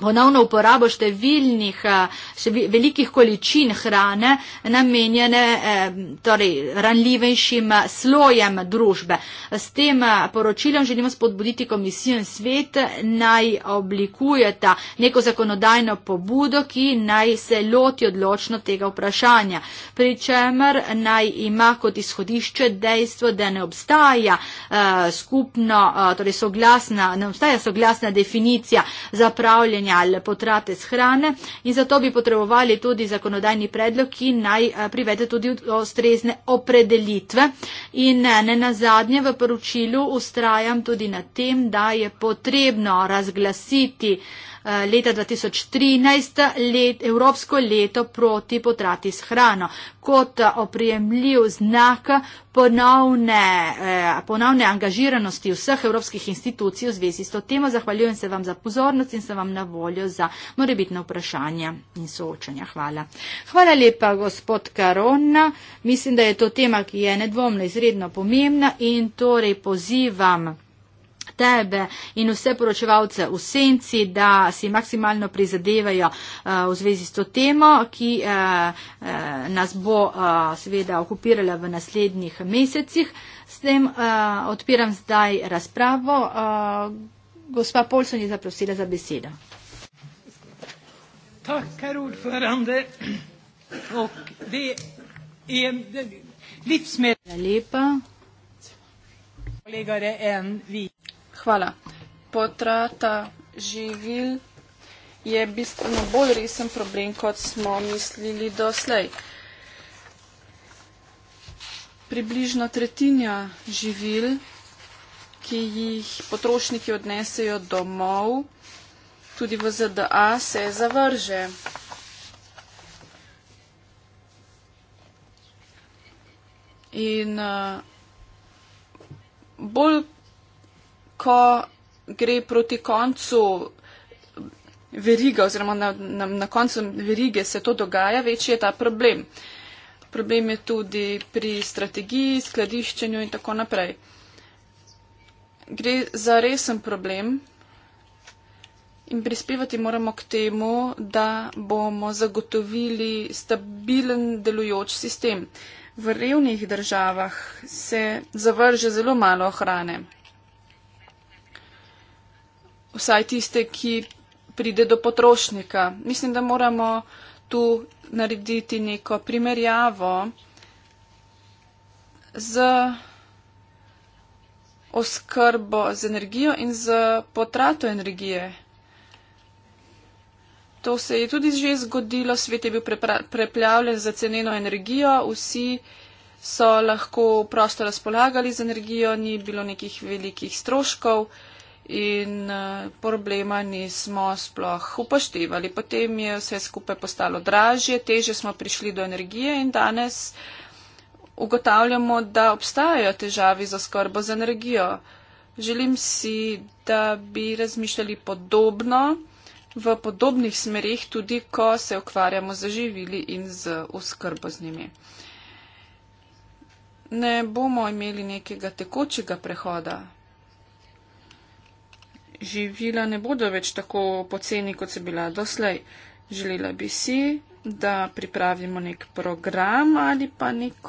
ponovno uporabo številnih, eh, števil, velikih količin hrane, namenjene eh, torej, ranljivejšim eh, slojem družbe. S tem poročilom želimo spodbuditi komisijo in svet naj oblikujeta neko zakonodajno pobudo, ki naj se loti odločno tega vprašanja. Pričemer naj ima kot izhodišče dejstvo, da ne obstaja eh, skupno, eh, torej soglasna, ne obstaja soglasna definicija zapravljanja menjal potrate z hrane in zato bi potrebovali tudi zakonodajni predlog, ki naj eh, privede tudi do strezne opredelitve. In eh, ne na zadnje v poročilu ustrajam tudi na tem, da je potrebno razglasiti Eh, leta 2013 let, Evropsko leto proti potrati s hrano. Kot eh, oprijemljiv znak ponovne, eh, ponovne angažiranosti vseh evropskih institucij v zvezi s to temo, zahvaljujem se vam za pozornost in se vam na voljo za morebitne vprašanja in soočanja. Hvala. Hvala lepa, gospod Karona. Mislim, da je to tema, ki je nedvomno izredno pomembna in torej pozivam tebe in vse poročevalce v senci, da si maksimalno prizadevajo eh, v zvezi s to temo, ki eh, eh, nas bo seveda okupirala v naslednjih mesecih. S tem odpiram zdaj razpravo. Gospa Polson je zaprosila za besedo. Tak, Hvala lepa. Hvala. Potrata živil je bistveno bolj resen problem, kot smo mislili doslej. Približno tretjina živil, ki jih potrošniki odnesejo domov, tudi v ZDA, se zavrže. In uh, bolj ko gre proti koncu veriga oziroma na, na, na koncu verige se to dogaja, večji je ta problem. Problem je tudi pri strategiji, skladiščenju in tako naprej. Gre za resen problem in prispevati moramo k temu, da bomo zagotovili stabilen delujoč sistem. V revnih državah se zavrže zelo malo hrane vsaj tiste, ki pride do potrošnika. Mislim, da moramo tu narediti neko primerjavo z oskrbo z energijo in z potrato energije. To se je tudi že zgodilo, svet je bil preplavljen za ceneno energijo, vsi so lahko prosto razpolagali z energijo, ni bilo nekih velikih stroškov in eh, problema nismo sploh upoštevali. Potem je vse skupaj postalo dražje, teže smo prišli do energije in danes ugotavljamo, da obstajajo težavi za skrbo z energijo. Želim si, da bi razmišljali podobno v podobnih smerih, tudi ko se ukvarjamo z živili in z oskrbo z njimi. Ne bomo imeli nekega tekočega prehoda, živila ne bodo več tako poceni, kot so bila doslej. Želela bi si, da pripravimo nek program ali pa nek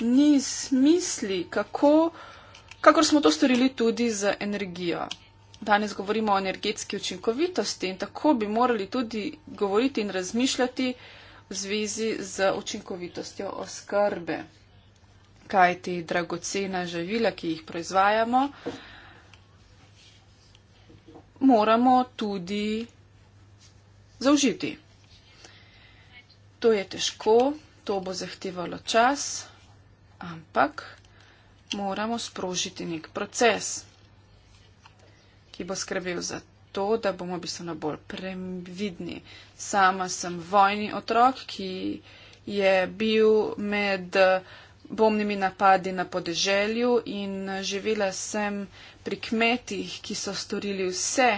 niz misli, kako, kakor smo to storili tudi z energijo. Danes govorimo o energetski učinkovitosti in tako bi morali tudi govoriti in razmišljati v zvezi z učinkovitostjo oskrbe. Kaj ti dragocena živila, ki jih proizvajamo, moramo tudi zaužiti. To je težko, to bo zahtevalo čas, ampak moramo sprožiti nek proces, ki bo skrbel za to, da bomo bistveno bolj previdni. Sama sem vojni otrok, ki je bil med. Uh, bombnimi napadi na podeželju in živela sem pri kmetih, ki so storili vse,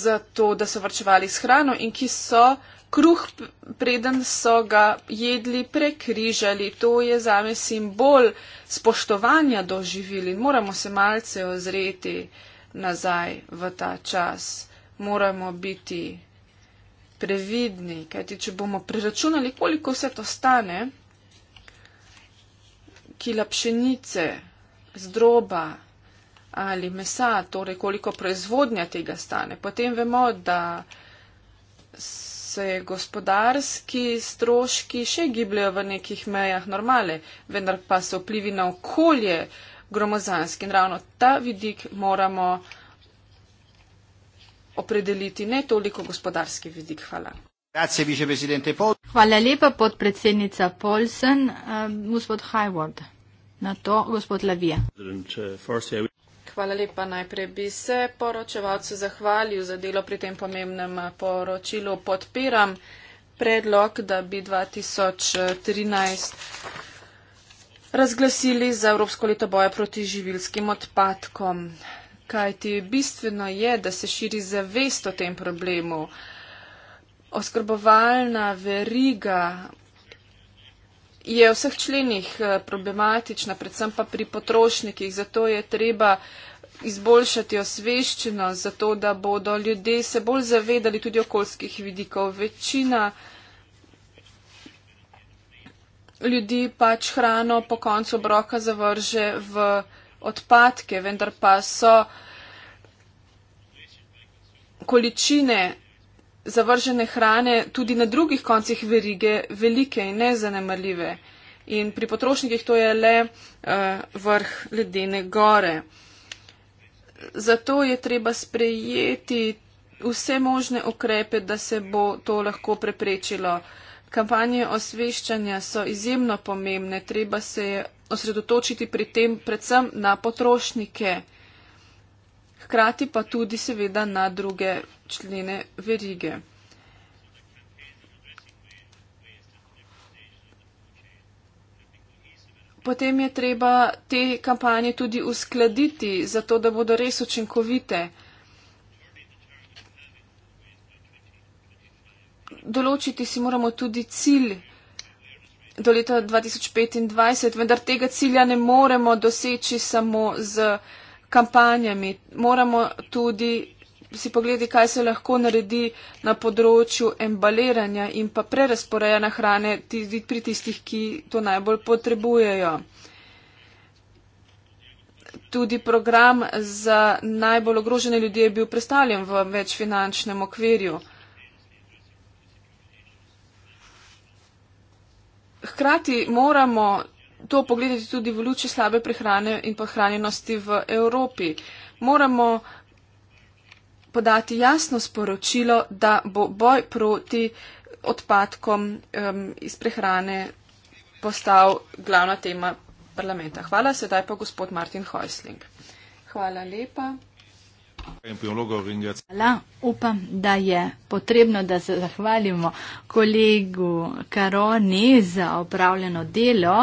zato, da so vrčevali s hrano in ki so kruh, preden so ga jedli, prekrižali. To je zame simbol spoštovanja do živili. Moramo se malce ozreti nazaj v ta čas. Moramo biti previdni, kajti če bomo preračunali, koliko vse to stane, kila pšenice, zdroba ali mesa, torej koliko proizvodnja tega stane, potem vemo, da se gospodarski stroški še gibljajo v nekih mejah normale, vendar pa so vplivi na okolje gromozanski in ravno ta vidik moramo opredeliti, ne toliko gospodarski vidik. Hvala. Hvala lepa, podpredsednica Polsen. Um, gospod Hayward, na to gospod Lavija. Hvala lepa. Najprej bi se poročevalcu zahvalil za delo pri tem pomembnem poročilu. Podpiram predlog, da bi 2013 razglasili za Evropsko leto boja proti živilskim odpadkom kajti bistveno je, da se širi zavest o tem problemu. Oskrbovalna veriga je v vseh členih eh, problematična, predvsem pa pri potrošnikih, zato je treba izboljšati osveščeno, zato da bodo ljudje se bolj zavedali tudi okoljskih vidikov. Večina ljudi pač hrano po koncu broka zavrže v odpadke, vendar pa so količine zavržene hrane tudi na drugih koncih verige velike in nezanemrljive. In pri potrošnikih to je le uh, vrh ledene gore. Zato je treba sprejeti vse možne okrepe, da se bo to lahko preprečilo. Uh, Kampanje osveščanja so izjemno pomembne, treba se je osredotočiti pri tem predvsem na potrošnike, hkrati pa tudi seveda na druge člene verige. Potem je treba te kampanje tudi uskladiti, zato da bodo res učinkovite. določiti si moramo tudi cilj do leta 2025, vendar tega cilja ne moremo doseči samo z kampanjami. Moramo tudi si pogledati, kaj se lahko naredi na področju embaliranja in pa prerasporejanja hrane tudi pri tistih, ki to najbolj potrebujejo. Tudi program za najbolj ogrožene ljudi je bil predstavljen v večfinančnem okvirju. hkrati moramo to pogledati tudi v luči slabe prehrane in prehranjenosti v Evropi. Moramo podati jasno sporočilo, da bo boj proti odpadkom um, iz prehrane postal glavna tema parlamenta. Hvala sedaj pa gospod Martin Heusling. Hvala lepa. Hvala. Upam, da je potrebno, da se zahvalimo kolegu Karoni za opravljeno delo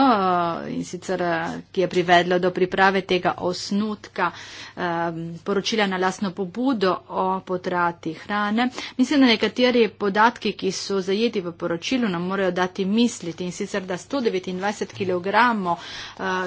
eh, in sicer, eh, ki je privedlo do priprave tega osnutka eh, poročila na lasno pobudo o potrati hrane. Mislim, da nekateri podatki, ki so zajeti v poročilu, nam morajo dati misliti in sicer, da 129 kg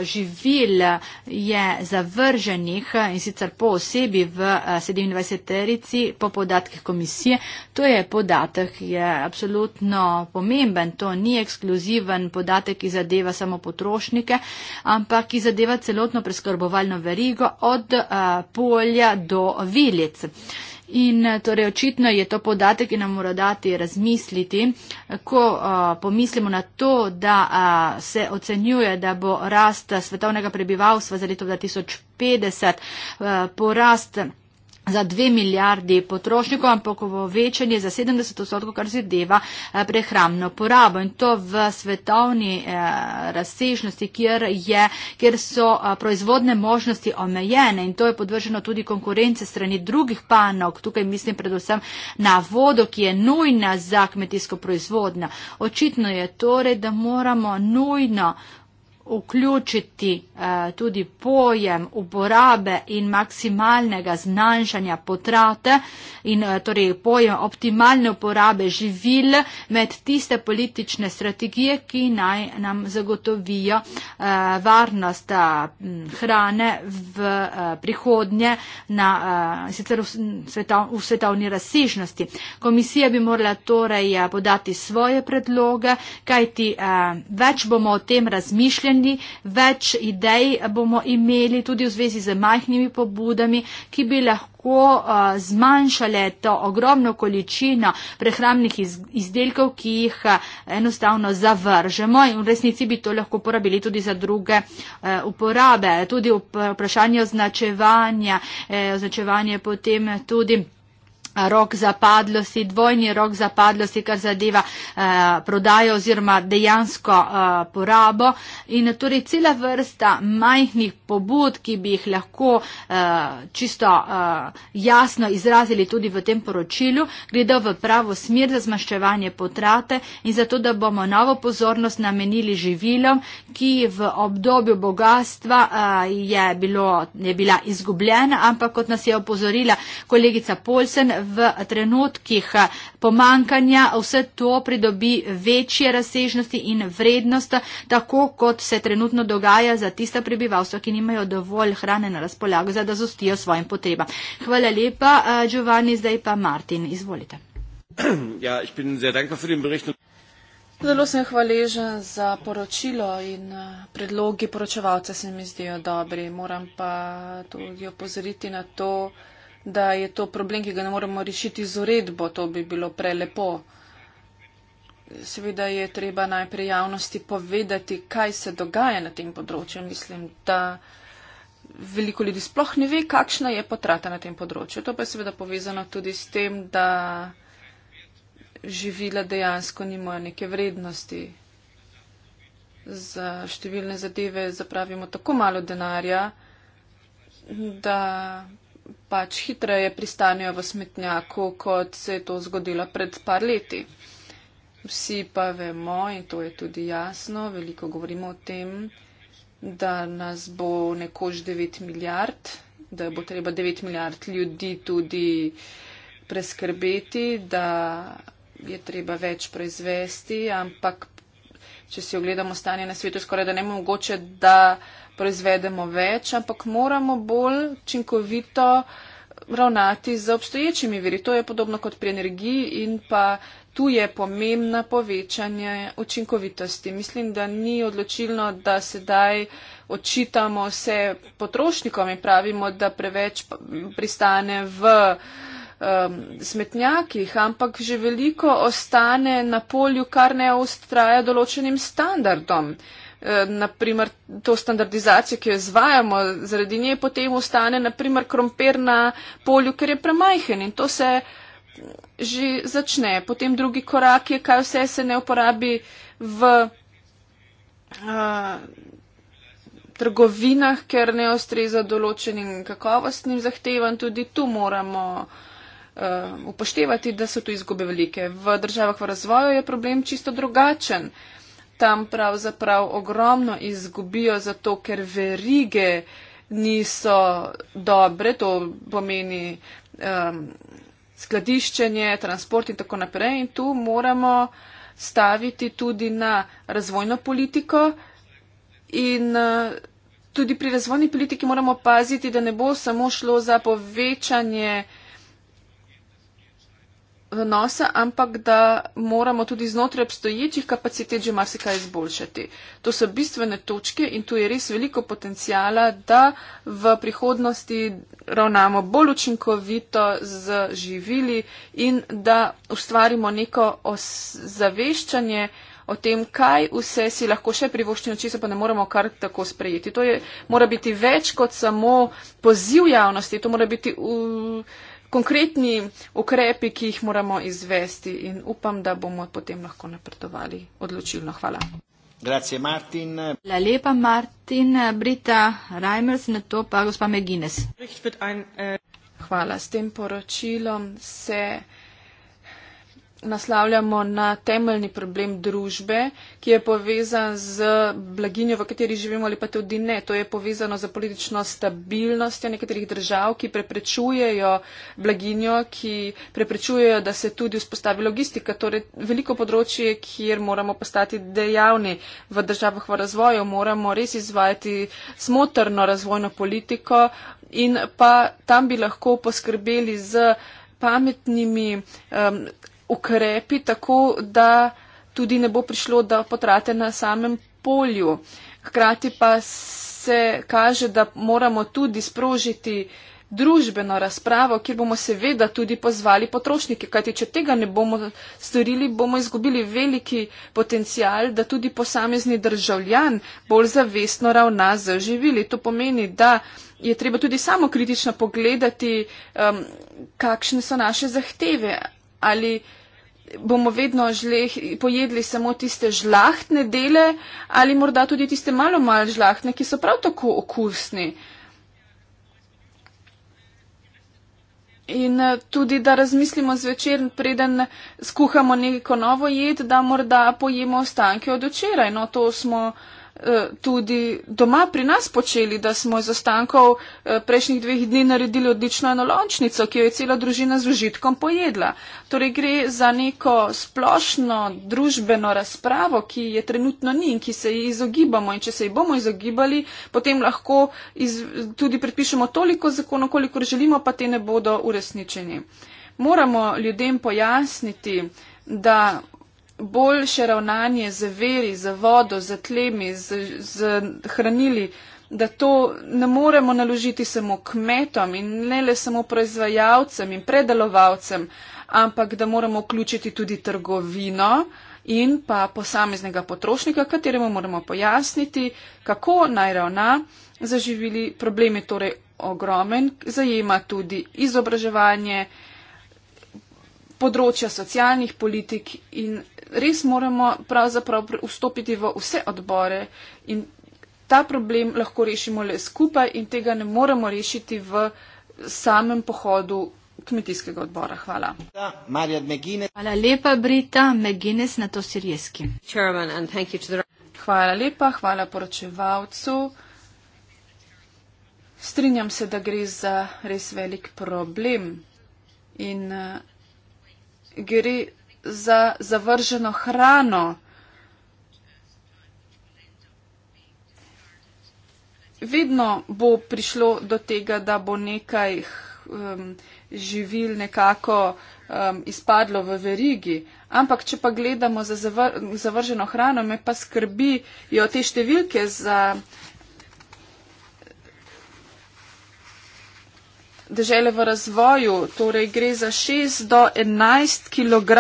živil je zavrženih in sicer po osebi v 27-terici po podatkih komisije. To je podatek, ki je absolutno pomemben. To ni ekskluziven podatek, ki zadeva samo potrošnike, ampak ki zadeva celotno preskrbovalno verigo od eh, polja do vilic. In eh, torej očitno je to podatek, ki nam mora dati razmisliti, eh, ko uh, pomislimo na to, da uh, se ocenjuje, da bo rast svetovnega prebivalstva za leto 2050 uh, porast za dve milijardi potrošnikov, ampak povečanje za 70 odstotkov, kar zadeva eh, prehrambno porabo. In to v svetovni eh, razsežnosti, kjer, je, kjer so eh, proizvodne možnosti omejene in to je podvrženo tudi konkurence strani drugih panog. Tukaj mislim predvsem na vodo, ki je nujna za kmetijsko proizvodnjo. Očitno je torej, da moramo nujno vključiti eh, tudi pojem uporabe in maksimalnega zmanjšanja potrate in eh, torej pojem optimalne uporabe živil med tiste politične strategije, ki naj nam zagotovijo eh, varnost hrane v prihodnje na, sicer v svetovni razsežnosti. Komisija bi morala torej podati svoje predloge, kajti več bomo o tem razmišljali, pomembni, več idej bomo imeli tudi v zvezi z majhnimi pobudami, ki bi lahko uh, zmanjšale to ogromno količino prehrambnih iz, izdelkov, ki jih uh, enostavno zavržemo in v resnici bi to lahko uporabili tudi za druge uh, uporabe. Tudi vprašanje označevanja, eh, označevanje potem tudi rok zapadlosti, dvojni rok zapadlosti, kar zadeva eh, prodajo oziroma dejansko eh, porabo. In torej cela vrsta majhnih pobud, ki bi jih lahko eh, čisto eh, jasno izrazili tudi v tem poročilu, gredo v pravo smer za zmaščevanje potrate in zato, da bomo novo pozornost namenili živilom, ki v obdobju bogatstva eh, je, bilo, je bila izgubljena, ampak kot nas je opozorila kolegica Polsen, v trenutkih eh, pomankanja vse to pridobi večje razsežnosti in vrednost, tako kot se trenutno dogaja za tista prebivalstva, ki nimajo dovolj hrane na razpolago, da zostijo svojim potrebam. Hvala lepa, eh, Giovanni, zdaj pa Martin. Izvolite. [CLEARS THROAT] Ja, Zelo sem hvaležen za poročilo in eh, predlogi poročevalce se mi zdijo dobri. Moram pa tudi opozoriti na to, da je to problem, ki ga ne moremo rešiti z uredbo, to bi bilo prelepo. Seveda je treba najprej javnosti povedati, kaj se dogaja na tem področju. Mislim, da veliko ljudi sploh ne ve, kakšna je potrata na tem področju. To pa je seveda povezano tudi s tem, da živila dejansko nimajo neke vrednosti. Za številne zadeve zapravimo tako malo denarja, da pač hitreje pristanejo v smetnjaku, kot se je to zgodilo pred par leti. Vsi pa vemo, in to je tudi jasno, veliko govorimo o tem, da nas bo nekož 9 milijard, da bo treba 9 milijard ljudi tudi preskrbeti, da je treba več proizvesti, ampak če si ogledamo stanje na svetu, skoraj da ne mogoče, da proizvedemo več, ampak moramo bolj činkovito ravnati z obstoječimi viri. To je podobno kot pri energiji in pa tu je pomembna povečanje učinkovitosti. Mislim, da ni odločilno, da sedaj očitamo vse potrošnikom in pravimo, da preveč pristane v um, smetnjakih, ampak že veliko ostane na polju, kar ne ustraja določenim standardom. Uh, Eh, naprimer to standardizacijo, ki jo izvajamo, zaradi nje potem ostane naprimer krompir na polju, ker je premajhen in to se že začne. Potem drugi korak je, kaj vse se ne uporabi v uh, trgovinah, ker ne ustreza določenim kakovostnim zahtevam. Tudi tu moramo uh, upoštevati, da so tu izgube velike. V državah v razvoju je problem čisto drugačen. Uh, tam pravzaprav ogromno izgubijo, zato ker verige niso dobre, to pomeni um, skladiščenje, transport in tako naprej. In tu moramo staviti tudi na razvojno politiko in uh, tudi pri razvojni politiki moramo paziti, da ne bo samo šlo za povečanje uh, v nose, ampak da moramo tudi znotraj obstoječih kapacitet že marsikaj izboljšati. To so bistvene točke in tu je res veliko potencijala, da v prihodnosti ravnamo bolj učinkovito z živili in da ustvarimo neko zaveščanje o tem, kaj vse si lahko še privoščimo, če se pa ne moramo kar tako sprejeti. To je, mora biti več kot samo poziv javnosti, to mora biti. Uh, konkretni ukrepi, ki jih moramo izvesti in upam, da bomo potem lahko napredovali odločilno. Hvala. Grazie Martin. La lepa Martin, Brita Reimers, na to pa gospa Megines. Äh, Hvala. S tem poročilom se naslavljamo na temeljni problem družbe, ki je povezan z blaginjo, v kateri živimo ali pa tudi ne. To je povezano z politično stabilnostjo nekaterih držav, ki preprečujejo blaginjo, ki preprečujejo, da se tudi vzpostavi logistika. Torej, veliko področje, kjer moramo postati dejavni v državah v razvoju, moramo res izvajati smotrno razvojno politiko in pa tam bi lahko poskrbeli z pametnimi um, ukrepi tako, da tudi ne bo prišlo do potrate na samem polju. Hkrati pa se kaže, da moramo tudi sprožiti družbeno razpravo, kjer bomo seveda tudi pozvali potrošnike, kajti če tega ne bomo storili, bomo izgubili veliki potencial, da tudi posamezni državljan bolj zavestno ravna za živili. To pomeni, da je treba tudi samo kritično pogledati, um, kakšne so naše zahteve, ali bomo vedno žleh, pojedli samo tiste žlahtne dele ali morda tudi tiste malo malo žlahtne, ki so prav tako okusni. In eh, tudi, da razmislimo zvečer, preden skuhamo neko novo jed, da morda pojemo ostanke od včeraj. No, to smo uh, Eh, tudi doma pri nas počeli, da smo iz ostankov eh, prejšnjih dveh dni naredili odlično enolončnico, ki jo je cela družina z užitkom pojedla. Torej gre za neko splošno družbeno razpravo, ki je trenutno ni in ki se ji izogibamo in če se ji bomo izogibali, potem lahko iz, tudi predpišemo toliko zakonov, koliko želimo, pa te ne bodo uresničeni. Moramo ljudem pojasniti, da boljše ravnanje z veri, z vodo, z tlemi, z, z hranili, da to ne moremo naložiti samo kmetom in ne le samo proizvajalcem in predelovalcem, ampak da moramo vključiti tudi trgovino in pa posameznega potrošnika, kateremu moramo pojasniti, kako naj ravna za živili. Problem je torej ogromen, zajema tudi izobraževanje področja socialnih politik in res moramo pravzaprav vstopiti v vse odbore in ta problem lahko rešimo le skupaj in tega ne moremo rešiti v samem pohodu kmetijskega odbora. Hvala. Hvala lepa, Brita Megines na to sirijski. Hvala lepa, hvala poročevalcu. Strinjam se, da gre za res velik problem. In uh, gre za zavrženo hrano. Vedno bo prišlo do tega, da bo nekaj um, živil nekako um, izpadlo v verigi. Ampak, če pa gledamo za zavr zavrženo hrano, me pa skrbijo te številke za dežele v razvoju, torej gre za 6 do 11 kg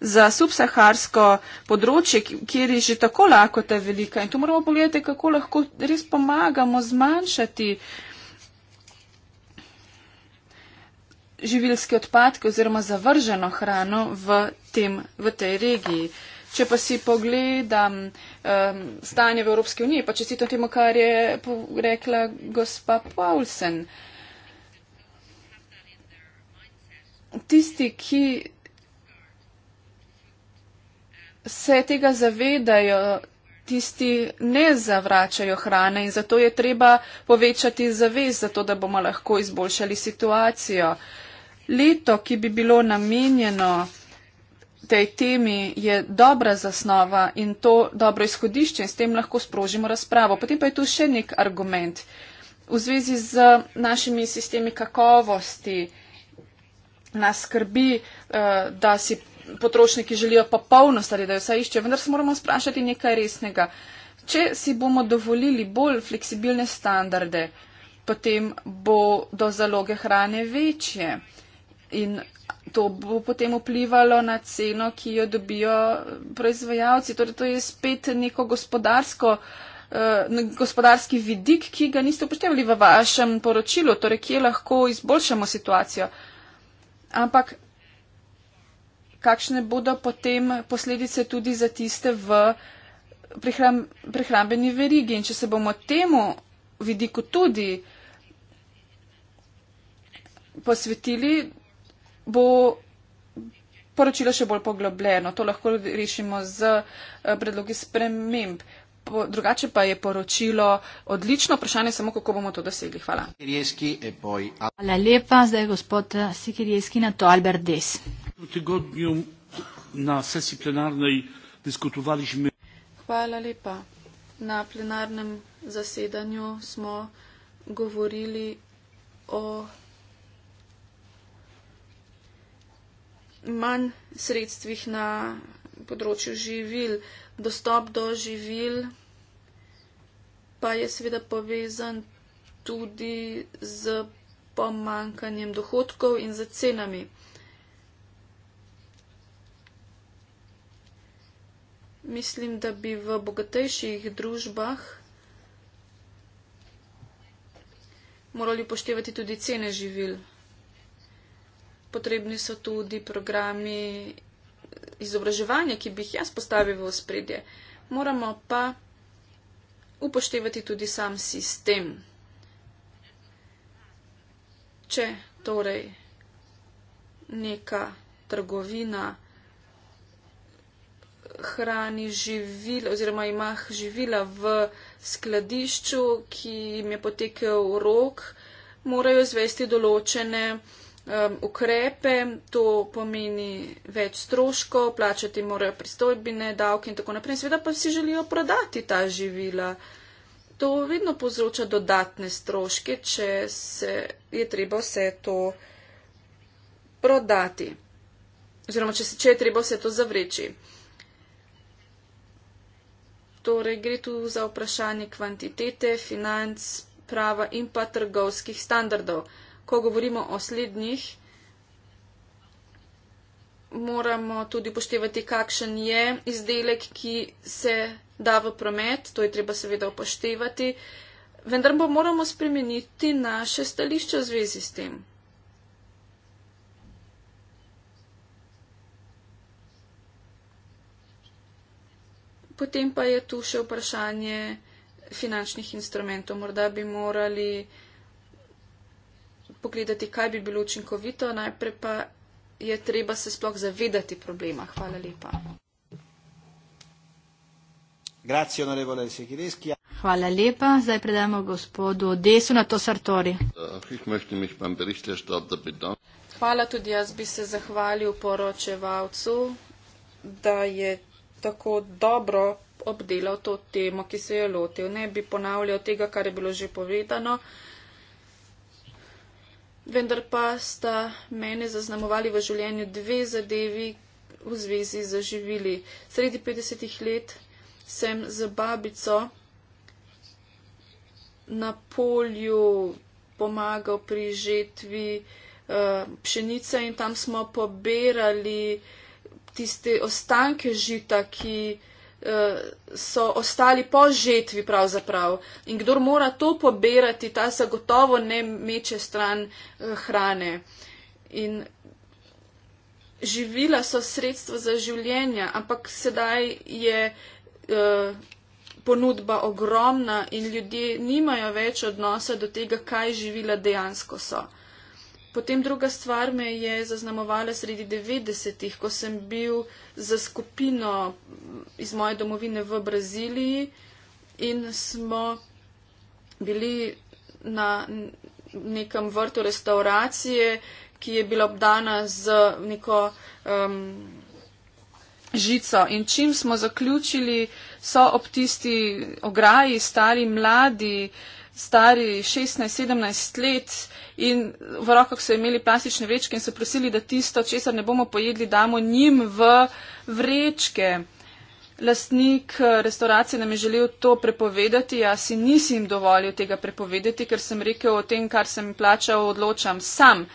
za subsaharsko področje, kjer je že tako lahko ta velika. In tu moramo pogledati, kako lahko res pomagamo zmanjšati živilske odpadke oziroma zavrženo hrano v, tem, v tej regiji. Če pa si pogledam um, stanje v Evropski uniji, pa če si to temu, kar je rekla gospa Paulsen, uh, tisti, ki se tega zavedajo, tisti ne zavračajo hrane in zato je treba povečati zavez, zato da bomo lahko izboljšali situacijo. Leto, ki bi bilo namenjeno tej temi, je dobra zasnova in to dobro izhodišče in s tem lahko sprožimo razpravo. Potem pa je tu še nek argument v zvezi z našimi sistemi kakovosti nas skrbi, eh, da si potrošniki želijo popolnost ali da jo vse iščejo, vendar se moramo sprašati nekaj resnega. Če si bomo dovolili bolj fleksibilne standarde, potem bo do zaloge hrane večje in to bo potem vplivalo na ceno, ki jo dobijo eh, proizvajalci. Torej, to je spet neko gospodarsko. Eh, gospodarski vidik, ki ga niste upoštevali v vašem poročilu, torej kje lahko izboljšamo situacijo ampak kakšne bodo potem posledice tudi za tiste v prihram, prihrambeni verigi. In če se bomo temu vidiku tudi posvetili, bo poročilo še bolj poglobljeno. To lahko rešimo z eh, predlogi sprememb po, drugače pa je poročilo odlično, vprašanje je samo, kako bomo to dosegli. Hvala. Hvala lepa, zdaj je gospod Sikirijski na to, Albert Des. Hvala lepa. Na plenarnem zasedanju smo govorili o manj sredstvih na področju živil. Dostop do živil pa je seveda povezan tudi z pomankanjem dohodkov in z cenami. Mislim, da bi v bogatejših družbah morali upoštevati tudi cene živil. Potrebni so tudi programi izobraževanje, ki bi jih jaz postavil v spredje, moramo pa upoštevati tudi sam sistem. Če torej neka trgovina hrani živila oziroma ima živila v skladišču, ki jim je potekel rok, morajo izvesti določene uh, um, ukrepe, to pomeni več stroškov, plačati morajo pristojbine, davke in tako naprej. Seveda pa si želijo prodati ta živila. To vedno povzroča dodatne stroške, če se je treba vse to prodati. Oziroma, če, se, če je treba vse to zavreči. Torej, gre tu za vprašanje kvantitete, financ, prava in pa trgovskih standardov. Uh, ko govorimo o slednjih, moramo tudi upoštevati, kakšen je izdelek, ki se da v promet, to je treba seveda upoštevati, vendar pa moramo spremeniti naše stališče v zvezi s tem. Potem pa je tu še vprašanje finančnih instrumentov. Morda bi morali uh, pogledati, kaj bi bilo učinkovito, najprej pa je treba se sploh zavedati problema. Hvala lepa. Grazie, onorevole Sekireski. Hvala lepa. Zdaj predajamo gospodu Desu na to sartori. Hvala tudi jaz bi se zahvalil poročevalcu, da je tako dobro obdelal to temo, ki se je lotil. Ne bi ponavljal tega, kar je bilo že povedano vendar pa sta mene zaznamovali v življenju dve zadevi v zvezi z živili. Sredi 50-ih let sem z babico na polju pomagal pri žetvi eh, pšenice in tam smo pobirali tiste ostanke žita, ki Eh, so ostali po žetvi pravzaprav. In kdor mora to poberati, ta zagotovo ne meče stran eh, hrane. In živila so sredstvo za življenje, ampak sedaj je eh, ponudba ogromna in ljudje nimajo več odnosa do tega, kaj živila dejansko so. Potem druga stvar me je zaznamovala sredi 90-ih, ko sem bil za skupino iz moje domovine v Braziliji in smo bili na nekem vrtu restauracije, ki je bila obdana z neko um, žico. In čim smo zaključili, so ob tisti ograji stali mladi. Uh, stari 16-17 let in v rokah so imeli plastične vrečke in so prosili, da tisto, česar ne bomo pojedli, damo njim v vrečke. Lastnik eh, restauracije nam je želel to prepovedati, jaz si nisem dovolil tega prepovedati, ker sem rekel o tem, kar sem plačal, odločam sam,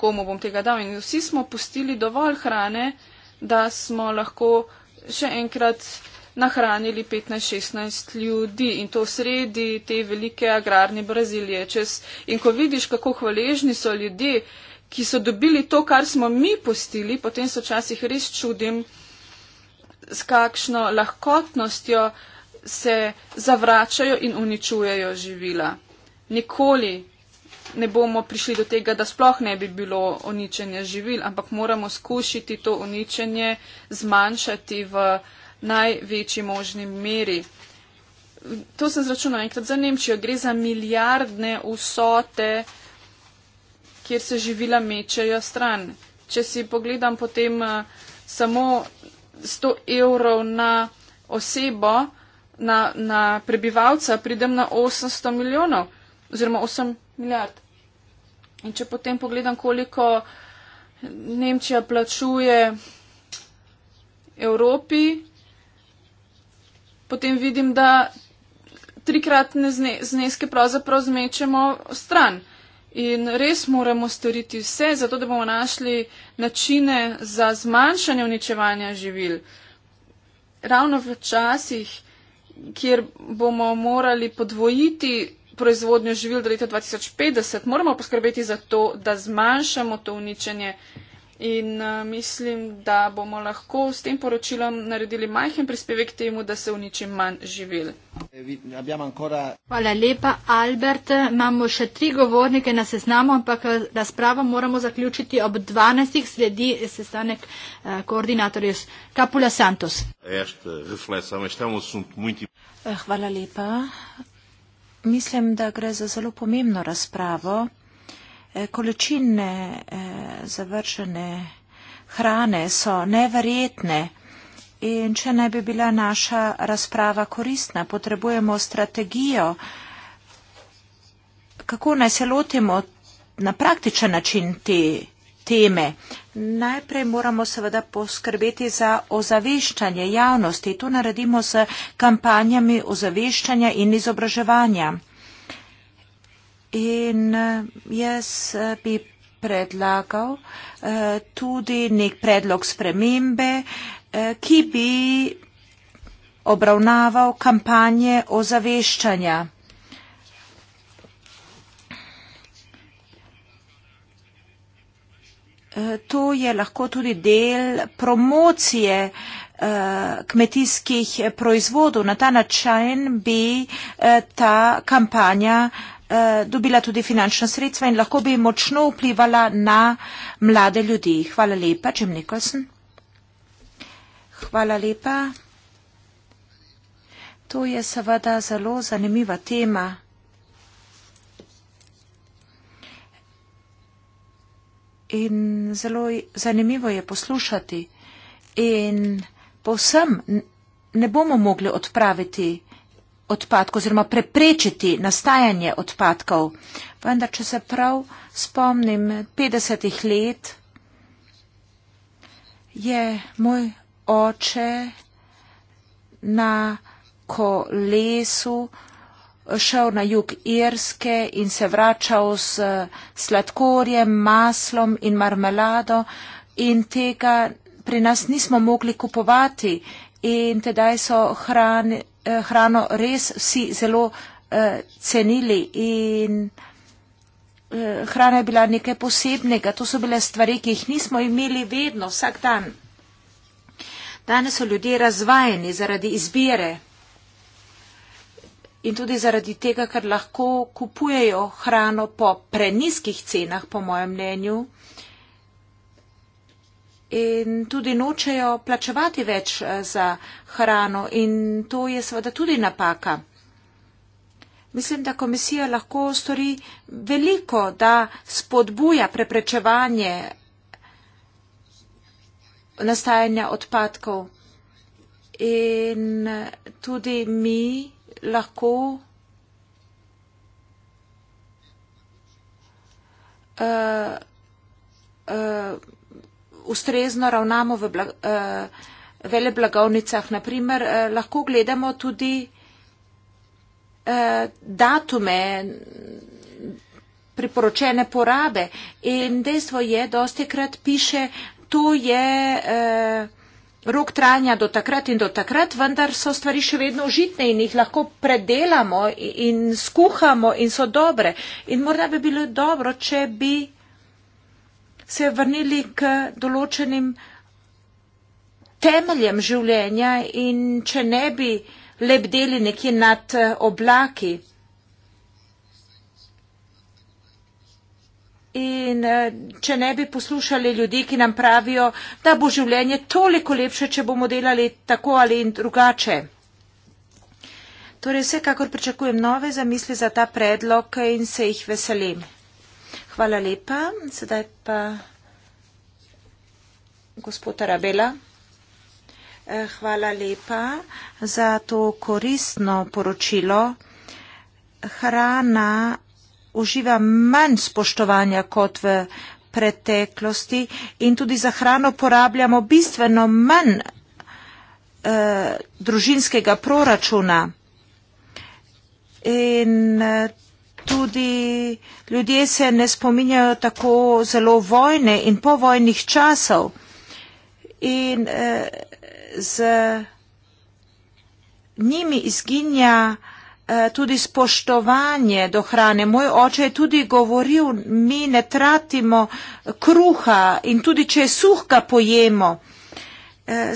komu bom tega dal. In vsi smo pustili dovolj hrane, da smo lahko še enkrat nahranili 15-16 ljudi in to sredi te velike agrarne Brazilije. Čez, in ko vidiš, kako hvaležni so ljudje, ki so dobili to, kar smo mi postili, potem se včasih res čudim, s kakšno lahkotnostjo se zavračajo in uničujejo živila. Nikoli ne bomo prišli do tega, da sploh ne bi bilo uničenja živil, ampak moramo skušiti to uničenje zmanjšati v največji možni meri. To sem zračunal enkrat za Nemčijo. Gre za milijardne vsote, kjer se živila mečejo stran. Če si pogledam potem eh, samo 100 evrov na osebo, na, na prebivalca, pridem na 800 milijonov oziroma 8 milijard. In če potem pogledam, koliko Nemčija plačuje Evropi, potem vidim, da trikratne zneske pravzaprav zmečemo stran. In res moramo storiti vse, zato da bomo našli načine za zmanjšanje uničevanja živil. Ravno v časih, kjer bomo morali podvojiti proizvodnjo živil do leta 2050, moramo poskrbeti za to, da zmanjšamo to uničenje. In uh, mislim, da bomo lahko s tem poročilom naredili majhen prispevek temu, da se uničim manj živil. Eh, hvala lepa, Albert. Imamo še tri govornike na seznamu, ampak eh, razpravo moramo zaključiti ob 12. sledi sestanek koordinatorja Kapula Santos. Um hvala lepa. Mislim, da gre za zelo pomembno razpravo. Eh, količine eh, zavržene hrane so neverjetne in če ne bi bila naša razprava koristna, potrebujemo strategijo, kako naj se lotimo na praktičen način te teme. Najprej moramo seveda poskrbeti za ozaveščanje javnosti. To naredimo s kampanjami ozaveščanja in izobraževanja. In eh, jaz eh, bi predlagal eh, tudi nek predlog spremembe, ki bi obravnaval kampanje o zaveščanja. To je lahko tudi del promocije kmetijskih proizvodov. Na ta način bi ta kampanja Eh, dobila tudi finančna sredstva in lahko bi močno vplivala na mlade ljudi. Hvala lepa, Jim Nicholson. Hvala lepa. To je seveda zelo zanimiva tema. In zelo zanimivo je poslušati. In povsem ne bomo mogli odpraviti odpadkov oziroma preprečiti nastajanje odpadkov. Vendar, če se prav spomnim, 50 let je moj oče na kolesu šel na jug Irske in se vračal s sladkorjem, maslom in marmelado in tega pri nas nismo mogli kupovati in tedaj so hrani Eh, hrano res vsi zelo eh, cenili in eh, hrana je bila nekaj posebnega. To so bile stvari, ki jih nismo imeli vedno, vsak dan. Danes so ljudje razvajeni zaradi izbire in tudi zaradi tega, ker lahko kupujejo hrano po prenizkih cenah, po mojem mnenju in tudi nočejo plačevati več eh, za hrano in to je seveda tudi napaka. Mislim, da komisija lahko stori veliko, da spodbuja preprečevanje nastajanja odpadkov in eh, tudi mi lahko uh, uh, ustrezno ravnamo v bla, uh, eh, vele blagovnicah. Naprimer, uh, eh, lahko gledamo tudi uh, datume priporočene porabe in dejstvo je, dosti krat piše, to je uh, rok trajanja do takrat in do takrat, vendar so stvari še vedno užitne in jih lahko predelamo in, in skuhamo in so dobre. In morda bi bilo dobro, če bi se vrnili k določenim temeljem življenja in če ne bi lebdeli nekje nad eh, oblaki. In eh, če ne bi poslušali ljudi, ki nam pravijo, da bo življenje toliko lepše, če bomo delali tako ali drugače. Torej, vsekakor pričakujem nove zamisli za ta predlog in se jih veselim. Hvala lepa. Sedaj pa gospod Arabela. Eh, hvala lepa za to koristno poročilo. Hrana uživa manj spoštovanja kot v preteklosti in tudi za hrano porabljamo bistveno manj e, družinskega proračuna. In, e, tudi ljudje se ne spominjajo tako zelo vojne in povojnih časov. In eh, z njimi izginja eh, tudi spoštovanje do hrane. Moj oče je tudi govoril, mi ne tratimo kruha in tudi če je suh, ga pojemo.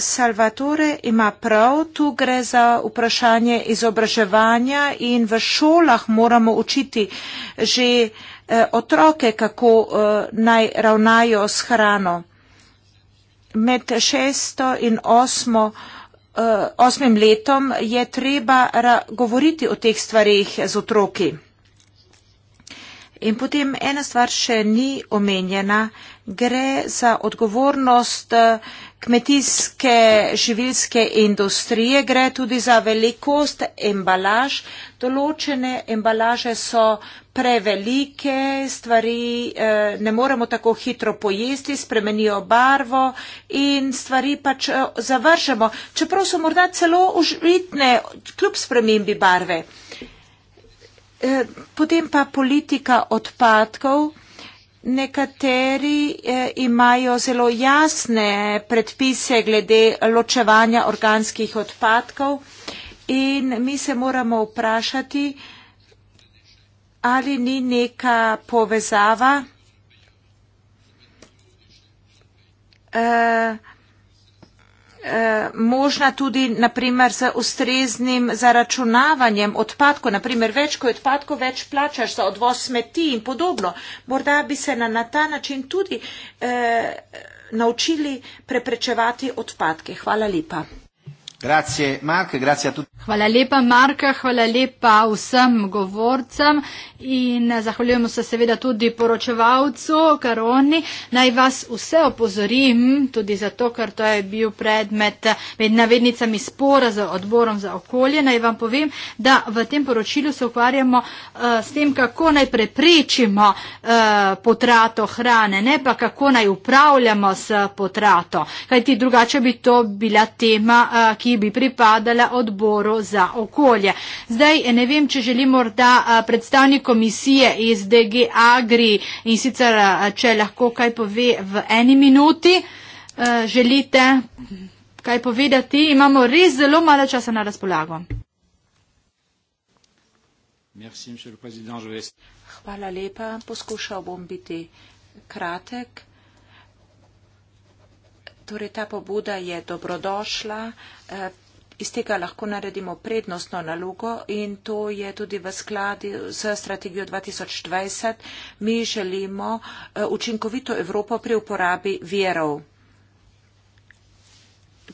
Salvatore ima prav, tu gre za vprašanje izobraževanja in v šolah moramo učiti že eh, otroke, kako eh, naj ravnajo s hrano. Med šesto in osmo, eh, osmim letom je treba govoriti o teh stvarih z otroki. In potem ena stvar še ni omenjena, gre za odgovornost eh, kmetijske živilske industrije, gre tudi za velikost embalaž. Določene embalaže so prevelike, stvari eh, ne moremo tako hitro pojesti, spremenijo barvo in stvari pač eh, završamo, čeprav so morda celo užitne, kljub spremembi barve. Eh, potem pa politika odpadkov. Nekateri eh, imajo zelo jasne predpise glede ločevanja organskih odpadkov in mi se moramo vprašati, ali ni neka povezava. Uh, Eh, možna tudi naprimer z ustreznim zaračunavanjem odpadkov, naprimer več kot odpadkov, več plačaš za odvoz smeti in podobno. Morda bi se na, na ta način tudi eh, naučili preprečevati odpadke. Hvala lepa. Grazie Mark, grazie a tutti. Hvala lepa Mark, hvala lepa vsem govorcem in zahvaljujemo se seveda tudi poročevalcu Karoni. Naj vas vse opozorim, tudi zato, ker to je bil predmet med navednicami spora z odborom za okolje, naj vam povem, da v tem poročilu se ukvarjamo uh, s tem, kako naj preprečimo uh, potrato hrane, ne pa kako naj upravljamo s potrato. Kajti drugače bi to bila tema, uh, ki ki bi pripadala odboru za okolje. Zdaj ne vem, če želi morda predstavnik komisije iz DG Agri in sicer, če lahko kaj pove v eni minuti, želite kaj povedati. Imamo res zelo malo časa na razpolago. Hvala lepa. Poskušal bom biti kratek torej ta pobuda je dobrodošla, eh, iz tega lahko naredimo prednostno nalogo in to je tudi v skladi s strategijo 2020. Mi želimo eh, učinkovito Evropo pri uporabi verov.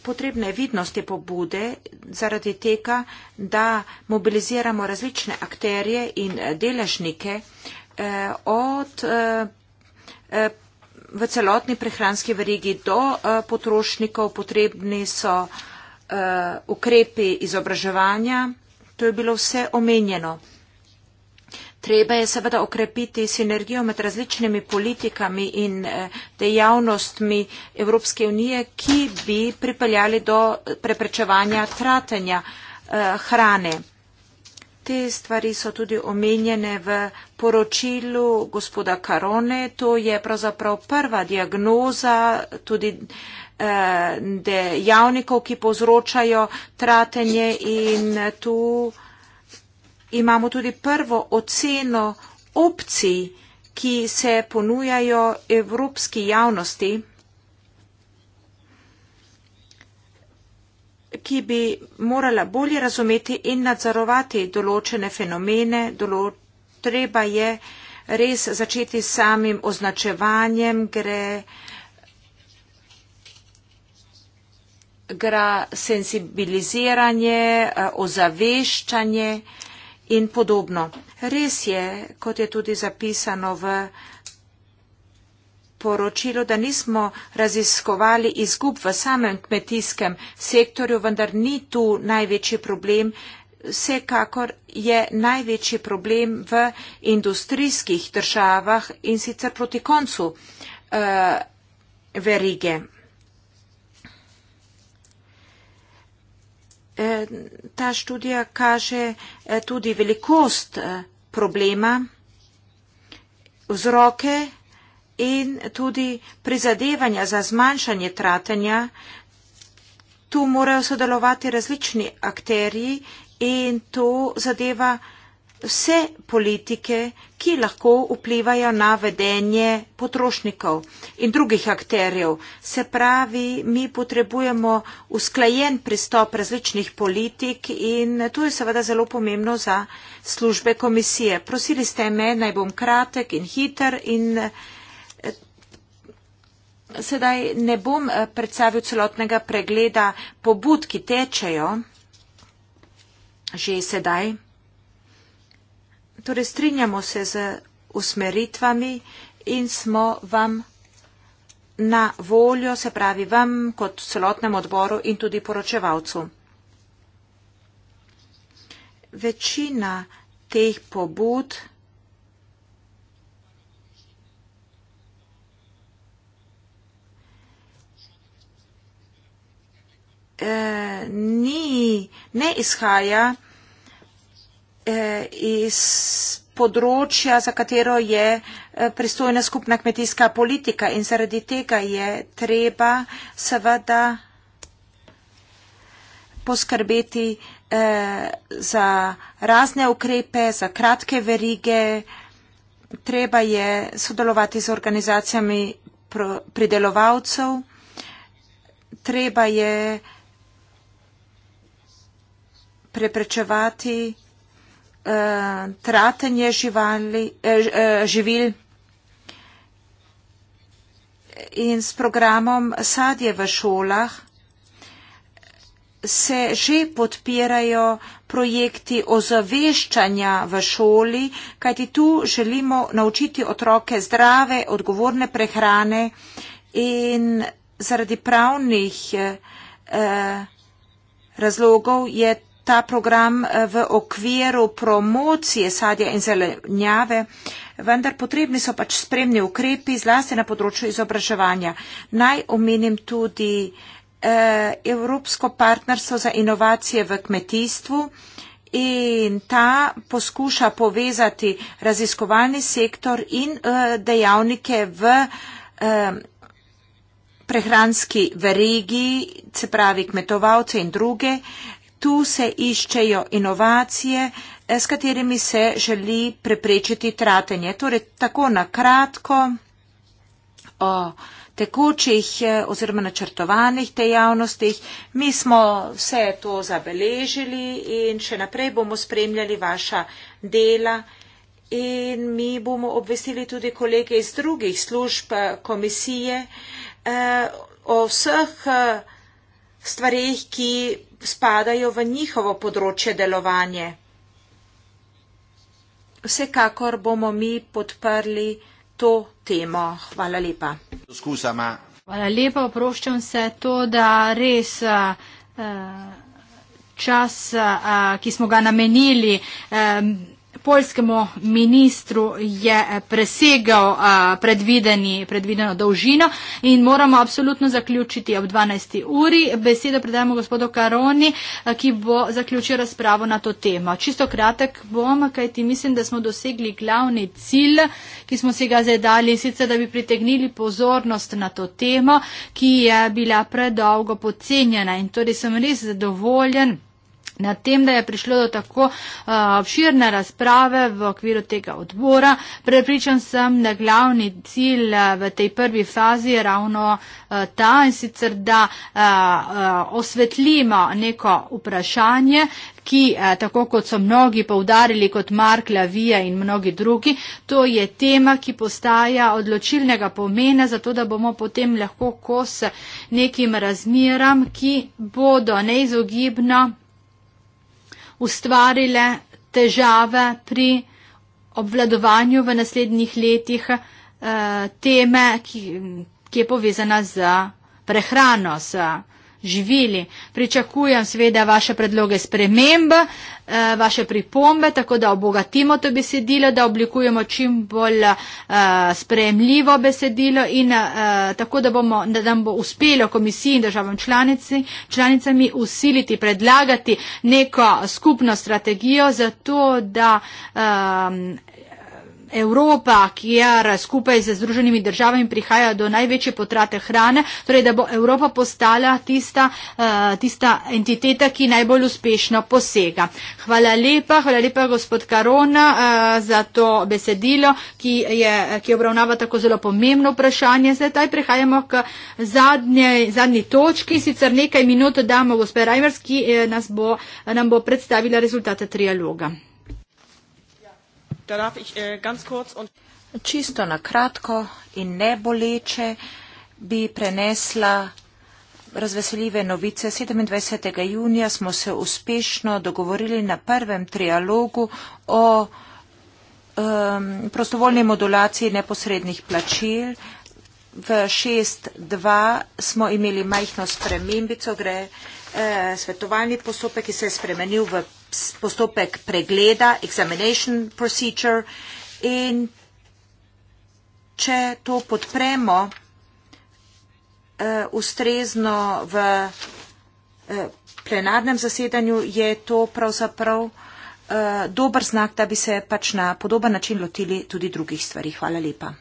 Potrebne vidnosti pobude zaradi tega, da mobiliziramo različne akterje in eh, deležnike od v celotni prehranski verigi do eh, potrošnikov potrebni so eh, ukrepi izobraževanja. To je bilo vse omenjeno. Treba je seveda okrepiti sinergijo med različnimi politikami in eh, dejavnostmi Evropske unije, ki bi pripeljali do preprečevanja tratenja hrane te stvari so tudi omenjene v poročilu gospoda Karone. To je pravzaprav prva diagnoza tudi eh, dejavnikov, ki povzročajo tratenje in tu imamo tudi prvo oceno opcij, ki se ponujajo evropski javnosti. ki bi morala bolje razumeti in nadzorovati določene fenomene, dolo treba je res začeti s samim označevanjem, gre gra sensibiliziranje, eh, ozaveščanje in podobno. Res je, kot je tudi zapisano v poročilo, da nismo raziskovali izgub v samem kmetijskem sektorju, vendar ni tu največji problem. Vsekakor je največji problem v industrijskih državah in sicer proti koncu uh, verige. Eh, ta študija kaže eh, tudi velikost problema, vzroke in tudi prizadevanja za zmanjšanje tratenja. Tu morajo sodelovati različni akterji in to zadeva vse politike, ki lahko vplivajo na vedenje potrošnikov in drugih akterjev. Se pravi, mi potrebujemo usklajen pristop različnih politik in to je seveda zelo pomembno za službe komisije. Prosili ste me, naj bom kratek in hiter in sedaj ne bom eh, predstavil celotnega pregleda pobud, ki tečejo že sedaj. Torej strinjamo se z usmeritvami in smo vam na voljo, se pravi vam kot celotnem odboru in tudi poročevalcu. Večina teh pobud eh, ni, ne izhaja eh, iz področja, za katero je eh, pristojna skupna kmetijska politika in zaradi tega je treba seveda poskrbeti eh, za razne ukrepe, za kratke verige, treba je sodelovati z organizacijami pridelovalcev, treba je eh, preprečevati uh, tratenje živali, uh, živil in s programom sadje v šolah se že podpirajo projekti ozaveščanja v šoli, kajti tu želimo naučiti otroke zdrave, odgovorne prehrane in zaradi pravnih eh, razlogov je ta program eh, v okviru promocije sadja in zelenjave, vendar potrebni so pač spremni ukrepi, zlasti na področju izobraževanja. Naj omenim tudi eh, Evropsko partnerstvo za inovacije v kmetijstvu in ta poskuša povezati raziskovalni sektor in eh, dejavnike v prehranski verigi, se pravi kmetovalce in druge, Tu se iščejo inovacije, eh, s katerimi se želi preprečiti tratenje. Torej, tako na kratko o tekočih eh, oziroma načrtovanih dejavnostih. Mi smo vse to zabeležili in še naprej bomo spremljali vaša dela. In mi bomo obvestili tudi kolege iz drugih služb eh, komisije eh, o vseh. Eh, stvareh, ki spadajo v njihovo področje delovanje. Vsekakor bomo mi podprli to temo. Hvala lepa. Skusama. Hvala lepa, oproščam se to, da res. Uh, čas, uh, ki smo ga namenili. Um, poljskemu ministru je eh, presegal eh, predvideno dolžino in moramo apsolutno zaključiti ob 12. uri. Besedo predajamo gospodu Karoni, eh, ki bo zaključil razpravo na to temo. Čisto kratek bom, kajti mislim, da smo dosegli glavni cilj, ki smo si ga zadali, sicer da bi pritegnili pozornost na to temo, ki je bila predolgo podcenjena in torej sem res zadovoljen. Na tem, da je prišlo do tako eh, obširne razprave v okviru tega odbora, prepričan sem, da glavni cilj eh, v tej prvi fazi je ravno eh, ta in sicer, da osvetlimo neko vprašanje, ki, tako kot so mnogi povdarili, kot Mark Lavija in mnogi drugi, to je tema, ki postaja odločilnega pomena, zato da bomo potem lahko kos nekim razmeram, ki bodo neizogibno ustvarile težave pri obvladovanju v naslednjih letih eh, teme, ki, ki je povezana z prehrano, z živili. Pričakujem seveda vaše predloge spremembe. Eh, Eh, vaše pripombe, tako da obogatimo to besedilo, da oblikujemo čim bolj eh, sprejemljivo besedilo in eh, tako, da, bomo, da nam bo uspelo komisiji in državam članici, članicami usiliti, predlagati neko skupno strategijo za to, da Evropa, kjer skupaj z Združenimi državami prihaja do največje potrate hrane, torej da bo Evropa postala tista, eh, tista entiteta, ki najbolj uspešno posega. Hvala lepa, hvala lepa gospod Karona eh, za to besedilo, ki, je, ki obravnava tako zelo pomembno vprašanje. Zdaj prehajamo k zadnje, zadnji točki, sicer nekaj minut damo gospod Rajmerski, ki eh, nas bo, nam bo predstavila rezultate trialoga. Da darf ich äh, ganz kurz und Čisto na kratko in ne boleče bi prenesla razveseljive novice. 27. junija smo se uspešno dogovorili na prvem trialogu o um, prostovoljni modulaciji neposrednih plačil. V 6.2 smo imeli majhno spremembico, gre uh, eh, svetovalni postopek, ki se je spremenil v postopek pregleda, examination procedure. In če to podpremo eh, ustrezno v eh, plenarnem zasedanju, je to pravzaprav eh, dober znak, da bi se pač na podoben način lotili tudi drugih stvari. Hvala lepa.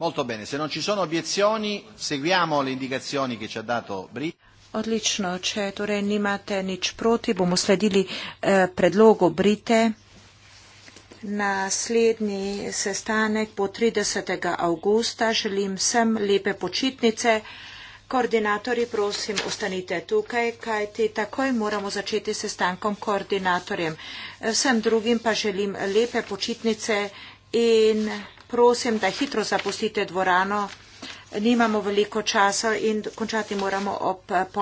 Molto bene, se non ci sono obiezioni, seguiamo le indicazioni che ci ha dato Brit. Odlično, če torej nimate nič proti, bomo sledili eh, predlogu Brite. Naslednji sestanek bo 30. avgusta. Želim vsem lepe počitnice. Koordinatori, prosim, ostanite tukaj, kajti takoj moramo začeti sestankom koordinatorjem. Vsem drugim pa želim lepe počitnice in prosim, da hitro zapustite dvorano. Nimamo veliko časa in končati moramo ob.